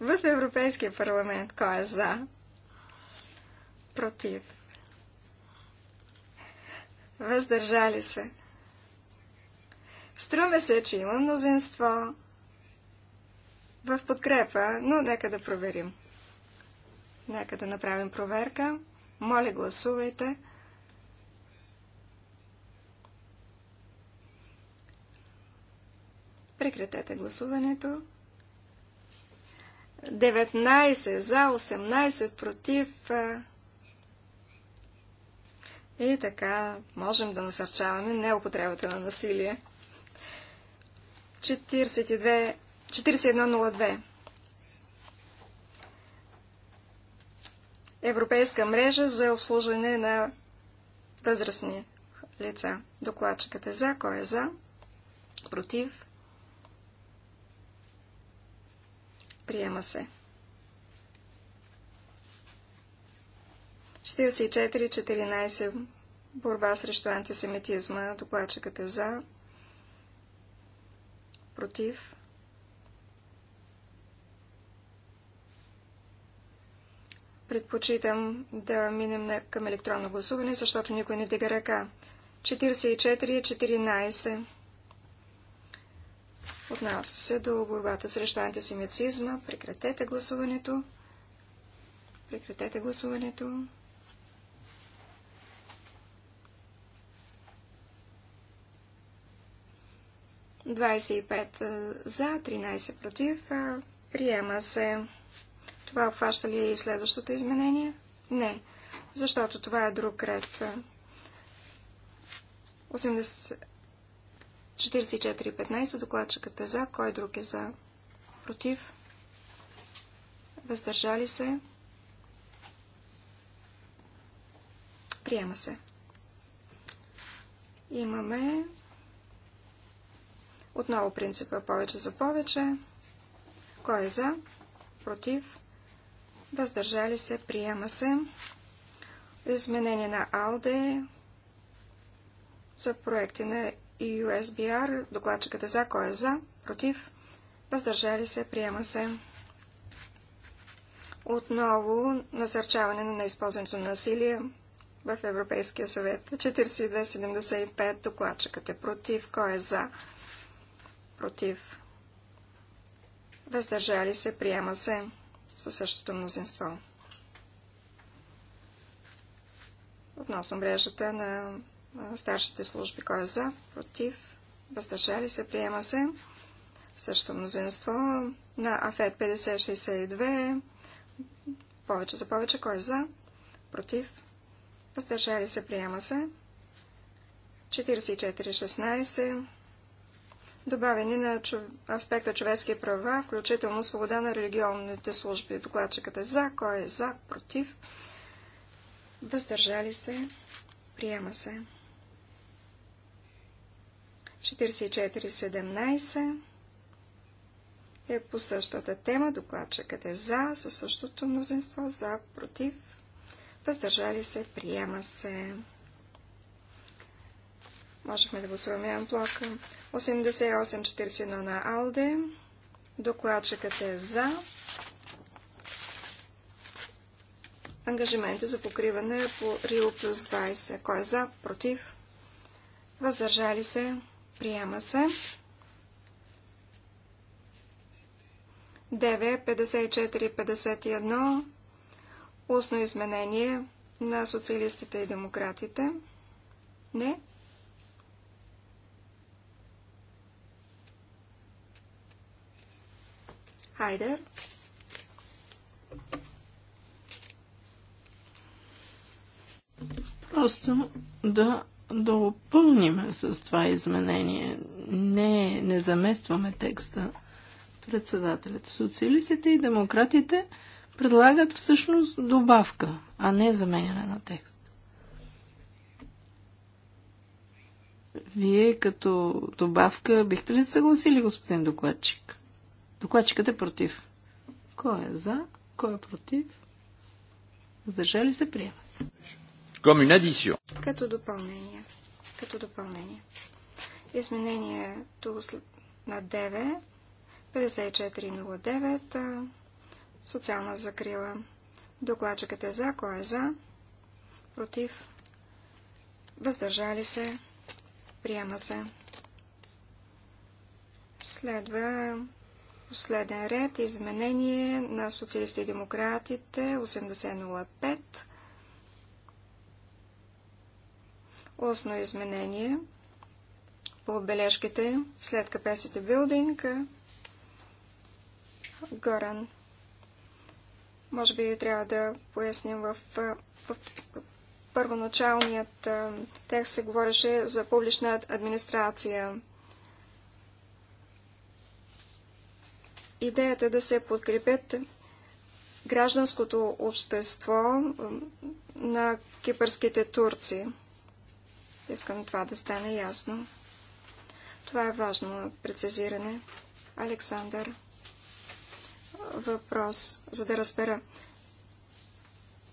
В Европейския парламент кой е за? Против. Въздържали се. Струме се, че има мнозинство в подкрепа, но нека да проверим. Нека да направим проверка. Моля, гласувайте. Прекратете гласуването. 19 за, 18 против. И така можем да насърчаваме неупотребата на насилие. 42 4102. Европейска мрежа за обслужване на възрастни лица. Докладчикът е за. Кой е за? Против? Приема се. 44-14. Борба срещу антисемитизма. Докладчикът е за. Против? Предпочитам да минем към електронно гласуване, защото никой не вдига ръка. 44-14. Е Отнася се до борбата срещу антисемицизма. Прекратете гласуването. Прекратете гласуването. Двадесет е, за, 13 против. Е, приема се. Това обхваща ли и следващото изменение? Не, защото това е друг ред. 84.15. 44.15 докладчикът е за, кой друг е за? Против? Въздържали се? Приема се. Имаме отново принципа повече за повече. Кой е за? Против? въздържали се, приема се. Изменение на АЛДЕ за проекти на USBR. Докладчиката е за, кой е за, против, въздържали се, приема се. Отново насърчаване на използването на насилие в Европейския съвет. 4275 докладчикът е против. Кой е за? Против. Въздържали се, приема се със същото мнозинство. Относно мрежата на старшите служби, кой е за, против, въздържали се, приема се. Същото мнозинство на АФЕД 5062, повече за повече, кой е за, против, въздържали се, приема се. 4416 Добавени на аспекта човешки права, включително свобода на религионните служби. Докладчиката е за, кой е за, против, въздържали се, приема се. 44.17 е по същата тема. Докладчикът е за, със същото мнозинство, за, против, въздържали се, приема се. Можехме да гласуваме амплок. 88-41 на Алде. Докладчикът е за. е за покриване по Рио плюс 20. Кой е за? Против? Въздържали се? Приема се. 9, 54, 51. Устно изменение на социалистите и демократите. Не. Хайде. Просто да допълним да с това изменение. Не, не заместваме текста. Председателят, социалистите и демократите предлагат всъщност добавка, а не заменяне на текст. Вие като добавка бихте ли съгласили, господин докладчик? Докладчикът е против. Кой е за? Кой е против? ли се, приема се. Като допълнение. Като допълнение. Изменението на 9, 5409, социална закрила. Докладчикът е за, кой е за, против, въздържали се, приема се. Следва Последен ред, изменение на социалисти и демократите 8005. Осно, изменение по бележките след капесите билдинг. Горан. Може би трябва да поясним в, в, в първоначалният текст се говореше за публична администрация. идеята да се подкрепят гражданското общество на кипърските турци. Искам това да стане ясно. Това е важно прецизиране. Александър, въпрос, за да разбера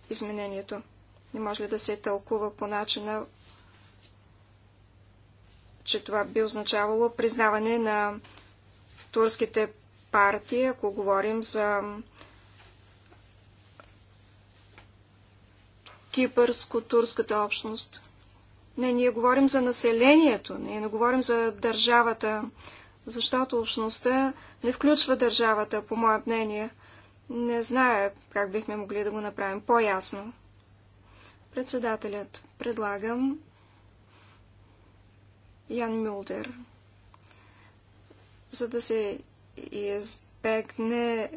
изменението. Не може ли да се тълкува по начина, че това би означавало признаване на турските партии, ако говорим за кипърско-турската общност. Не, ние говорим за населението, ние не говорим за държавата, защото общността не включва държавата, по мое мнение. Не зная как бихме могли да го направим по-ясно. Председателят, предлагам Ян Мюлдер, за да се избегне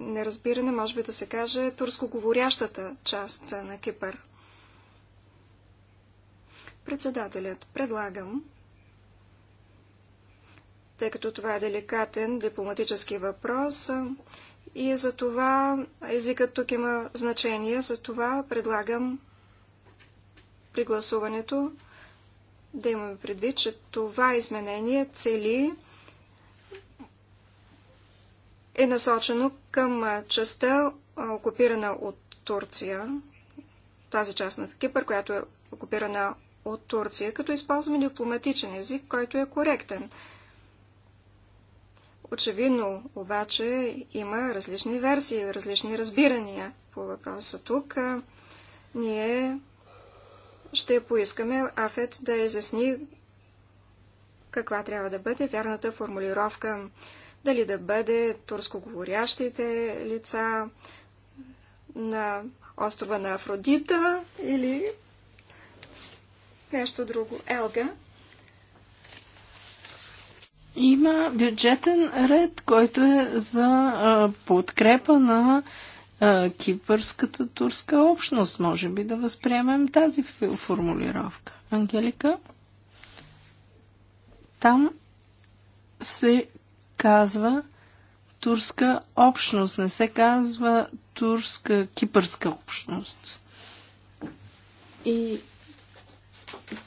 неразбиране, може би да се каже, турскоговорящата част на Кипър. Председателят, предлагам, тъй като това е деликатен дипломатически въпрос и за това езикът тук има значение, за това предлагам при гласуването да имаме предвид, че това изменение цели е насочено към частта, окупирана от Турция, тази част на Кипър, която е окупирана от Турция, като използваме дипломатичен език, който е коректен. Очевидно, обаче, има различни версии, различни разбирания по въпроса тук. Ние ще поискаме Афет да изясни каква трябва да бъде вярната формулировка дали да бъде турскоговорящите лица на острова на Афродита или нещо друго. Елга. Има бюджетен ред, който е за а, подкрепа на а, кипърската турска общност. Може би да възприемем тази формулировка. Ангелика? Там се казва турска общност, не се казва турска кипърска общност. И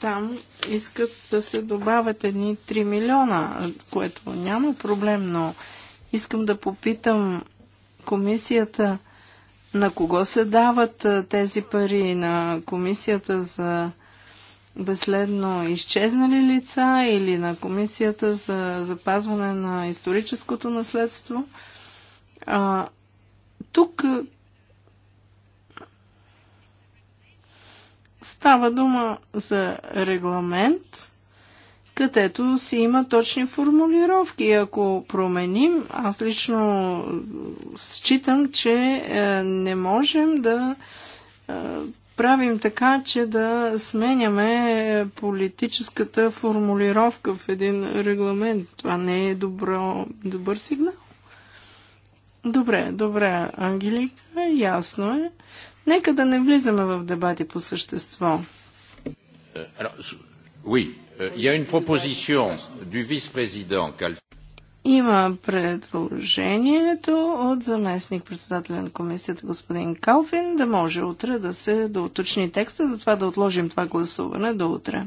там искат да се добавят едни 3 милиона, което няма проблем, но искам да попитам комисията на кого се дават тези пари? На комисията за безследно изчезнали лица или на Комисията за запазване на историческото наследство. А, тук става дума за регламент, където си има точни формулировки. И ако променим, аз лично считам, че е, не можем да е, правим така, че да сменяме политическата формулировка в един регламент. Това не е добро, добър сигнал. Добре, добре, Ангелика, ясно е. Нека да не влизаме в дебати по същество. Alors, е, oui, е, il y a une proposition du vice-président има предложението от заместник председателя на комисията господин Калфин да може утре да се доуточни текста, затова да отложим това гласуване до утре.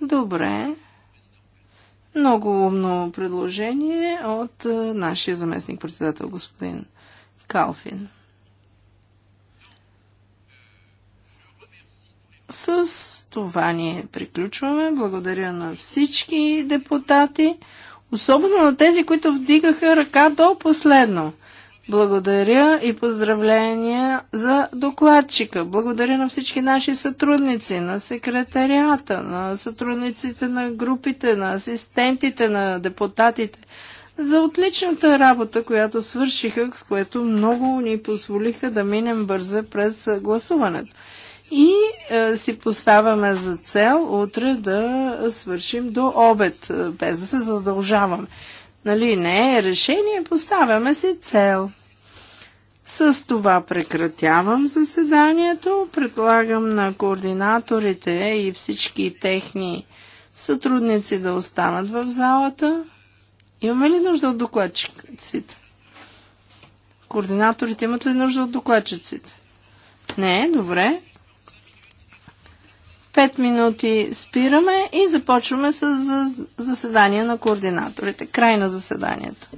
Добре. Много умно предложение от е, нашия заместник председател господин Калфин. С това ние приключваме. Благодаря на всички депутати. Особено на тези, които вдигаха ръка до последно. Благодаря и поздравления за докладчика. Благодаря на всички наши сътрудници, на секретарията, на сътрудниците на групите, на асистентите, на депутатите за отличната работа, която свършиха, с което много ни позволиха да минем бързо през гласуването и а, е, си поставяме за цел утре да свършим до обед, е, без да се задължаваме. Нали, не е решение, поставяме си цел. С това прекратявам заседанието. Предлагам на координаторите и всички техни сътрудници да останат в залата. Имаме ли нужда от докладчиците? Координаторите имат ли нужда от докладчиците? Не, добре. Пет минути спираме и започваме с заседание на координаторите. Край на заседанието.